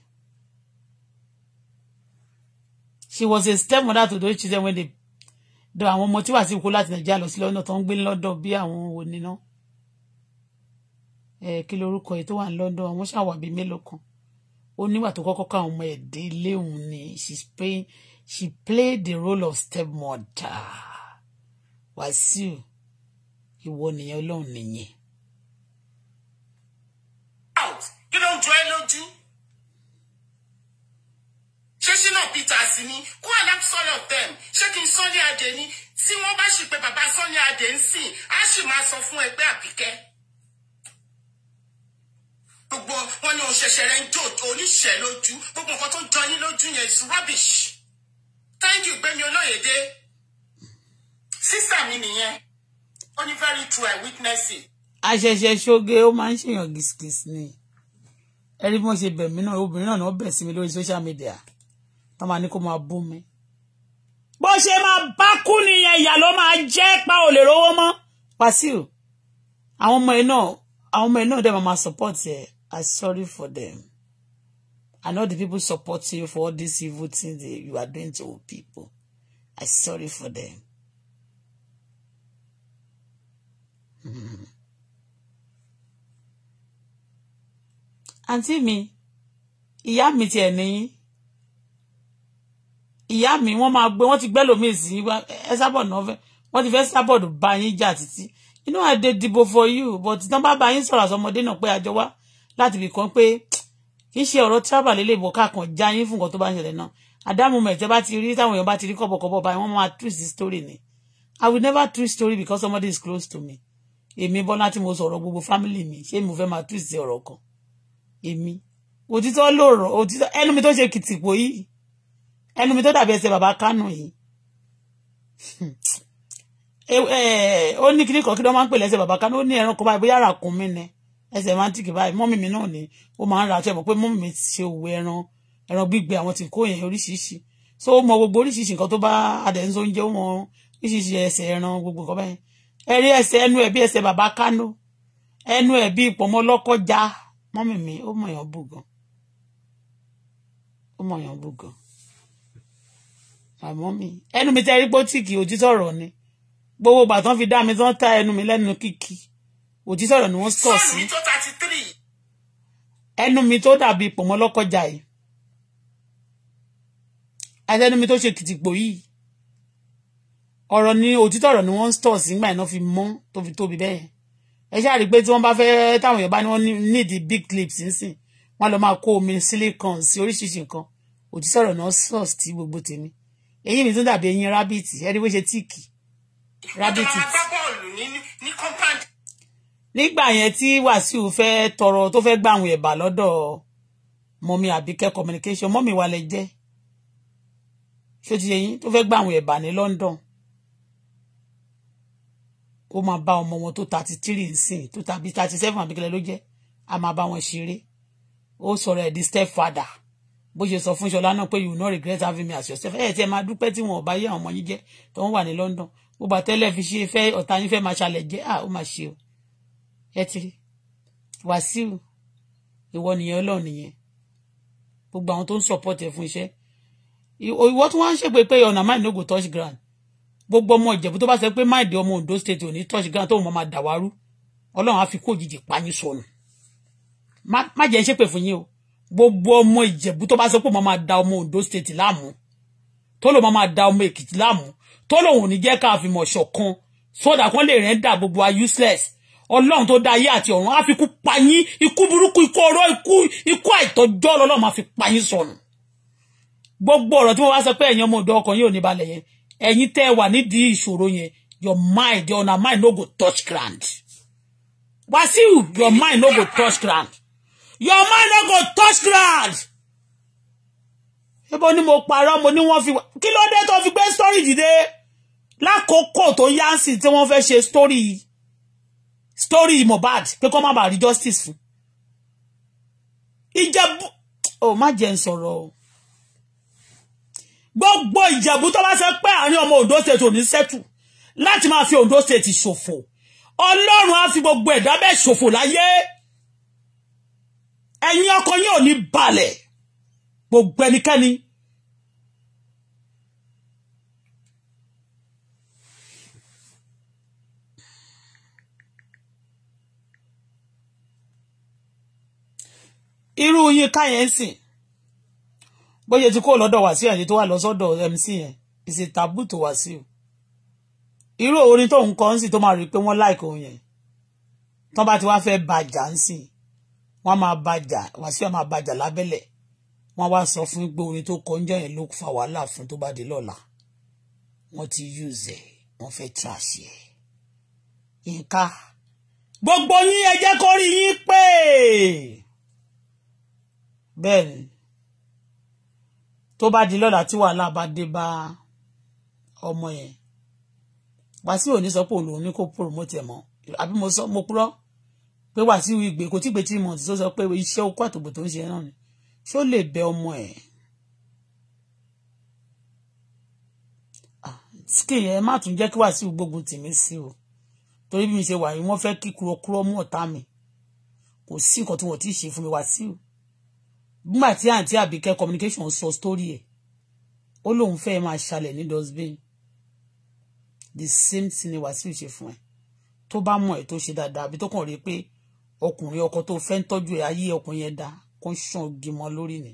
She was a stepmother to those children when they dọ àwọn ọmọ tí wàá sì kó láti nàìjíríà lọ sí lọ́nà tó ń gbé lọ́dọ̀ bí àwọn òní náà ẹ kí lorúkọ yìí tó wà ní London àwọn ṣàwàbí mélòó kan ó nígbà tó kọ́kọ́ ká àwọn ọmọ ẹ̀ dé ni she play she played the role of stepmother Wàsíù ìwọ nìyẹn Ọlọ́run nìyẹn. out kí ló ń jọ ẹ lójú. Paul Peters ni go and ask of them ṣé kí n Sunny Adé ni tí wọ́n bá sì pé bàbá Sunny Adé ń sìn á sì máa sọ fún ẹgbẹ́ Àbíkẹ́. gbogbo wọn ní òun ṣẹ̀ṣẹ̀ rẹ̀ ń jò oníṣẹ́ lójú gbogbo nǹkan tó jọ yín lójú yẹn is rubbish. thank you Gbẹ́mi Olóyèdè sísà mi nìyẹn ó ní very true i witness it. àṣẹṣẹ ṣoge ó máa ń ṣèyàn gíṣgíṣ ni ẹ rí bí wọn ṣe bẹ̀ mí náà obìnrin náà bẹ̀ sí mi lórí social media wọ́n máa ní kó máa bú mi bó ṣe máa bá kú nìyẹn ìyà ló máa jẹ́ pa ò lè rówó mọ́ Wàsíù àwọn ọmọ ẹ náà àwọn ọmọ ẹ náà dem máa support ẹ I sorry for them I know the people supporting you for all these evil things that you are doing to people I sorry for them. àǹtí mi ìyá mi tiẹ̀ níyìn ìyá mi wọ́n máa gbé wọ́n ti gbẹ́ lómi sí ẹ sábọ̀dù náà fẹ́ wọ́n ti fẹ́ sábọ̀dù bá yín jà títí you know I dey dìbò for you but tán bá bá yín sọ̀rọ̀ àsọmọdé náà pé àjọ wá láti ibì kan pé kì í ṣe ọ̀rọ̀ tírábà lélẹ̀ ìbò káàkan já yín fún nǹkan tó bá ń ṣẹlẹ̀ náà at that moment ẹ bá ti rí táwọn èèyàn bá ti rí kọ̀bọ̀kọ̀bọ̀ báyìí wọ́n máa twist the story ni I will never twist the story because somebody is close to me èmi bọ́lá tí mo sọ̀rọ̀ gbogbo family mi ṣé mo fẹ́ máa twist the ọ̀rọ̀ kan èmi òtítọ́ lòrọ̀ òtítọ́ ẹnu mi tó ṣe kìtìpó yìí ẹnu mi tó dàbí ẹsẹ̀ bàbá kánú yìí hm. eh, ó ní kíní kan kí ló máa ń pè lẹ́sẹ̀ bàbá kánú ó ní ẹran kan báyìí bóyá ràkúnmí ni ẹsẹ̀ máa ń tìkì báyìí mọ́mì mi náà ni ó máa ń ra aṣọ ìmọ̀ pé mọ́mì mi ṣe òwe ẹran ẹran gbígbẹ àwọn tí kò yẹn oríṣiríṣi so ó mọ gbogbo oríṣiríṣi nǹkan tó bá adẹ̀nsó oúnjẹ ó mọ oríṣiríṣi ẹsẹ̀ ẹran gbogbo nǹkan báyìí ẹrí ẹsẹ̀ ẹnu ẹ̀ bí ẹsẹ̀ bàbá kánú ẹnu ẹ̀ bí lọ́kọ́já mọ́mì mi ó mọ̀ yàn bù gan ó mọ̀ yàn bù gan àmọ́ mi ẹnu mi tẹ́ rí pótíkì òtítọ́ ọ̀rọ̀ ni gbogbo ìgbà tán fi dá mi tán ta ẹnu mi lẹ́nu kíkì òtítọ́ ni wọ́n sọ̀ sí ẹnu mi tó dàbí pọ̀mọ́ lọ́kọjà yìí àtẹnu mi tó ṣe kìtìpò yìí ọ̀rọ̀ ni òtítọ́ ni wọ́n ń sí nígbà iná fi mọ́ tó tóbi bẹ́ẹ̀ ẹ ṣáà rí i pé tí wọ́n bá fẹ́ táwọn èèyàn bá ní wọ́n nídìí big clips nísìn wọ́n lọ máa kó omi silicon sí oríṣiríṣi nǹkan òtítọ́ ọ̀rọ̀ náà sọ̀ sí gbogbo tèmi eyín mi tún dàbí eyín rábìtì ẹni bó ṣe tíìkì rábìtì. nígbà yẹn tí Wàsíù fẹ́ tọrọ tó fẹ́ gbà àwọn ẹ̀bà lọ́dọ̀ mọ́mí Àbíkẹ́ communication mọ́mí wa lẹ jẹ́ ṣó ti yẹ yín tó fẹ́ gbà àwọn ẹ̀bà ní London ó máa bá ọmọ wọn tó thirty three nsìn tó tàbí thirty seven àbíkẹ́lẹ́ ló jẹ́ a máa bá wọn ṣeré ó sọ̀rọ̀ ẹ̀ di step father bó ṣe sọ fún ṣọlá náà pé you no regret having me as yourself ẹ̀ tí ẹ máa dúpẹ́ tí wọn ò bá yé àwọn ọmọ yín jẹ́ tó ń wà ní London bó ba tẹ́lẹ̀ fi ṣe fẹ́ ọ̀tá yín fẹ́ máa ṣàlẹ̀ jẹ́ à ó máa ṣe o ẹ ti rí Wàsíù ìwọ nìyẹn Ọlọ́run nìyẹn gbogbo àwọn tó ń support ẹ fún iṣẹ́ ìwọ tí wọ́n ń ṣègbè pé ọ̀nà mind no go touch ground gbogbo ọmọ Ìjẹ̀bú tó bá sọ pé mind ọmọ Ondo state ò ní touch ground tó wọn máa dàwárú Ọlọ́run á fi kó òjijì pa yín sọnù má jẹ́ ń ṣépè fún yín o gbogbo ọmọ ìjẹ̀bú tó bá sọ pé mo máa da ọmọ ondo state láàmú tó lò máa da ọmọ èkìtì láàmú tó lòun ò ní jẹ́ ká fi mọ̀ ṣọ̀kan sódà kan lè rẹ́ gbogbo wa useless ọlọ́run tó dá ayé àti ọ̀run á fi kú pa yín ikú burúkú ikú ọ̀rọ̀ ikú ikú àìtọ́jọ́ ọlọ́run máa fi pa yín sọnù gbogbo ọ̀rọ̀ tí wọ́n wá sọ pé ẹ̀yin ọmọ ọ̀dọ́ ọkàn yóò ní balẹ̀ yẹn ẹ̀yin tẹ́ ẹ wà nídìí ìṣòro yẹn your mind your na mind no go touch ground Wasiu your mind no go touch ground your mind no go touch ground níbo ni mo parọ́ mo ní wọ́n fi kí ló dé tó fi gbé story dìde lákòókò tó yánsì tí wọ́n fẹ́ ṣe story story Mohbad pé kó má bàa rí justice fún ìjẹ̀bú ò má jẹ́ ń sọ̀rọ̀ o gbogbo ìjẹ̀bú tó bá ṣe pé àárín ọmọ Ondo state ò ní sẹ́tù láti máa fi Ondo state ṣòfò ọlọ́run á fi gbogbo ẹ̀dá bẹ́ẹ̀ ṣòfò láyé ẹ̀yin ọkọ yín ò ní balẹ̀ gbogbo ẹnikẹ́ni irú yín káyẹn sìn bóyá ti kó lọ́dọ̀ Wàsíù ẹni tó wà lọ́sọ́dọ̀ MC yẹn ìsì tàbú tó Wàsíù irú orin tó ń kọ́ ń sìn tó máa rí i pé wọ́n láìkò yẹn tó bá ti wá fẹ́ bàjá ń sìn wọ́n máa bàjà Wàsíù máa bàjà lábẹ́lẹ̀ wọ́n wá sọ fún pé orin tó kọjọ́ yẹn ló fa wàhálà fún tó bá dé lọ́la wọ́n ti use ẹ̀ wọ́n fẹ́ trash ẹ̀ nǹka gbogbo yín ẹ jẹ́ kó rí yín pé bẹ́ẹ̀ ni tó bá di lọ́la tí wàhálà bá dé bá ọmọ yẹn Wàsíù ò ní sọ pé òun lòun ní kó promote ẹ̀ mọ́ àbí mo sọ mo purọ́ pé Wàsíù Ìgbè kò tí ì pé tí mọ̀ tí ó sọ pé iṣẹ́ okó àtòbò tó ń ṣe náà ni ṣó lè bẹ ọmọ ẹ̀ ah, kí ẹ má tún jẹ́ kí Wàsíù gbógun tì mí sí o torí bí mi ṣe wà yìí wọ́n fẹ́ kí kúrọ́kúrọ́ mú ọ̀tá mi kò sí nǹkan tí wọ́n ti ṣe fún mi Wàsíù nígbà tí àǹtí Àbíkẹ́ communication sọ story ẹ̀ ó lóun fẹ́ máa ṣalẹ̀ ní dustbin the same thing ni Wàsíù ṣe fún ẹ tó bá mọ̀ ẹ́ tó ṣe dáadáa àbí tó kàn rí i pé ọkùnrin ọkọ tó fẹ́ ń tọ́jú ẹ̀ ayé ọkùnrin yẹn dá kó ń ṣàn gímọ lórí ni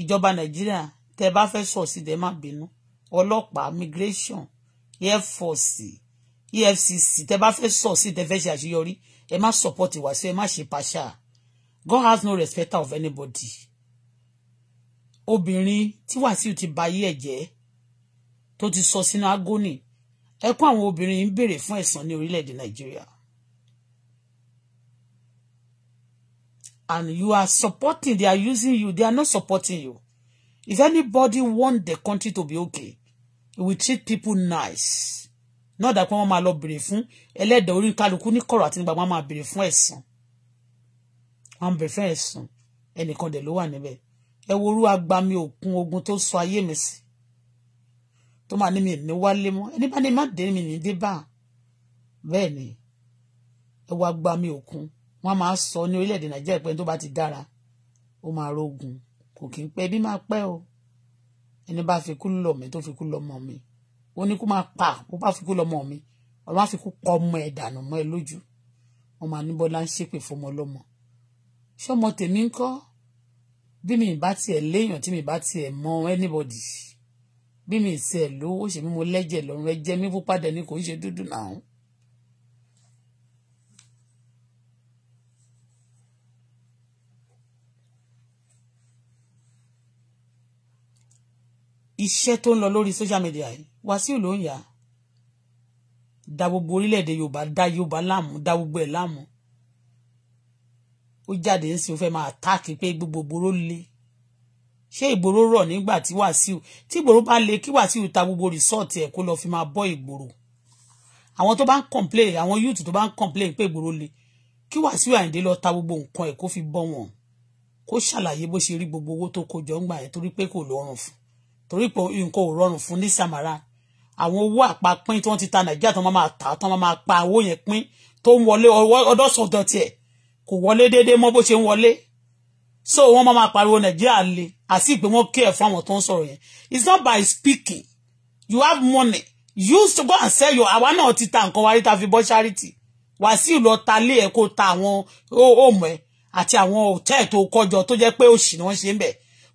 ìjọba nàìjíríà tẹ bá fẹ́ sọ sí dẹ má bínú ọlọ́pàá migration air force efcc tẹ bá fẹ́ sọ sí dẹ fẹ́ ṣe àṣeyọrí ẹ má support Wasiu ẹ má ṣe pàṣà God has no respect of anybody obìnrin tí Wasiu ti ba ayé ẹ̀ jẹ́ tó ti sọ sínú agony ẹkún àwọn obìnrin ń béèrè fún ẹ̀san ní orílẹ̀-èdè nàìjíríà and you are supporting they are using you they are not supporting you if anybody want the country to be okay we treat people nice not that wọ́n máa lọ béèrè fún ẹlẹ́dàá orí kálukú ní kọ̀rọ̀ àti nígbà wọ́n máa béèrè fún ẹ̀san wọ́n béèrè fún ẹ̀san ẹnìkan dẹ̀ ló wà níbẹ̀ ẹ wo orú agbami òkun ogun tó sọ ayé mi sí tó máa ní mi ní wálé mọ́ ẹni bá ní má dé mi ní dé bá bẹ́ẹ̀ ni ẹ wo agbami òkun wọ́n máa sọ ní orílẹ̀-èdè nàìjíríà pé tó bá ti dára ó máa rógun kò kí ń pẹ́ bí máa pẹ́ o ẹni bá fi kú lọ mi tó fi kú lọmọ mi ó ní kó máa pa bó bá fi kú lọmọ mi ọ̀rọ̀ máa fi kú pa ọmọ ẹ̀ dànù mọ́ ẹ lójú wọ́n máa ní bọ́lá ń ṣépè fọmọ lọ́mọ ṣọmọ tèmi ń kọ́ bí mi bá tiẹ̀ léèyàn tí mi bá tiẹ̀ mọ anybody bí mi ìsẹ̀ lówó ṣèmi mo lẹ́jẹ̀ lọ́rùn ẹ jẹ́ mi fúnpadà ni kò ń ṣe dúdú náà iṣẹ́ tó ń lọ lórí social media yìí Wàsíù ló ń yà á da gbogbo orílẹ̀-èdè Yorùbá da Yorùbá láàmú da gbogbo ẹ̀ láàmú ó jáde ń sìn ó fẹ́ máa táàkì pé gbogbo ìgboro le ṣé ìgboro rọ̀ nígbà tí Wàsíù tí ìgboro bá le kí Wàsíù ta gbogbo rìsọ́ọ̀tì ẹ̀ kó lọ fi máa bọ́ ìgboro àwọn tó bá ń complain àwọn youth tó bá ń complain pé ìgboro le kí Wàsíù Àyìndé lọ ta gbogbo nǹkan ẹ̀ kó fi bọ́ wọn kó ṣàlàyé bó ṣe rí gbogbo owó tó kó jọ ń gbà yẹn torí pé kò lọ́rùn fún torí pé nǹkan ò rọrùn fún ní samara àwọn owó àpapín tí wọ́n ti ta nàìjíríà tí máa tà tí máa pa owó yẹn pín tó ń wọlé ọdọ́sọ̀dọ̀ tiẹ̀ kò wọlé déédéé mọ́ bó ṣe ń wọlé so wọ́n máa pariwo nàìjíríà le àti ìpè wọ́n kí ẹ̀ fún àwọn tó ń sọ̀rọ̀ yẹn it's not by speaking you have money use to go and sell your àwa náà ti ta nǹkan wa rí ta fi bọ́ charity wàsíù lọ ta lé ẹ̀ kó ta àwọn òmù ẹ̀ àti àwọn hòtẹ́ẹ̀ tó kọjọ tó jẹ́ pé òṣì ni wọ́n ṣe ń bẹ̀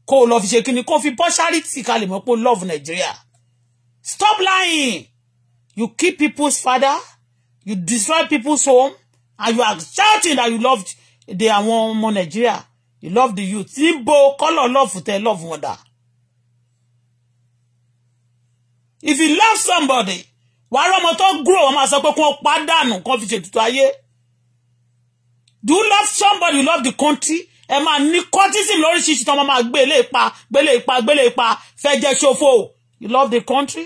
kó o lọ fi ṣe kíni kó o fi bọ́ charity ká lè mọ̀ love Nigeria stop lying you kill people's father you destroy people's home and you are shouting that you love the àwọn ọmọ Nigeria you love the youth níbo color love tẹ love wọn dà if you love somebody wàá rọmọ tó grow wọn máa sọ pé kí wọn pa dànù kí wọn fi do you love somebody you love the country ẹ máa ní kọ́tísìm lóríṣiríṣi tí wọ́n máa gbé ilé ipa gbé ilé ipa gbé ilé pa. fẹ́ jẹ́ ṣòfò you love the country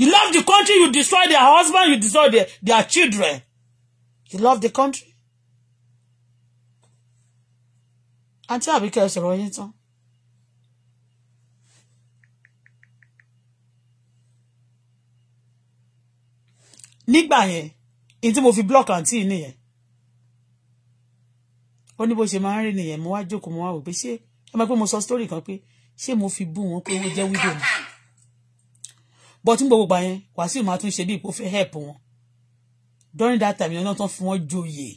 you love the country you destroy their husband you destroy their, their children you love the country. àǹtí àbíkẹ́ sọ̀rọ̀ yín tán. nígbà yẹn ní tí mo fi block àǹtí nìyẹn ó ní bó ṣe máa ń rìn nìyẹn mo wá jókòó mo wá wò pé ṣé ẹ máa pé mo sọ story kan pé ṣé mo fi bú wọn pé owó jẹ́ wídò ni bọ́tún gbogbo gbà yẹn wàásù máa tún ṣe bí ìpò fẹ́ help wọn during that time yẹn náà tán fi wọ́n joyè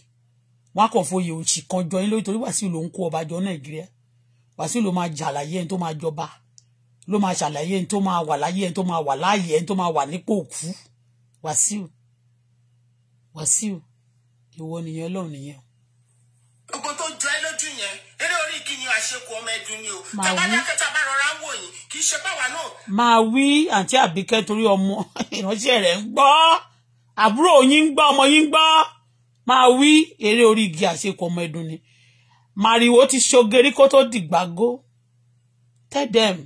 wọ́n á kàn foyè òṣì kan jọyìn lórí torí wàásù ló ń kó ọba jọ nàìjíríà wàásù ló máa jàlàyé ẹni tó máa jọba ló máa ṣàlàyé ẹni tó máa wà láyé ẹni tó máa wà láàyè ẹni tó máa wà nípò òkú wàásù wàásù ìwọ nìyẹn ọlọ́run nìyẹn o lójú yẹn eré orí igi ni àṣekù ọmọ ẹdun ni o tàbájáde tàbá rọra ń wò yín kì í ṣe báwa náà. máa wí àǹtí àbíkẹ́ torí ọmọ ìránṣẹ́ rẹ̀ ń gbọ́ àbúrò yín ń gbọ́ ọmọ yín ń gbọ́ máa wí eré orí igi àṣekù ni màrìwò ti ṣogeri kó tó dìgbàgó tẹ́dẹ̀m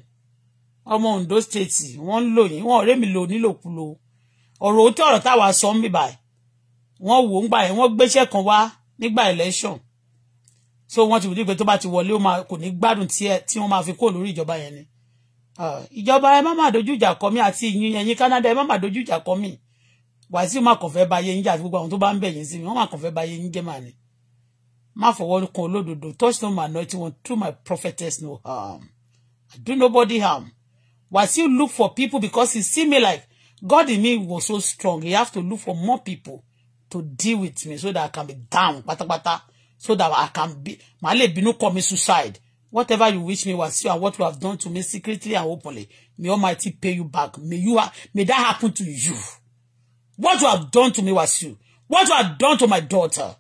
ọmọ Ondo state wọ́n ń lò yín wọ́n ọ̀rẹ́ mi lò nílòkulò ọ̀rọ̀ òótọ́ ọ̀rọ̀ táwa sọ ń bì báyìí wọ́n wò ń gbà yẹn wọ́n gbéṣẹ́ kan wá nígbà election so wọ́n ti wùdí pé tó bá ti wọlé ó máa kò ní gbádùn tiẹ̀ tí wọ́n máa fi kó lórí ìjọba yẹn ni ah, ìjọba ẹ má má dojú ìjà kọ mí àti ìyìn ẹ̀yin Canada ẹ má má dojú ìjà kọ mí Wàsíù má kàn fẹ́ ba yẹn jẹ́ àti gbogbo àwọn tó bá ń bẹ̀ yẹn sí mi wọ́n má kàn fẹ́ ba yẹn jẹ́ màá ni má fọwọ́ kan olódodo touch no man not one. through my prophetess no harm I do nobody harm Wàsíù look for people because he see me like God in me was so strong he have to look for more people to deal with me so that I can be down pátápátá so that I can be màá lè bínú kọ mi suicide whatever you wish me was you and what you have done to me secretly and openly may Almighty pay you back may you may that happen to you what you have done to me was you what you have done to my daughter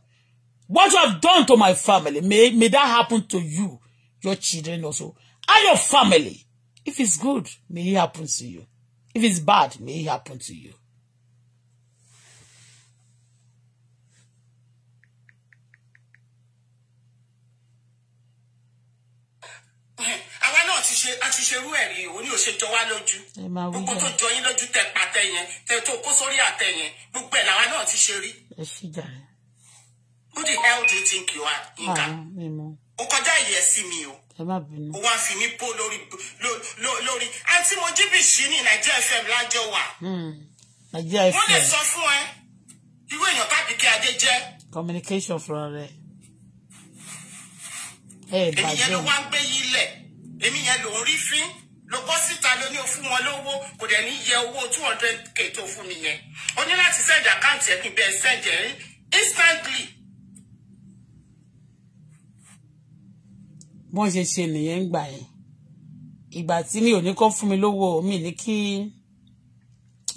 what you have done to my family may may that happen to you your children also and your family if it's good may it happen to you if it's bad may it happen to you. ṣerú ẹ̀ rí òun ni ò ṣe jọ wá lójú gbogbo tó jọ yín lójú tẹ pàtẹ yẹn tẹ tó kó sórí àtẹ yẹn gbogbo ẹ̀ làwa náà ti ṣe rí. who the hell do you think you are Yinka o ah, kọjá ìyẹ́ sí mi o o wá fi mí pó lórí lórí àǹtí Mojibisi ní Nàìjíríà FM lájọ wà hmm. wọ́n lè sọ fún ẹ irú èèyàn kábíkẹ́ adé jẹ́. communication fúnra rẹ̀. ènìyàn ló wá ń gbé yín lẹ̀ èmi yẹn ló ń rí fín ló bọ́ síta ló ní o fún wọn lówó kò dẹ̀ ní yẹ owó two hundred k tó fún mi yẹn o ní láti send account yẹn kí n bẹ́ẹ̀ send yẹn instantly. wọ́n ṣe ṣe nìyẹn ń gbà yẹn ìgbà tí mi ò ní kó fún mi lówó mi ní kí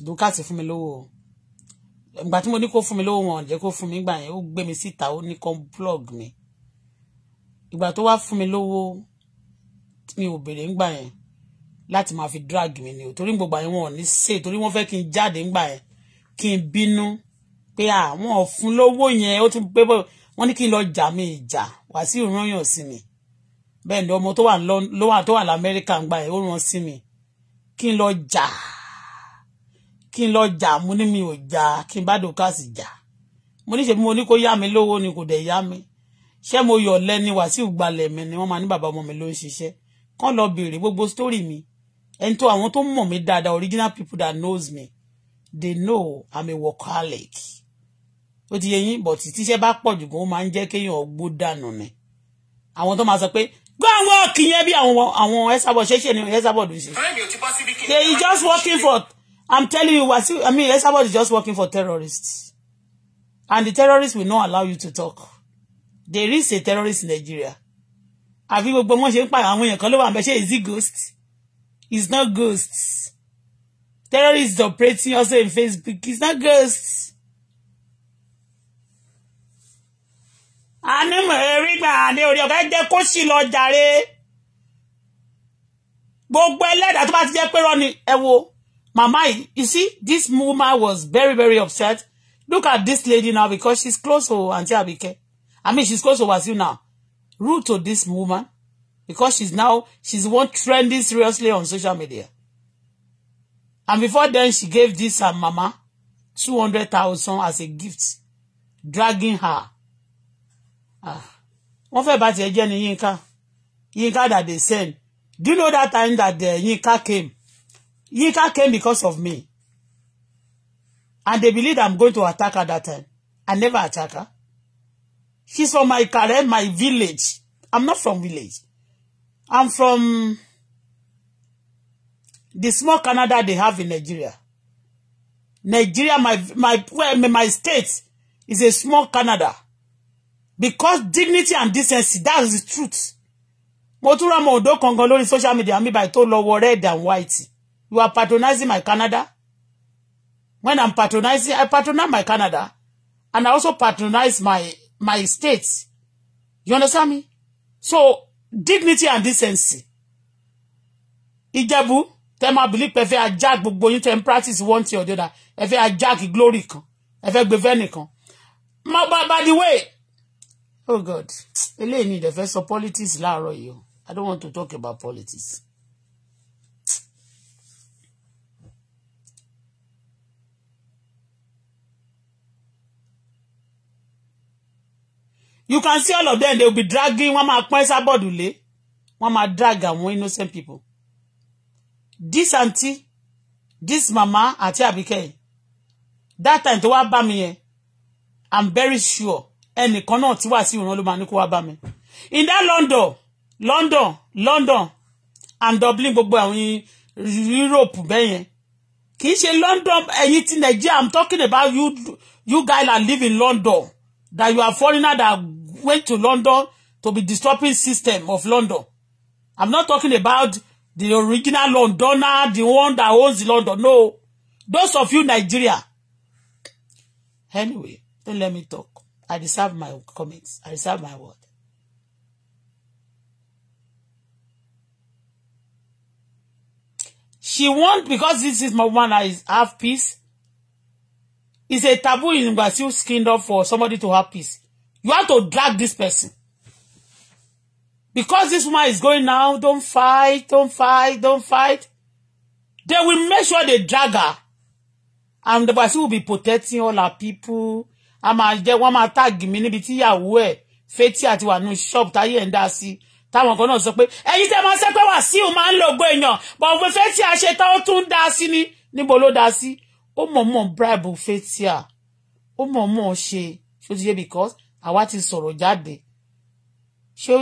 dukati fún mi lówó ìgbà tí mo ní kó fún mi lówó wọn jẹ́ kó fún mi gbà yẹn ó gbé mi síta ó ní kó blog mi ìgbà tó wá fún mi lówó tí mi ò bèrè ńgbà yẹn láti máa fi drag mi ni o torí gbogbo àyẹ̀wò wọn ò ní ṣe torí wọ́n fẹ́ kí n jáde ńgbà yẹn kí n bínú pé àwọn ọ̀fun lówó yẹn ó tún pé wọ́n ní kí n lọ jà mí ìjà wá sí ìrànyàn sí mi bẹ́ẹ̀ ni ọmọ tó wà lọ́wọ́ tó wà lamẹ́ríkà ńgbà yẹn ó ràn sí mi kí n lọ jà kí n lọ jà mo ní mi ò jà kí n bá dòkásì jà mo ní ṣèbí mo ní kó yá mi lówó ni kò dẹ̀ yá mi ṣé mo yọ̀ lẹ́ni wàsíù gbalẹ̀ mi ni wọ́n máa ní bàbá ọmọ mi ló ń ṣiṣẹ́ kán lọ bèrè gbogbo story mi ẹni tó àwọn tó mọ̀ mí dáadáa original people that knows me they know i'm a workaholic ó ti yẹ yín but tíṣẹ́ bá pọ̀ jù gan ó máa ń jẹ́ kéèyàn gbó dànù ni àwọn tó máa sọ pé go and work yẹn bí àwọn àwọn ẹ̀sàbọ̀ ṣẹ́ṣẹ́ ni ẹ̀sàbọ̀ dùn sí. they is just working for i'm telling you wasi i mean ẹ̀sàbọ̀ is just working for terrorists and the terrorists will not allow you to talk there is a terrorist in Nigeria àfi gbogbo wọn ṣe ń pa àwọn èèyàn kan ló wà bẹ ṣe is it ghost it's not ghost terrorists operating also in Facebook it's not ghost. anímọ̀ eré gbà ní orí ọ̀gá jẹ́ kó sì lọ jàre gbogbo ẹlẹ́dàá tó bá ti jẹ́ pé rọ́ ni ẹ wo mama yìí you see this woman was very very upset look at this lady now because she's close to aunty Abike i mean she's close to Wasiu now rude to this woman because she's now she's one trending seriously on social media. And before then, she gave this her mama two hundred thousand as a gift, dragging her. Ah, wọ́n fẹ́ bá tiẹ̀ jẹ́ Yinka, Yinka that they send. Do you know that time that the Yinka came? Yinka came because of me. And they believe I'm going to attack her that time. I never attack her. She's from my Ikare, eh? my village. I'm not from village. I'm from the small Canada they have in Nigeria. Nigeria, my my well, my state is a small Canada. Because dignity and decency, that is the truth. Mo tún ra mọ social media me by tolo lọ red and white. You are patronizing my Canada. When I'm patronizing, I patronize my Canada. And I also patronize my my state you understand me so dignity and decency ìjẹ̀bú tẹ́ máa believe pé ẹ fẹ́ ajag gbogbo yín tẹ́ practice one thing or the other ẹ fẹ́ ajag glory kan ẹ fẹ́ gbé fẹ́ nìkan by the way oh god eléyìí ni ìdẹ̀fẹ́ sọ politics láàárọ̀ yìí i don't want to talk about politics. you can see all of them they will be dragging wọ́n máa pọ́n Esabod lé wọ́n máa drag àwọn innocent people this aunty this mama àti abike. that time tó wá bá mi yẹn i'm very sure ẹnìkan náà tí wà sí ìran ló máa ní kó wá bá mi in that London London London and Dublin gbogbo àwọn Europe bẹ́yẹn kì í ṣe London ẹ̀yin ti Nàìjíríà i'm talking about you you guys are living London that you are foreigner that went to London to be disrupting system of London. I'm not talking about the original Londoner, the one that owns London. No. Those of you Nigeria. Anyway, don't let me talk. I deserve my comments. I deserve my word. She won't because this is my woman I have peace. Is a taboo in skinned up for somebody to have peace. You have to drag this person. Because this woman is going now, don't fight, don't fight, don't fight. They will make sure they drag her. And the Brazil will be protecting all our people. I'm A máa jẹ́ wọ́n máa tag mi níbi tí ìyàwó ẹ̀ fetí àti wà ní ṣọ́ọ̀bù táyé ẹ̀ ń dá sí. Táwọn kan náà sọ pé ẹ̀yin tẹ́ máa ṣe But Wàsíù máa ń lògbó èèyàn. Bọ̀ òfin fetí ni níbo ló ó mọ̀ọ́mọ̀ bribe fetia ó mọ̀ọ́mọ̀ ṣe ṣó ti yé because àwa ti sọ̀rọ̀ jáde ṣé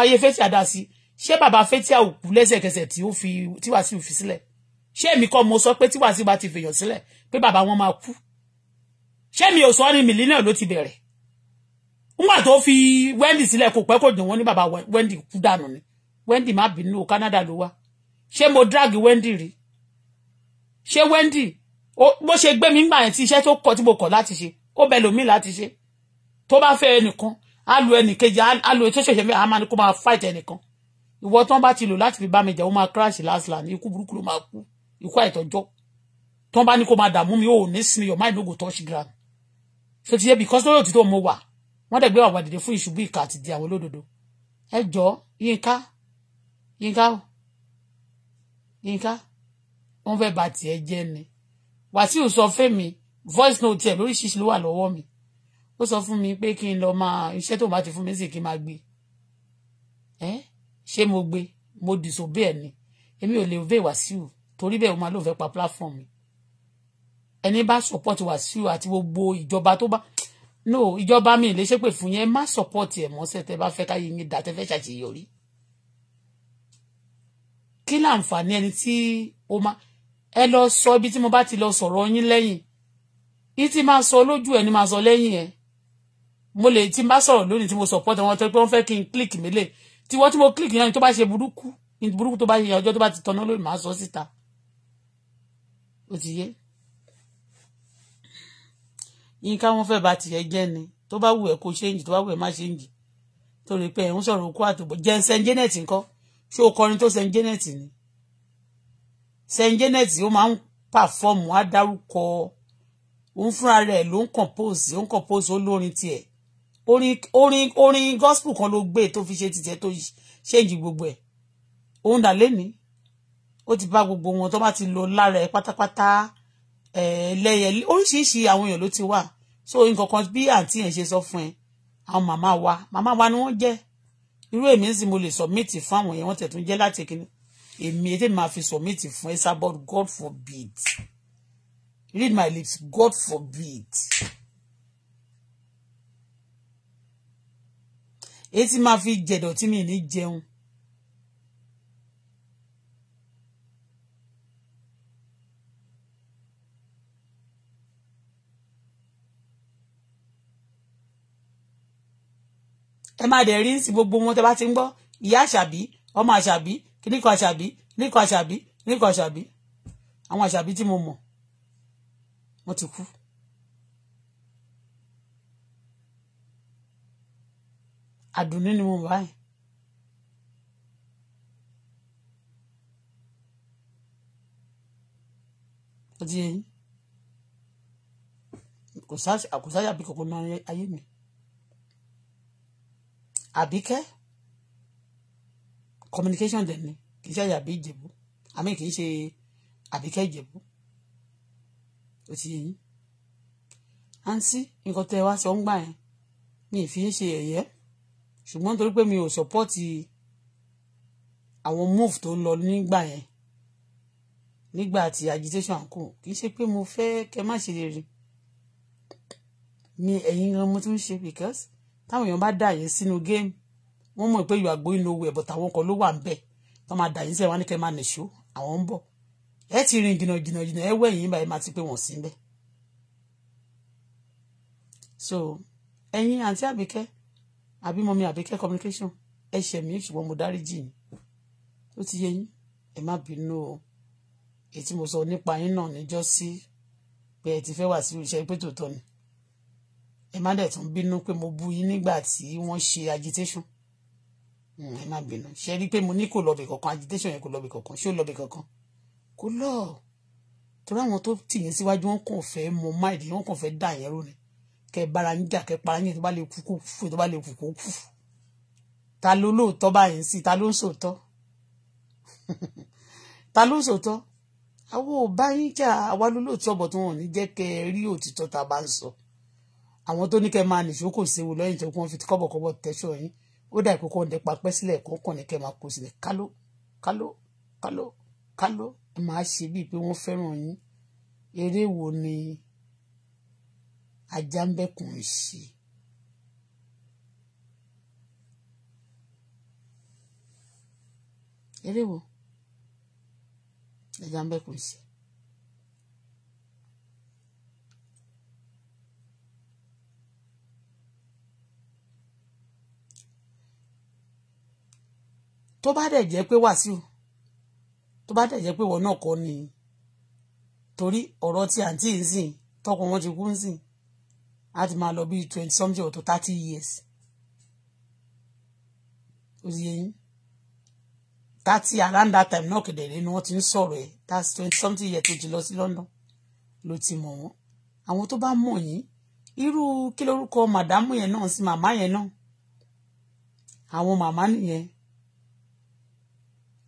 ayé fetia dá sí ṣé bàbá fetia ò kú lẹ́sẹ̀kẹsẹ̀ tí ó fi tí Wàsíù fi sílẹ̀ ṣé èmi kọ́ mo sọ pé tí Wàsíù bá ti fèèyàn sílẹ̀ pé bàbá wọn máa kú ṣé mi ò sọ ni mílíọ̀nù ló ti bẹ̀rẹ̀ nígbà tó fi Wendy sílẹ̀ kò pẹ́ kò dùn wọ́n ní bàbá Wendy kú dànù ni Wendy má bínú Canada ló wá ṣé mo drag Wendy rí ṣé Wendy bó ṣe gbé mi nígbà yẹn tí iṣẹ́ tó kọ tí mo kọ̀ láti ṣe ó bẹ lòmíì láti ṣe tó bá fẹ́ ẹnìkan á lu ẹnìkejì á lu ètò ìṣẹ̀ṣẹ̀ mẹ́ta á máa ní kó máa fight ẹnìkan ìwọ tán bá ti lò láti fi bá mi jà ó máa crash last land ikú burúkú ló máa kú ikú àìtọ́jọ́ tán bá ní kó máa dààmú mi ó ní sinmi your mind no go touch ground so ti yẹ because lórí òtítọ́ mo wà wọ́n dẹ̀ gbé wà wàdìdì fún ìṣubú ìka àti di àwọn olódodo ẹ jọ Yínká Yínká Yínká wọ́n fẹ́ bà tiẹ̀ jẹ́ ni Wàsíù sọ fẹ́mi voice note ẹ̀ lóríṣiríṣi ló wà lọ́wọ́ mi ó sọ fún mi pé kí n lọ máa iṣẹ́ tó bá ti fún mi sì kí n máa gbé ẹ ṣé mo gbé mo dìsòbé ẹ̀ ni èmi ò lè obey Wàsíù torí bẹ́ẹ̀ o máa lóun fẹ́ pa platform mi ẹni bá support Wàsíù àti gbogbo ìjọba tó bá no ìjọba mi lè ṣépè fún yẹn má support ẹ̀ mọ́sẹ̀ tẹ́ bá fẹ́ káyé yín dá tẹ́ fẹ́ ṣàṣeyọrí kí láǹfààní ẹni tí ó máa ẹ lọ sọ ibi tí mo bá ti lọ sọ̀rọ̀ yín lẹ́yìn yín tí máa sọ lójú ẹ̀ ni máa sọ lẹ́yìn ẹ̀ mo lè tí bá sọ̀rọ̀ lónìí tí mo support wọn tó pé wọ́n fẹ́ kí n click mi lè tí wọ́n tí mo click yẹn tó bá ṣe burúkú burúkú tó bá ṣe ọjọ́ tó bá ti tọ́ná lónìí máa sọ síta ó ti yé yín ká fẹ́ bá tiẹ̀ jẹ́ ni tó bá wù ẹ́ kó ṣéǹjì tó bá wù ẹ́ má ṣéǹjì torí pé ẹ̀ ń sọ̀rọ̀ okú àtòbọ̀ jẹ́ sẹ́ńjẹ́nẹ̀tì ńkọ́ ṣé o kọrin tó sẹ́ńjẹ́nẹ̀tì ni Saint Janet ó máa ń perform á dárúkọ òun fúnra rẹ̀ ló ń compose ó ń compose olórin tiẹ̀ orin orin orin gospel kan ló gbé tó fi ṣe tìtẹ́ tó ṣèjì gbogbo ẹ̀ òun dà lẹ́nìí ó ti bá gbogbo wọn tó bá ti lọ lára ẹ̀ pátápátá ẹlẹ́yẹ oríṣiríṣi àwọn èèyàn ló ti wà so nǹkan kan bí àǹtí yẹn ṣe sọ fún ẹ àwọn màmá wa màmá wa ni wọ́n jẹ́ irú èmi ń sìn mo lè submit fún àwọn yẹn wọ́n tẹ̀ tún jẹ́ láti kìíní èmi ètè máa fi submit fún ẹ sábọ God forbid read my lips God forbid ètì máa fi jẹ̀dọ̀ tí mi ní jẹun. ẹ máa dẹ̀ rí sí gbogbo wọn tẹ́ bá ti ń gbọ́ ìyá àṣàbí ọmọ àṣàbí kíní kan àṣàbí kíní kan àṣàbí kíní kan àṣàbí àwọn àṣàbí tí mo mọ̀ wọ́n ti kú. àdùnní ni mo mọ̀ báyìí. ó ti yẹ yín kò sáyà bí kòkó náà ayé mi àbíkẹ́ communication dẹ̀ ni kì í ṣe àyàbí ìjẹ̀bú àmì kì í ṣe àbíkẹ́ ìjẹ̀bú ó ti yẹ yín àǹtí nǹkan tẹ́ wá sọ ń gbà yẹn mi ì fi ń ṣe ẹ̀yẹ́ ṣùgbọ́n nítorí pé mi ò sọ́pọ́ọ̀tì àwọn move tó ń lọ nígbà yẹn nígbà tí agitation àǹkù kì í ṣe pé mo fẹ́ kẹ́ má ṣe rere mi ẹ̀yin gan mo tún ṣe because táwọn èèyàn bá dà yẹn sínú géèmù wọ́n mọ̀ pé you are going nowhere but àwọn kan ló wà ń bẹ̀ tó máa dà yín sẹ́yìn wá máa nìṣó àwọn ń bọ̀ ẹ ti rìn jìnnà jìnnà jìnnà ẹ wẹ̀ yín báyìí máa ti pé wọ́n sí bẹ́ẹ̀. so ẹ̀yin àǹtí àbíkẹ́ àbí mọ́mí àbíkẹ́ communication ẹ ṣẹ̀ mí ṣùgbọ́n mo dáríjì yín ó ti yé yín ẹ má bínú o èyí mo sọ nípa yín náà níjọ́ sí pé ẹ ti fẹ́ wà sí iṣẹ́ pé tòótọ́ ni ẹ má dẹ̀ tún bínú pé mo bú yín nígbà tí wọ́n ṣe agitation ẹ má bínú ṣe rí i pé mo ní kò lọ́bẹ̀ kankan agitation yẹn kò lọ́bẹ̀ kankan ṣé ó lọ́bẹ̀ kankan kò lọ́ torí àwọn tó tì yín síwájú wọn kàn fẹ́ mọ máìlì wọn kàn fẹ́ dà yẹn rú ni kẹ bára ń jà kẹ para yín tó bá lè kú kó kú tó bá lè kú kó kú ta ló lóòótọ́ báyìí sí ta ló ń sòótọ́ ta ló ń sòótọ́ àwọn ò bá yín jà àwa ló lóòótọ́ bọ̀ tó wọn ní jẹ́ kẹ rí òtítọ́ ta bá ń sọ àwọn tó ní kẹ máa nìṣó kò lẹ́yìn tó kún wọn fi kọ́bọ̀kọ́bọ̀ tẹ́ṣọ̀ yín ó dà ìkókó ń dẹpa pẹ́ sílẹ̀ kó kàn ní kẹ́ máa kó sílẹ̀ káló káló káló káló máa ṣe bíi pé wọ́n fẹ́ràn yín eré wo ni ajá ń bẹ́kùn ń ṣe. eré wo ajá ń bẹ́kùn ń ṣe. tó bá dẹ̀ jẹ́ pé Wàsíù tó bá dẹ̀ jẹ́ pé wọn náà kọ́ ni torí ọ̀rọ̀ tí àǹtí ń sìn tọkọ wọn ti kú ń sìn á máa lọ bí twenty something or to thirty years ó sì thirty around that time náà kẹ̀dẹ̀rẹ́ ni wọ́n ti ń sọ̀rọ̀ ẹ̀ that's twenty something years tó ti lọ sí London ló ti mọ̀ wọ́n àwọn tó bá mọ̀ yín irú kí lórúkọ màdámù yẹn náà sí màmá yẹn náà àwọn màmá nìyẹn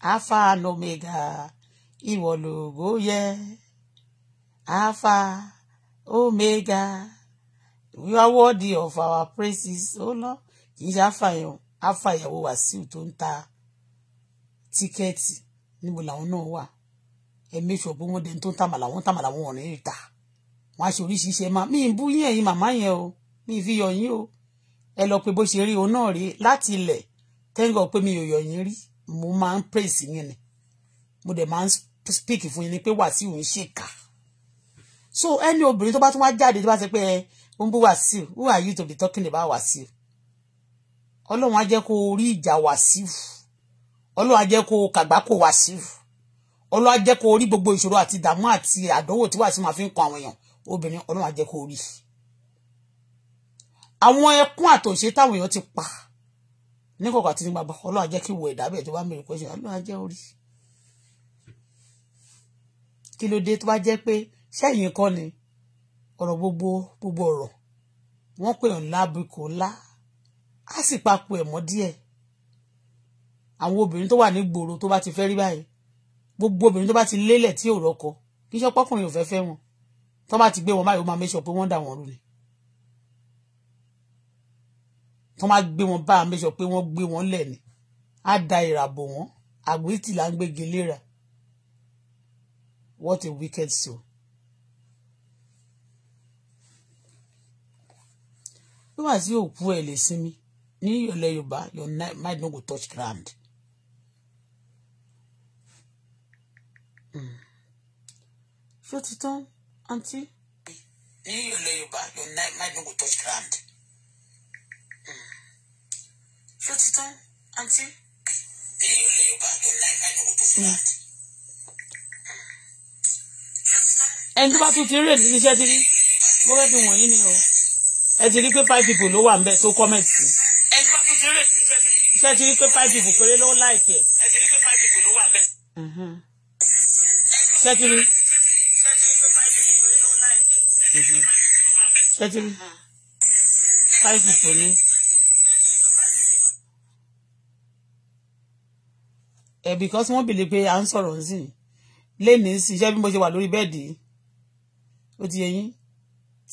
alpha and omega ìwọ lògo alpha omega you are worthy of our praises ó lọ kì í ṣe àfàyàn àfàyàwó wàsíù tó ń ta tíkẹ́ẹ̀tì níbo làwọn náà wà ẹ mẹ́sọ̀ pé wọ́n dẹni tó ń tàmàlà wọ́n tàmàlà wọn ní ìta wọ́n á ṣe oríṣiríṣi ẹ̀ máa mí bú yín ẹ̀yin màmá yẹn o mí fi yọ yín o ẹ lọ pé bó ṣe rí òun náà rí láti ilẹ̀ tẹ́ńgọ̀ pé mi ò yọ yín rí mo máa ń praise yín ni mo dẹ̀ máa ń speak fún yín ni pé Wàsíù ń ṣèkà so ẹni obìnrin tó bá tún wá jáde tó bá ṣe pé ẹ eh, ó ń bú Wàsíù who are you to be talking about Wàsíù ọlọ́run á jẹ́ kó rí ìjà Wàsíù ọlọ́run á jẹ́ kó kàgbákò Wàsíù ọlọ́run á jẹ́ kó rí gbogbo ìṣòro àti ìdààmú àti àdánwò tí Wàsíù máa fi ń kan àwọn èèyàn obìnrin ọlọ́run á jẹ́ kó rí àwọn ẹkún àtòṣe táwọn èèyàn ti pa ní kọ̀ọ̀kan àti ní gbàgbọ́ ọlọ́run á jẹ́ kí wo ẹ̀dá bẹ́ẹ̀ tó bá mèrè pé ṣe ọlọ́run á jẹ́ orí kí ló dé tó bá jẹ́ pé sẹ́yìn kọ́ ni ọ̀rọ̀ gbogbo gbogbo ọ̀rọ̀ wọ́n pè ọ̀ lábìkó ńlá á sì papò ẹ̀ mọ́ díẹ̀ àwọn obìnrin tó wà ní gbòòrò tó bá ti fẹ́ rí báyìí gbogbo obìnrin tó bá ti lélẹ̀ tí ò rọ́kọ kí sọ́pọ́kùnrin ò fẹ́ fẹ́ wọn tó bá ti gbé wọn báyìí ó máa mẹ́sọ̀ pé wọ́n dà wọ́n rú ni tó máa gbé wọn bá àmẹ́sọ pé wọ́n gbé wọn lẹ̀ ni á da ìràbò wọn àgbétì là ń gbégi léra what a wicked soul. wíwà sí òkú ẹ̀ lè sinmi ní ilẹ̀ yorùbá your mind no go touch ground. Hmm. ṣé o ti tán àǹtí. ní ilẹ̀ yorùbá your mind no go touch ground. Mm ṣó ti tán àǹtí. bí ilé yorùbá tó láì hmm. ẹni tó bá tún ti rí èdè ṣiṣẹ́ ti rí mo fẹ́ fi wọ̀nyí ni o ẹ ti rí pé five people ló wà ń bẹ̀ tó comment sí. ẹni tó bá tún ti rí èdè ṣiṣẹ́ ti rí. pé five people péré ló like ẹ. ẹ ti rí pé five people ló wà ń bẹ̀. ṣé ti rí. ṣé ti rí five people ní. ẹ eh, because wọ́n believe pé à ń sọ̀rọ̀ sí i lẹ́ni sí iṣẹ́ bí mo ṣe wà lórí bẹ́ẹ̀dì ó ti yẹ yín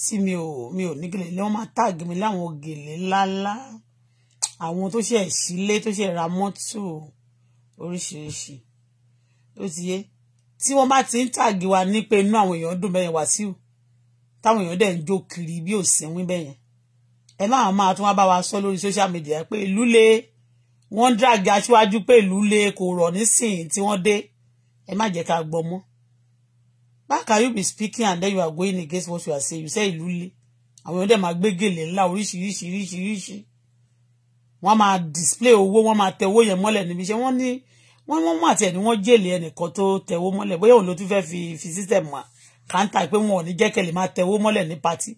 sí mi ò mi ò ní gèlè wọ́n máa tag mi láwọn gèlè ńláńlá àwọn tó ṣe sílé tó ṣe ra mọ́tò oríṣiríṣi ó ti yé tí wọ́n bá ti ń tag wa ní pé inú àwọn èèyàn dùn bẹ́yẹn Wàsíù táwọn èèyàn dẹ̀ ń jó kiri bí òsínwín bẹ́yẹn ẹ máa máa tún wá bá wa sọ lórí social media pé ìlú le wọ́n drag aṣíwájú pé ìlú le kò rọ̀ nísìnyí tí wọ́n dé ẹ má jẹ́ ká gbọ́ mọ́ bá can you be speaking and then you are going against what you are saying you say ìlú le àwọn èèyàn dẹ̀ máa gbé gèlè ńlá oríṣiríṣi oríṣiríṣi wọ́n máa display owó wọ́n máa tẹ owó yẹn mọ́lẹ̀ níbi iṣẹ́ wọ́n ní wọ́n wọ́n mọ̀ àtẹ̀ ni wọ́n jèlè ẹnìkan tó tẹ owó mọ́lẹ̀ bóyá òun ló tún fẹ́ fi fi system mà káńtà pé wọn ò ní jẹ́kẹ̀lé máa tẹ owó mọ́lẹ̀ ní party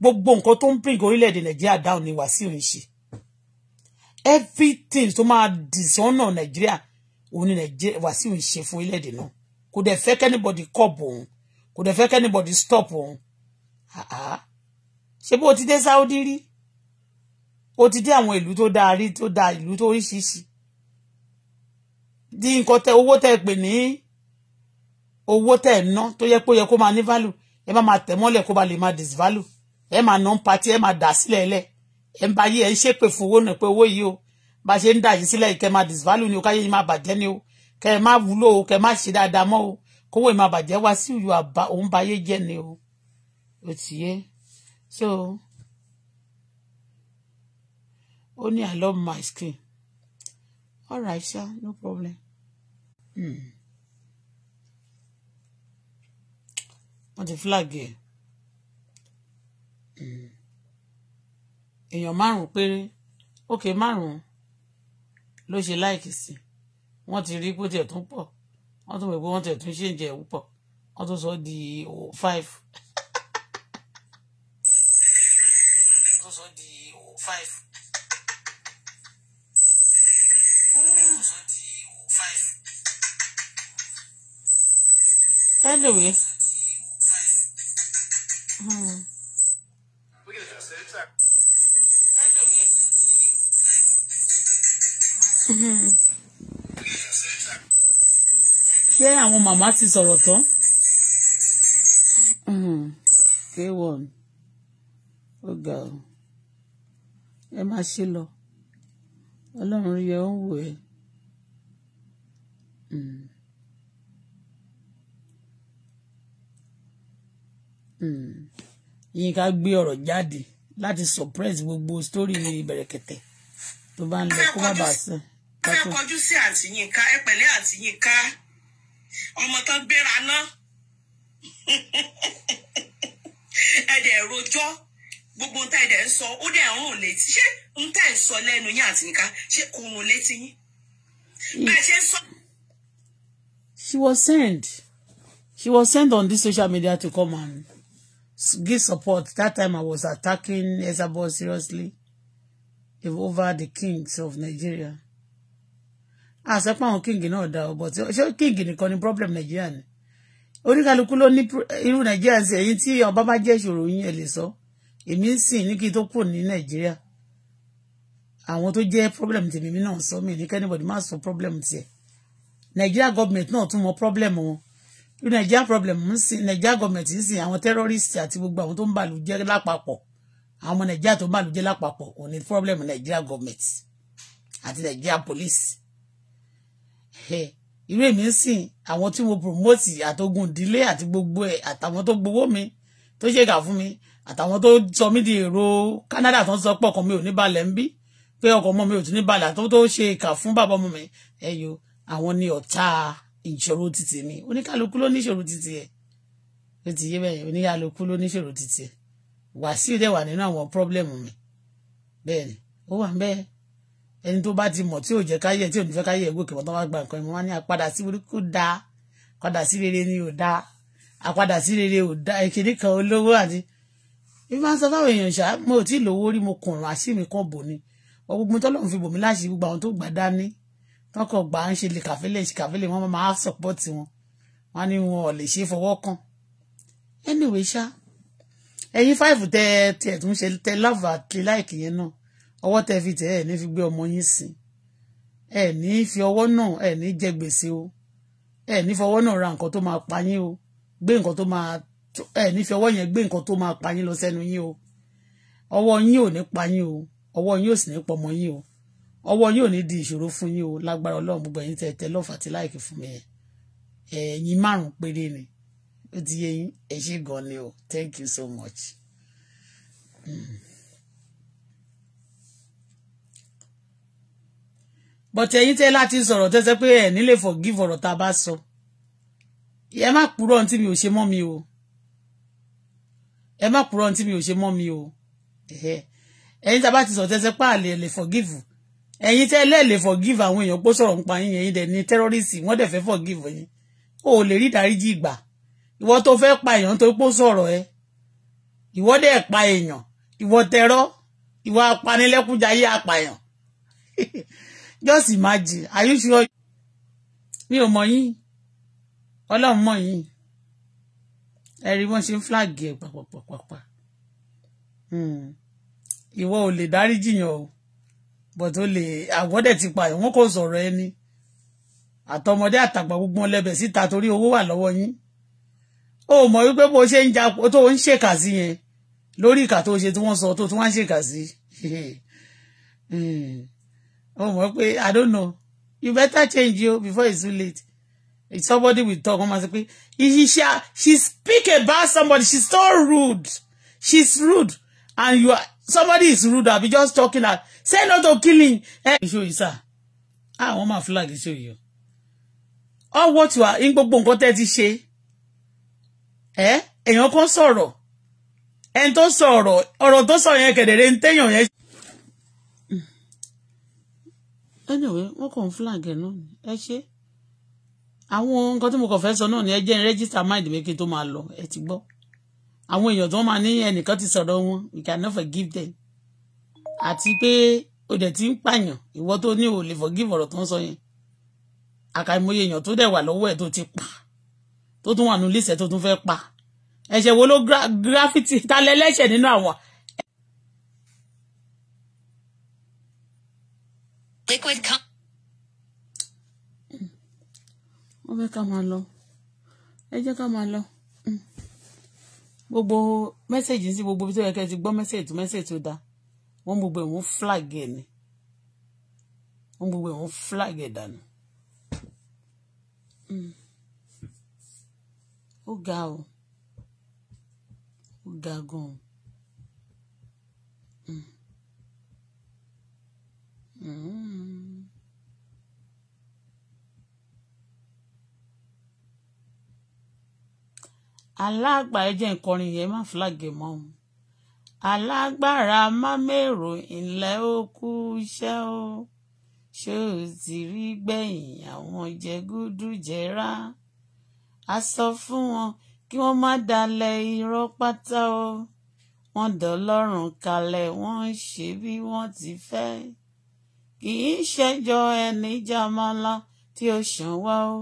gbogbo nǹkan tó ń bring orílẹ̀-èdè nàìjíríà down ni wàsíù ń ṣe everything tó máa dìsọ́nà nàìjíríà òun ni nàìjíríà Wàsíù ń ṣe fún orílẹ̀-èdè náà kò dẹ̀ anybody kẹ́nìbọ̀dì on. Could kò dẹ̀ fẹ́ kẹ́nìbọ̀dì stop òun Ah bó o ti dé Saudi rí o ti dé àwọn ìlú tó dáa rí to dáa ìlú tó oríṣiríṣi di nǹkan tẹ owó tẹ pè ní owó tẹ ná tó yẹ pé ó yẹ kó máa ní value ẹ má máa tẹ̀ mọ́lẹ̀ kó ba lè máa disvalue ẹ máa ná ń patí ẹ máa dà sílẹ̀ ẹ ń báyé ẹ ń ṣépè fún owó náà pé owó yìí o bá ṣe ń dàyí sílẹ̀ kẹ́ máa disvalue ni o káyé yìí máa bàjẹ́ ni o kẹ́ ẹ má wúlò o kẹ́ ẹ má ṣe dáadáa mọ́ o kówó yìí máa bàjẹ́ wá sí ìlú àbá òun báyé jẹ́ ni o ó ti yé so ó ní I love my skin all right sir no problem. Hmm. wọ́n ti flag yẹn. Mm èèyàn márùn-ún péré ókè márùn-ún ló ṣe láìkì sí wọ́n ti rí pé tiẹ̀ tún pọ̀ wọ́n tún mọ̀ pé wọ́n tiẹ̀ tún ṣe ń jẹ púpọ̀ wọ́n tún sọ di five. five. anyway. àwọn màmá ti sọ̀rọ̀ tán. k one. ó ga ọ ẹ máa ṣe lọ ọlọ́run rí ẹ ó ń wò ẹ́. Mm. Mm. Yínká gbé ọ̀rọ̀ jáde láti suppress gbogbo story Bẹ̀rẹ̀kẹ̀tẹ̀ tó bá ń lọ kó má bàa sàn. ẹ kọjú sí àǹtí Yínká ẹ pẹ̀lẹ́ àǹtí Yínká ọmọ tán gbéra náà ẹ̀dẹ̀ rojọ́ gbogbo nta ẹ̀dẹ̀ ń sọ ó dẹ̀ ń létí ṣé nta ẹ̀ sọ lẹ́nu yín àti nǹkan ṣé kò létí yín bẹ́ẹ̀ ṣe ń sọ. she was sent she was sent on this social media to come and give support that time i was attacking Ezabo seriously over the kings of Nigeria àṣẹ pé àwọn kíngì náà dá ọbọ tí ṣé kíngì nìkan ni problem nàìjíríà ni oníkálukú ló ní irú nàìjíríà sí ẹ̀yin tí ọba bá jẹ́ ìṣòro yín ẹ lè sọ èmi ń sìn ní kí n tó kù ní nàìjíríà àwọn tó jẹ́ problem tèmi mi náà sọ mí ní kẹ́nìbọ̀dì má sọ problem tiẹ̀ nàìjíríà gọọmenti náà tún mọ problem wọn irú nàìjíríà problem ń sìn nàìjíríà gọọmenti ń sìn àwọn terrorist àti gbogbo àwọn tó ń bàlù jẹ́ lápapọ̀ àwọn ọmọ nàìjíríà tó ń bàlù lápapọ̀ òní problem nàìjíríà gọọmenti àti nàìjíríà police irú èmi ń sìn àwọn tí mo promote àtogun ìdílé àti gbogbo ẹ àtàwọn tó gbowó mi tó ṣèkà fún mi àtàwọn tó sọ mí di èrò Canada tó ń sọ pé ọkàn mi ò ní balẹ̀ ń bí pé ọkàn ọmọ mi ò tún ní balẹ̀ àtàwọn tó ṣe ìkà fún bàbá ọmọ mi ẹyọ àwọn ni ọ̀tá ìṣòro títì mi oníkàlùkù ló ní ìṣòro títì ẹ̀ ló ti yé bẹ́ẹ̀ oníkàlùkù ló ní ìṣòro títì ẹ̀ Wàsíù dẹ̀ wà nínú àwọn pírọ́blẹ̀mù mi bẹ́ẹ̀ ni ó wà bẹ́ẹ̀ ẹni tó bá ti mọ̀ tí ò jẹ́ káyé tí ò ní fẹ́ káyé ẹ̀ gòkè bọ́tán wá gba nǹkan ìmọ̀ wá ní àpadà sí burúkú da àpadà sí rere ni ò da àpadà sí rere ò da ìkíní kan olówó àti bí máa ń sọ fáwọn èèyàn ṣá mo ò tí ì lówó rí mo kàn rán àṣì mi kan bò ni gbogbo tọ́lọ́run fi bò mí láṣì gbogbo àwọn tó gbà dání tọkọ̀ gbà ń ṣe lè kàfélè ṣe kàfélè wọn máa sọ̀pọ̀tì wọn wọn ni wọn ò lè ṣe fọwọ́ kàn anyway ṣá ẹ̀yin five tẹ tiẹ̀ tún ṣe tẹ lọ́ọ̀fù àti láìkì yẹn náà ọwọ́ tẹ fi tẹ̀ ẹ̀ ní fi gbé ọmọ yín sìn ẹ̀ ní fi ọwọ́ náà ẹ̀ ní jẹ gbèsè o ẹ̀ ní fọwọ́ náà ra nǹkan tó máa pa yín o gbé nǹkan tó máa ẹ̀ ní fi ọwọ́ yẹn gbé nǹkan tó máa pa yín lọ sẹ́nu yín o ọwọ́ yín ò ní pa yín o ọwọ́ yín ò sì ní pọmọ yín o ọwọ́ yín ò ní di ìṣòro fún yín o lágbára ọlọ́run gbogbo ẹ̀yin tẹ̀ tẹ̀ àti láìkì fún mi ẹ̀yin márùn-ún péré ni ó ti yẹ yín ẹ ṣé gan ni o thank you so much. Mm. but ẹ̀yin tẹ́ láti sọ̀rọ̀ tẹ́sẹ́ pé ẹ̀ nílé forgive ọ̀rọ̀ tá a bá sọ ẹ má purọ́ ohun tí mi ò ṣe mọ́ mi o ẹ má purọ́ ohun tí mi ò ṣe mọ́ mi o ẹ̀yin tá a bá ti sọ̀rọ̀ tẹ́sẹ́ pé àlè lè forgive ẹ̀yin tẹ́ lẹ́ẹ̀ lè forgive àwọn èèyàn pọ̀ sọ̀rọ̀ nípa yín ẹ̀yin dẹ̀ ni terrorist wọ́n dẹ̀ fẹ́ forgive yín o ò lè rí ìdáríjì gbà ìwọ tó fẹ́ pa èèyàn tó pọ̀ sọ̀rọ̀ ẹ ìwọ dẹ̀ pa èèyàn ìwọ tẹ̀rọ ìwọ apanilẹ́kúnjayé apààyàn just imagine are you sure mi ò mọ̀ yín ọlọ́run mọ̀ yín ẹ wọ́n ṣe ń flag ẹ̀ pàpàpàpà hmm. ìwọ ò lè dáríjì yàn o but ó lè àwọ́dẹ̀ ti pààyàn wọn kò sọ̀rọ̀ ẹni àtọmọdé àtàgbà gbogbo ọlẹ́bẹ̀ síta torí owó wà lọ́wọ́ yín ó mọ̀ wípé bó ṣe ń ja tó ń ṣèkà sí yẹn lórí ìkà tó ṣe tí wọ́n sọ tó tí wọ́n ń ṣèkà sí. Hmm wọn mọ̀ pé i don't know you better change yo before it's too late if somebody will talk wọn máa sọ pé she she speak about somebody she's so rude she's rude and you are somebody is rude abi just talking at say no to killing. Eh, iṣẹ́ òyìn Ah, àwọn máa flag iṣẹ́ òyìn o all what you are in gbogbo nǹkan tẹ́ ti ṣe eh, èèyàn kan sọ̀rọ̀ ẹni tó sọ̀rọ̀ ọ̀rọ̀ tó sọ yẹn kedere ń téèyàn yẹn anyway wọ́n kàn ń flag ẹ̀ náà ni ẹ ṣe àwọn nǹkan tí mo kàn fẹ́ sọ náà ni ẹ jẹ́ ń register mind mi kí n tó máa lọ ẹ ti gbọ́ àwọn èèyàn tó máa ní ẹnìkan ti sọ̀rọ̀ wọn we cannot forgive them àti pé o dẹ̀ ti ń pààyàn ìwọ tó ní o lè forgive ọ̀rọ̀ tó ń sọ yẹn àkàìmọye èèyàn tó dẹ̀ wà lọ́wọ́ ẹ̀ tó ti pa tó tún wà nù lísẹ̀ tó tún fẹ́ pa ẹ̀ṣẹ̀ wo ló graffiti? ta lẹ́lẹ́ṣẹ̀ nínú àwọn Liquid com. wọ́n fẹ́ ká máa lọ ẹ jẹ́ ká máa lọ mm. gbogbo mẹ́sẹ̀gì sí gbogbo bí tó yẹ kẹ́ ẹ ti gbọ́ mẹ́sẹ̀gì tó mẹ́sẹ̀gì tó da wọ́n gbogbo ẹ̀ wọ́n flag ẹ̀ ni wọ́n gbogbo ẹ̀ wọ́n flag ẹ̀ dànù. Mm. ó ga o ó ga gan-an. Mm. alágbà ẹ jẹ́ ìkọrin yẹn má fìlàgẹ̀ mọ́ ọ́n alágbára má mèrò ńlẹ́ ó kú iṣẹ́ ó ṣé ó ti rí gbẹ̀yìn àwọn jẹgúdú jẹrá a sọ fún wọn kí wọ́n má dalẹ̀ irọ́ pátá ó wọ́n dọ̀lọ́rùn kalẹ̀ wọ́n ṣe bí wọ́n ti fẹ́ kì í ṣẹjọ́ ẹni jámálá tí ó ṣàn wá o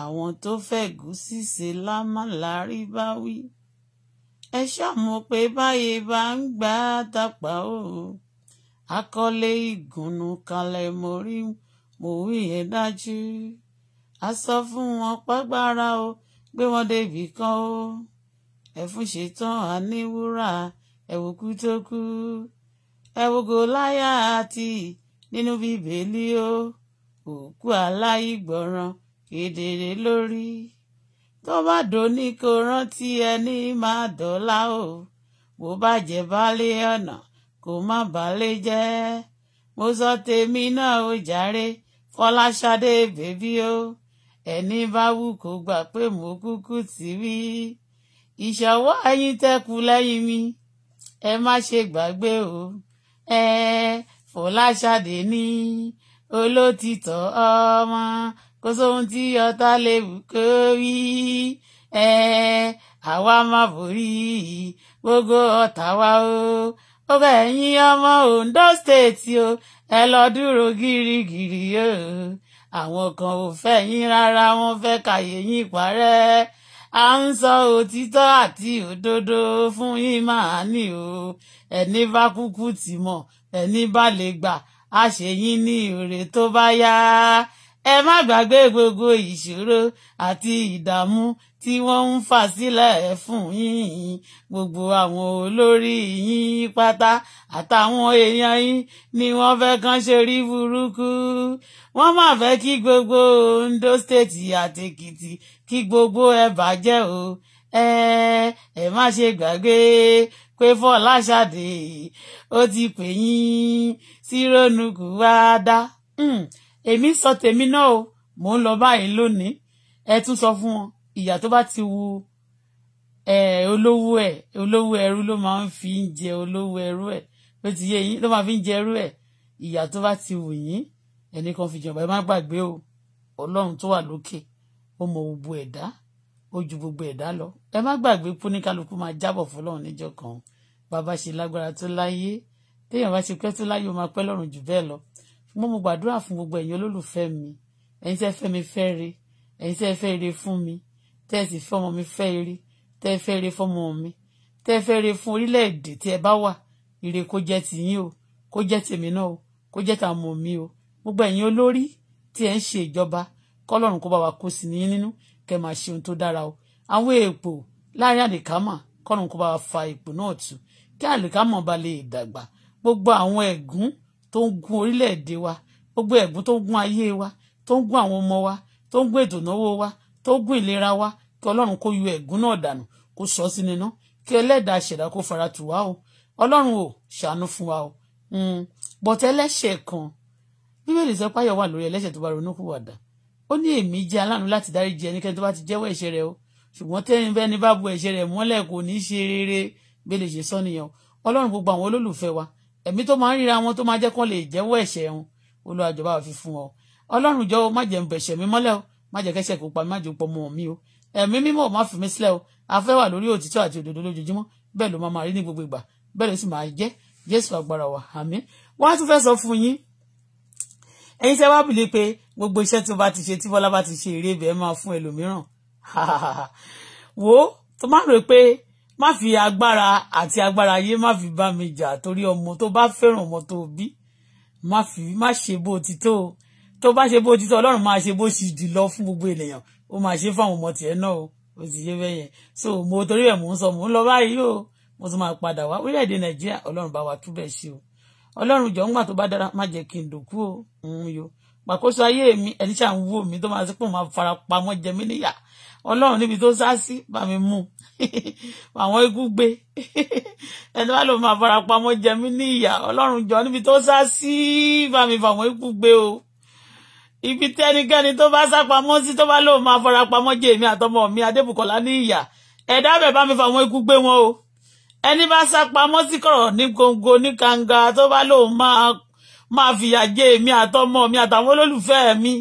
àwọn tó fẹ̀gúsí ṣe lámàlà rí bá wí ẹ ṣàmọ̀ pé báyé bá ń gbá tàpá o akọ́lé ìgùnnù kalẹ̀ mo rí mo wí yẹn dájú a sọ fún wọn pàgbára o gbé wọn débì kan o ẹfun ṣetán àníwúrà ẹwùkú tó kú ẹwùgò láyà àti nínú bíbélì o òkú aláìgbọràn kedere lórí tó bá dòní kó rántí ẹni máa dọ́là o bó bá jẹ́ baálé ọ̀nà kó má baálé jẹ́ mo sọ tèmi náà ó jàre fọláṣadé bèbí o ẹni bá wù kó gbà pé mo kúkú ti wí ìṣọwọ́ ẹ̀yin tẹ́kù lẹ́yìn mi ẹ má ṣe gbàgbé o ẹ. Eh, Fọláṣadé ní olótìtọ́ ọmọ kò sóhun tí ọ̀tá léwu kó rí ẹ àwa máa borí gbogbo ọ̀tá wa o ó bẹ́ẹ̀ yín ọmọ Ondo State o ẹ lọ dúró gírígírí o àwọn kan ò fẹ́ yín rárá wọ́n fẹ́ kàyé yín parẹ́ à ń sọ òtítọ́ àti òdodo fún yín màá nì o ẹni bá kúkú tì mọ̀ ẹni bá lè gbà á ṣe yín ní ire tó bá yá ẹ má gbàgbé gbogbo ìṣòro àti ìdààmú tí wọ́n ń fà sílẹ̀ fún yín gbogbo àwọn olórí yín pátá àtàwọn èèyàn yín ni wọ́n fẹ́ kàn ṣe rí burúkú wọ́n má fẹ́ kí gbogbo Ondo State àti Èkìtì kí gbogbo ẹ bàjẹ́ o ẹ ẹ má ṣe gbàgbé pé Fọláṣadé ó ti pè yín sí ronúkú wá dá èmi sọ tèmi náà o mò ń lọ báyìí lónìí ẹ tún sọ fún wọn ìyà tó bá ti wu olówó ẹ olówó ẹrú ló máa ń fi ń jẹ olówó ẹrú ẹ ló ti yé yín ló máa fi ń jẹ ẹrú ẹ ìyà tó bá ti wù yín ẹnì kan fi ẹ má gbàgbé o Ọlọ́run tó wà lókè ó mọ gbogbo ẹ̀dá ó ju gbogbo ẹ̀dá lọ ẹ má gbàgbé pé oníkálukú máa jábọ̀ fọlọ́run níjọ́ kan bàbá ṣe lágbára tó láyé téèyàn bá ṣe pẹ́ tó láyé ó máa pẹ́ lọ́run jù bẹ́ẹ̀ lọ mo mo gbàdúrà fún gbogbo ẹ̀yin olólùfẹ́ mi ẹ̀yin tẹ́ fẹ́ mi fẹ́ re ẹ̀yin tẹ́ fẹ́ re fún mi tẹ́ sì fẹ́ ọmọ mi fẹ́ re tẹ́ fẹ́ re fọ́mọ mi tẹ́ fẹ́ re fún orílẹ̀-èdè tí ẹ bá wà ire kó jẹ́ tiyín o kó jẹ́ tèmi náà o kó jẹ́ tàwọn mi o gbogbo ẹ̀yin olórí tí ẹ ń ṣe ìjọba kọ́lọ́run kó bá wa kó sí ní nínú kẹ́ máa ṣe ohun tó dára o àwọn èèpo láàrin àlìkámà kọ́nù kó bá fa èèpo náà tù kí àlìkámà bá lè dàgbà gbogbo àwọn ẹ̀gún tó ń gún orílẹ̀-èdè wa gbogbo ẹ̀gún tó ń gún ayé wa tó ń gún àwọn ọmọ wa tó ń gún ètò ìnáwó wa tó ń gún ìlera wa kí ọlọ́run kó yọ ẹ̀gún náà dànù kó sọ sí níná kí ẹlẹ́dàá ṣẹ̀dá kó fara tù wá o ọlọ́run ò ṣàánú fún wa o hmm, bọ̀tẹ́ ẹlẹ́ṣẹ̀ kan bíbélì sọ wà lórí ẹlẹ́ṣẹ̀ tó bá ronú kúwàdà ó ní èmi jẹ́ aláàánú láti dáríjì ẹnikẹ́ni tó bá ti jẹ́wọ́ ẹ̀ṣẹ̀ rẹ̀ o ṣùgbọ́n tẹ́yìn bẹ́ẹ̀ ni bá bu ẹ̀ṣẹ̀ rẹ̀ mọ́lẹ̀ kò ní ṣe rere bí lè ṣe sọ́nìyàn ọlọ́run gbogbo àwọn olólùfẹ́ wa ẹ̀mí tó máa ń ríra wọn tó máa jẹ́ kán lè jẹ́wọ́ ẹ̀ṣẹ̀ wọn olùwàjọba òfin fún ọ ọlọ́run jọ̀ọ́ má jẹ́ bẹ̀ṣẹ̀ mi mọ́lẹ̀ o má jẹ́ kẹ́ṣẹ̀ kó pa mi má jẹ́ pọ̀ mọ́ mi o ẹ̀mí mímọ́ má fi mi sílẹ̀ o afẹ́ wà lórí òtítọ́ àti òdodo lójoojúmọ́ bẹ́ẹ̀ ló máa máa rí ní gbogbo ìgbà bẹ́ẹ̀ ló sì máa jẹ́ jésù agbára wa àmín wọ́n á tún fẹ́ sọ fún yín ẹ̀yin tẹ́ wá bìlí pé gbogbo iṣẹ́ tó bá ti ṣe tí Bọ́lá bá ti ṣe eré ibẹ̀ máa fún ẹlòmíràn wo tó má rò pé má fi agbára àti agbára ayé má fi bá mi jà torí ọmọ tó bá fẹ́ràn ọmọ tó bí má fi má ṣe bó ti tó tó bá ṣe bó ti tó Ọlọ́run máa ṣe bó ṣì dì lọ fún gbogbo ènìyàn ó máa ṣe fáwọn ọmọ tiẹ̀ náà o ó ti yé bẹ́yẹn so mo torí ẹ̀ mò ń sọ mò ń lọ báyìí o mo tún máa padà wá orílẹ̀-èdè Nàìjíríà Ọlọ́run bá wa túbẹ̀ ṣe o ọlọ́run jọ ńgbà tó bá dára má jẹ́ kí n dòkú o òun yo pàkóso ayé mi ẹni ṣà ń wò mí tó máa sí pò máa fara pamọ́ jẹ mí níyà ọlọ́run níbi tó sá sí bá mi mú àwọn ikú gbé ẹni wá ló máa fara pamọ́ jẹ mí níyà ọlọ́run jọ níbi tó sá sí bá mi fàwọn ikú gbé o ibi tẹnikẹ́ni tó bá sá pamọ́ sí tó bá lóun máa fara pamọ́ jẹ èmi àtọmọ mi adébùkọ́lá níyà ẹ̀dá bẹ̀ bá mi fàwọn ikú gbé wọn o ẹni bá sá pamọ́ sí kọ̀rọ̀ ní gbòǹgbò ní kànga tó bá lóun máa máa fìyà jẹ èmi àtọmọ mi àtàwọn olólùfẹ́ mi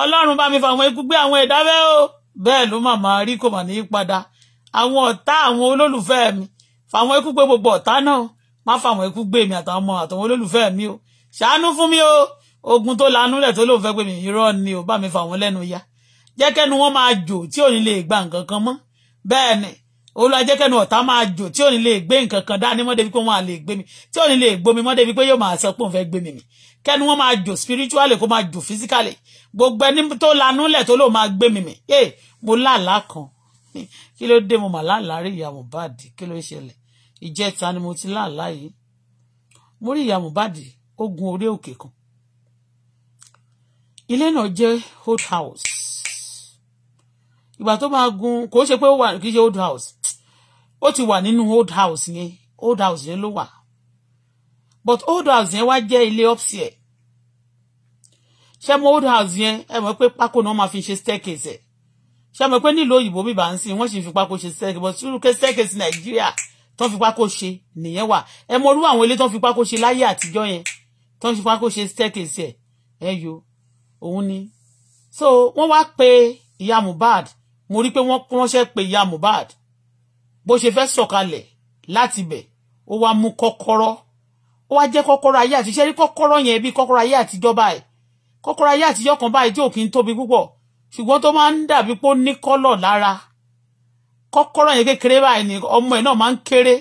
ọlọ́run bá mi fa àwọn ikú gbé àwọn ẹ̀dá bẹ́ẹ̀ o bẹ́ẹ̀ ló mà máa rí kò mà ní í padà àwọn ọ̀tá àwọn olólùfẹ́ mi fa àwọn ikú gbé gbogbo ọ̀tá náà má fa àwọn ikú gbé mi àtàwọn ọmọ àtàwọn olólùfẹ́ mi o ṣàánú fún mi o ogun tó lanú lẹ̀ tó lóun fẹ́ pé mi irọ́ ni o bá mi fa àwọn lẹ́nu ya jẹ́ wọn máa jò tí ò lè gba nǹkan kan mọ́ bẹ́ẹ̀ ni olúwa jẹ́ kẹ́nu ọ̀tá máa jò tí ò ní lè gbé nǹkan kan dání mọ́ débi pé wọ́n á lè gbé mi tí ò ní lè gbómi mọ́ débi pé yóò máa sọ pé òun fẹ́ gbé mi mi kẹ́nu wọn máa jò spiritually kó máa jò physically gbogbo ẹni tó lanú lẹ̀ tó lóò máa gbé mi mi ẹ mo lálàá kan kí ló dé mo mà lálàá rí ìyá Mohbad kí ló ṣẹlẹ̀ ìjẹta ni mo ti lálàá yìí mo rí ìyá Mohbad ó orí òkè kan ilé náà jẹ́ old house ìgbà tó máa gun kò ṣe pé ó wà kì í ṣe old house ó ti wà nínú old house yẹn old house yẹn ló wà but old house yẹn wá jẹ́ ilé upstairs ṣé old house yẹn ẹ mọ̀ pé pákó ni wọ́n máa fi ṣe staircase ẹ̀ ṣé mo pé nílùú òyìnbó bíbá ń sìn wọ́n sì fi pákó ṣe staircase but túrúkẹ́ staircase nàìjíríà tán fi pákó ṣe nìyẹn wà ẹ mọ̀ orú àwọn ilé tán fi pákó ṣe láyé àtijọ́ yẹn tán fi pákó ṣe staircase ẹ̀ ẹ yo òun ni so wọ́n wá pe ìyá Mohbad mo rí pé wọ́n ránṣẹ́ pe ìyá Mohbad bó ṣe fẹ́ sọ̀kalẹ̀ láti bẹ̀ ó wá mú kọ́kọ́rọ́ ó wá jẹ́ kọ́kọ́rọ́ ayé àtijọ́ rí kọ́kọ́rọ́ yẹn bí kọ́kọ́rọ́ ayé àtijọ́ báyìí kọ́kọ́rọ́ ayé àtijọ́ kan báyìí tí ò kí ń tóbi púpọ̀ ṣùgbọ́n tó máa ń dàbí pé ní kọ́lọ̀ lára kọ́kọ́rọ́ yẹn kékeré báyìí ni ọmọ ẹ̀ náà máa ń kéré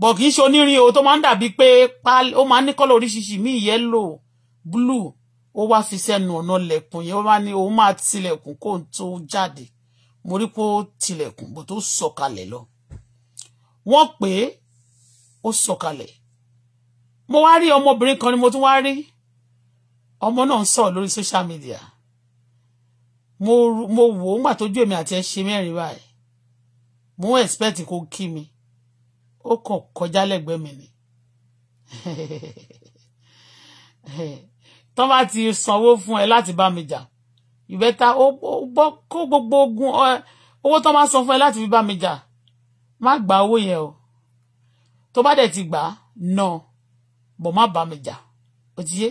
bọ̀ kì í ṣe onírin o tó máa ń dàbí pé ó máa ń ní kọ́lọ̀ oríṣiríṣi míì yẹ́lò blue ó wá fi sẹ́nu ọ̀nà lẹ̀kùn yẹn ó bá ní òun máa tilẹ̀kùn kóun tó jáde mo rí pé tilẹ̀kùn bó tó sọ̀kalẹ̀ lọ wọ́n pè é ó sọ̀kalẹ̀ mo wá rí ọmọbìnrin kan ni mo tún wá rí ọmọ náà ń sọ̀rọ̀ lórí social media mo mo wò ó ńgbà tójú èmi àti ẹ ṣe mẹ́rin báyìí mo ń expect kó kí mi ó kàn kọjá lẹ́gbẹ̀ẹ́ mi ni tán bá ti sanwó fún ẹ láti bá mi jà ìbẹ́ta ó bọ́ kó gbogbo ogun owó tán bá san fún ẹ láti fi bá mi jà má gba owó yẹn o tó bá dẹ̀ ti gbà á nà bọ̀ má bá mi jà ó ti yé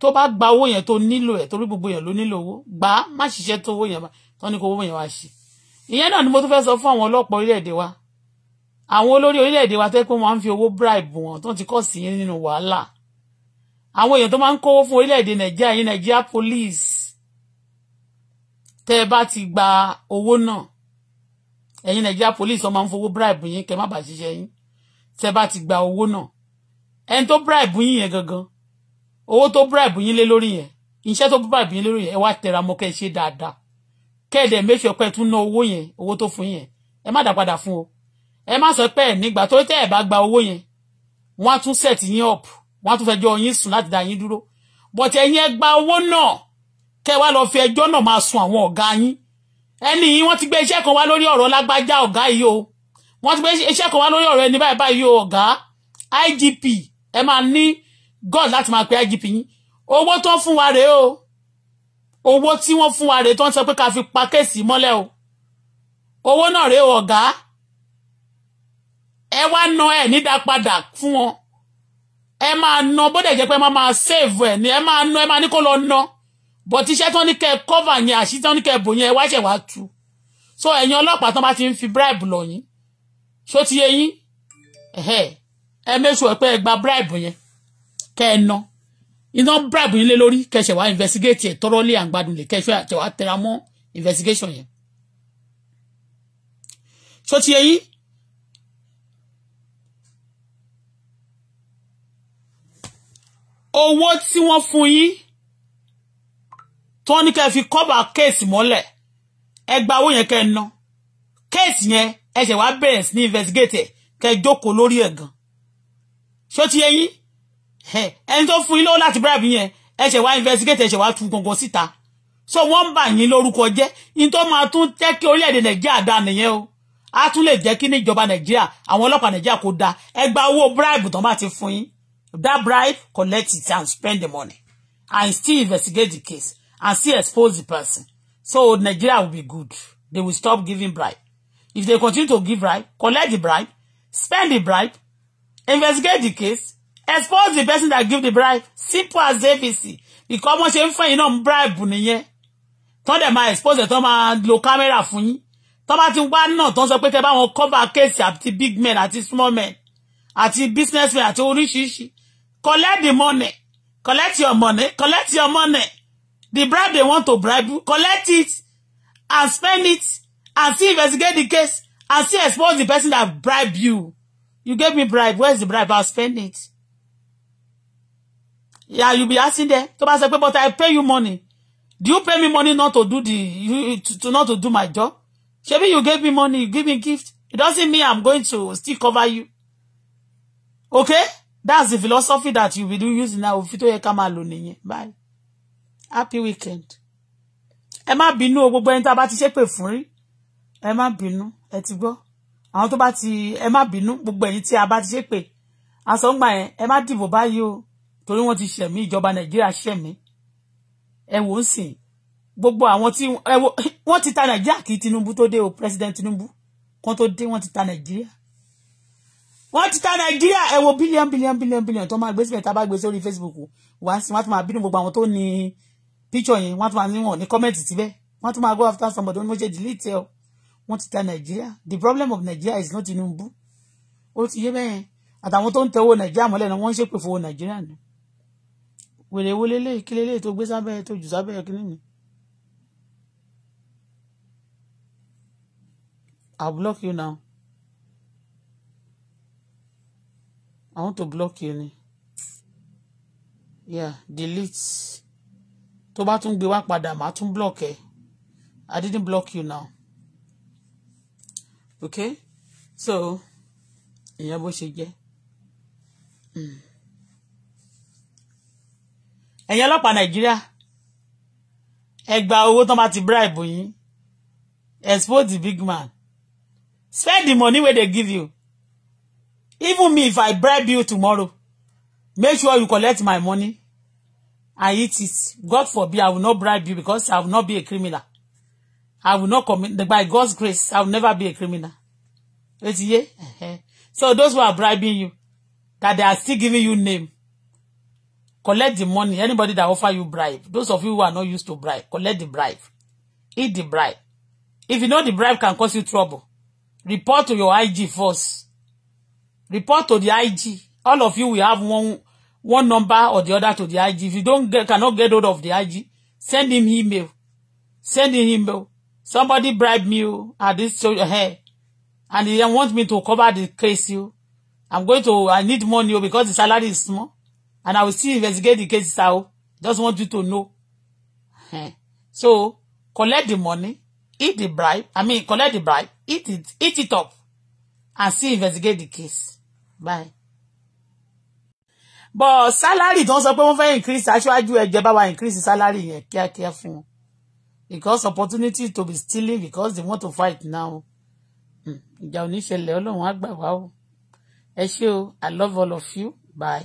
tó bá gba owó yẹn tó nílò ẹ̀ torí gbogbo yẹn ló nílò owó gbà á má ṣiṣẹ́ tó owó yẹn tó ní kó owó yẹn wá ṣe ìyẹn náà ni mo tún fẹ́ sọ fún àwọn ọlọ́pàá orílẹ̀-èdè wa àwọn olórí orílẹ̀-èdè wa tẹ́ pé wọ́n máa ń fi owó bribe wọn tó ti kọ́ sí yín nínú wàhálà àwọn èèyàn tó máa ń kówó fún orílẹ̀-èdè nàìjíríà yín nàìjíríà police tẹ́ ẹ bá ti gba owó náà ẹ̀yin Nigeria police wọ́n máa ń fowó bribe yín kẹ́ má bàa ṣiṣẹ́ yín tẹ́ bá ti gba owó náà ẹni tó bribe yín yẹn gangan owó tó bribe yín lé lórí yẹn iṣẹ́ tó bribe yín lé lórí yẹn ẹ wá tẹra mọ́ kẹ́ ẹ ṣe dáadáa kẹ́ ẹ dẹ̀ make sure pé ẹ tún ná owó yẹn owó tó fún yẹn ẹ má dá padà fún o ẹ má sọ pé ẹ nígbà tó tẹ́ ẹ bá gba owó yẹn wọ́n á tún set yín up wọ́n á tún fẹjọ́ yín sùn láti dá yín dúró but ẹ̀yin ẹ gba owó náà kẹ́ wá lọ fi ẹjọ́ náà máa sun àwọn ọ̀gá yín ẹni yìí wọ́n ti gbé iṣẹ́ kan wá lórí ọ̀rọ̀ lágbájá ọ̀gá yìí o wọ́n ti gbé iṣẹ́ kan wá lórí ọ̀rọ̀ ẹni báyìí báyìí o ọ̀gá IGP ẹ máa ní God láti máa pe IGP yín owó tó ń fún wa rèé o owó tí wọ́n fún wa rèé tó ń sọ pé ká fi pa kéèsì mọ́lẹ̀ o owó náà rèé o ọ̀gá ẹ wá na ẹ nídàá padà fún wọn ẹ máa na bó dẹ̀ jẹ́ pé ẹ máa máa save ẹ Ni ẹ máa na ẹ máa ní kó lọ na. No but iṣẹ́ tó ní kẹ́ cover yẹn àṣì tó ní kẹ́ ẹ bò yẹn ẹ wá tu so ẹ̀yin ọlọ́pàá tán bá ti ń fi bribe lọ yín ṣó ti yé yín ẹ mẹ́sù ẹ pé ẹ gba bribe yẹn kẹ́ ẹ ná iná bribe yín lé lórí kẹ́ wá investigate ẹ̀ tọ́rọ́ lé àgbàdùnlé kẹ́ ẹ ṣẹ̀ wá tẹra mọ́ investigation yẹn ṣó ti yé yín owó tí wọ́n fún yín tó ní kẹ́ fi kọ́bà kéèsì mọ́lẹ̀ ẹ gba owó yẹn kẹ́ ẹ ná kéèsì yẹn ẹ ṣẹ̀ wá bẹ̀rẹ̀ sí ní investigate ẹ̀ kẹ́ ẹ jókòó lórí ẹ̀ gan ṣó ti yé yín ẹni tó fún yín lọ́wọ́ láti bribe yẹn ẹ ṣẹ̀ wá investigate ẹ ṣẹ̀ wá tú gbọ̀ngàn síta so wọ́n ń bà yín lórúkọ jẹ́ yín tó máa tún jẹ́ kí orílẹ̀-èdè nàìjíríà dá nìyẹn o a tún lè jẹ́ kí ní ìjọba nàìjíríà àwọn ọlọ́pàá nàìjíríà kò da ẹ gba owó bribe tán bá ti fún yín that bribe collect it and spend the money and still investigate the case and still expose the person. So Nigeria will be good. They will stop giving bribe. If they continue to give bribe, collect the bribe, spend the bribe, investigate the case, expose the person that give the bribe. Simple as ABC. Because wọ́n ṣe ń fún yín náà bribe bunye. Tán them máa expose them. tán máa lo kámẹ́rà fún one Tán bá ti wá náà tán sọ pé kẹ́ bá cover case àti big men the small men the business men the oríṣiríṣi. Collect the money. Collect your money. Collect your money. The bribe they want to bribe, collect it and spend it and see investigate the case and see expose the person that bribed you. You gave me bribe. Where's the bribe? I'll spend it. Yeah, you'll be asking there. Come I said, but I pay you money. Do you pay me money not to do the you, to, to not to do my job? Maybe you gave me money, you give me gift. It doesn't mean I'm going to still cover you. Okay? That's the philosophy that you will do using now. Bye happy weekend ẹ má bínú o gbogbo ẹni tá a bá ti ṣépè fún rí ẹ má bínú ẹ ti gbọ́ àwọn tó bá ti ẹ má bínú gbogbo ẹ̀yin tí a bá ti ṣépè àsọ̀ngbà yẹn ẹ má dìbò báyìí o torí wọ́n ti ṣẹ̀mí ìjọba nàìjíríà ṣẹ̀mí ẹ wò ó sìn gbogbo àwọn tí ẹ wò wọ́n ti ta nàìjíríà kí tinubu tó dé o president tinubu kan tó dé wọ́n ti ta nàìjíríà wọ́n ti ta nàìjíríà ẹ wò bílíọ̀n bílíọ̀n bílíọ̀n bílíọ̀n tó máa gbé síbẹ̀ tá a bá gbé sórí facebook wá sí wọ́n ti máa bínú gbogbo àwọn tó ní picture yẹn wọ́n tún máa ní wọn ní comment ti bẹ́ẹ̀ wọ́n tún máa go after somebody wọ́n ní mo ṣe delete ẹ o wọ́n ti ta nàìjíríà the problem of nàìjíríà is not Tinubu ó ti yé bẹ́ẹ̀ àtàwọn tó ń tẹ̀wọ́ nàìjíríà mọ́lẹ̀ náà wọ́n ń ṣépè fowó nàìjíríà ni wèrè wo lélẹ̀ kí lélẹ̀ tó gbé sábẹ́ tó jù sábẹ́ kí nìyí. I'll block you now. I want to block you. Yeah, delete tó bá tún gbé wá padà màá tún block ẹ I didn't block you now okay so ìyẹn bó ṣe jẹ́ hmm. ẹ̀yin ọlọ́pàá Nàìjíríà ẹ gba owó tán bá ti bribe yín expose the big man spend the money wey they give you even me if I bribe you tomorrow make sure you collect my money I eat it. God forbid, I will not bribe you because I will not be a criminal. I will not commit, by God's grace, I will never be a criminal. Uh-huh. So those who are bribing you, that they are still giving you name, collect the money. Anybody that offer you bribe, those of you who are not used to bribe, collect the bribe. Eat the bribe. If you know the bribe can cause you trouble, report to your IG first. Report to the IG. All of you will have one one number or the other to the IG. If you don't get, cannot get hold of the IG, send him email. Send him email. Somebody bribe me oh, at this hair, eh, eh. and he want me to cover the case. You, oh. I'm going to. I need money oh, because the salary is small, and I will still investigate the case out. Just want you to know. Eh, so collect the money, eat the bribe. I mean, collect the bribe, eat it, eat it up, and still investigate the case. Bye but salary tó ń sọ pé wọ́n fẹ́ increase aṣáájú ẹ̀jẹ̀ bá wa increase salary yẹn kíákíá fún wọn because opportunity to be stealing because they want to fight now hmm, ìjà ò ní ṣẹlẹ̀ ọlọ́run o ẹ ṣé o I love all of you bye.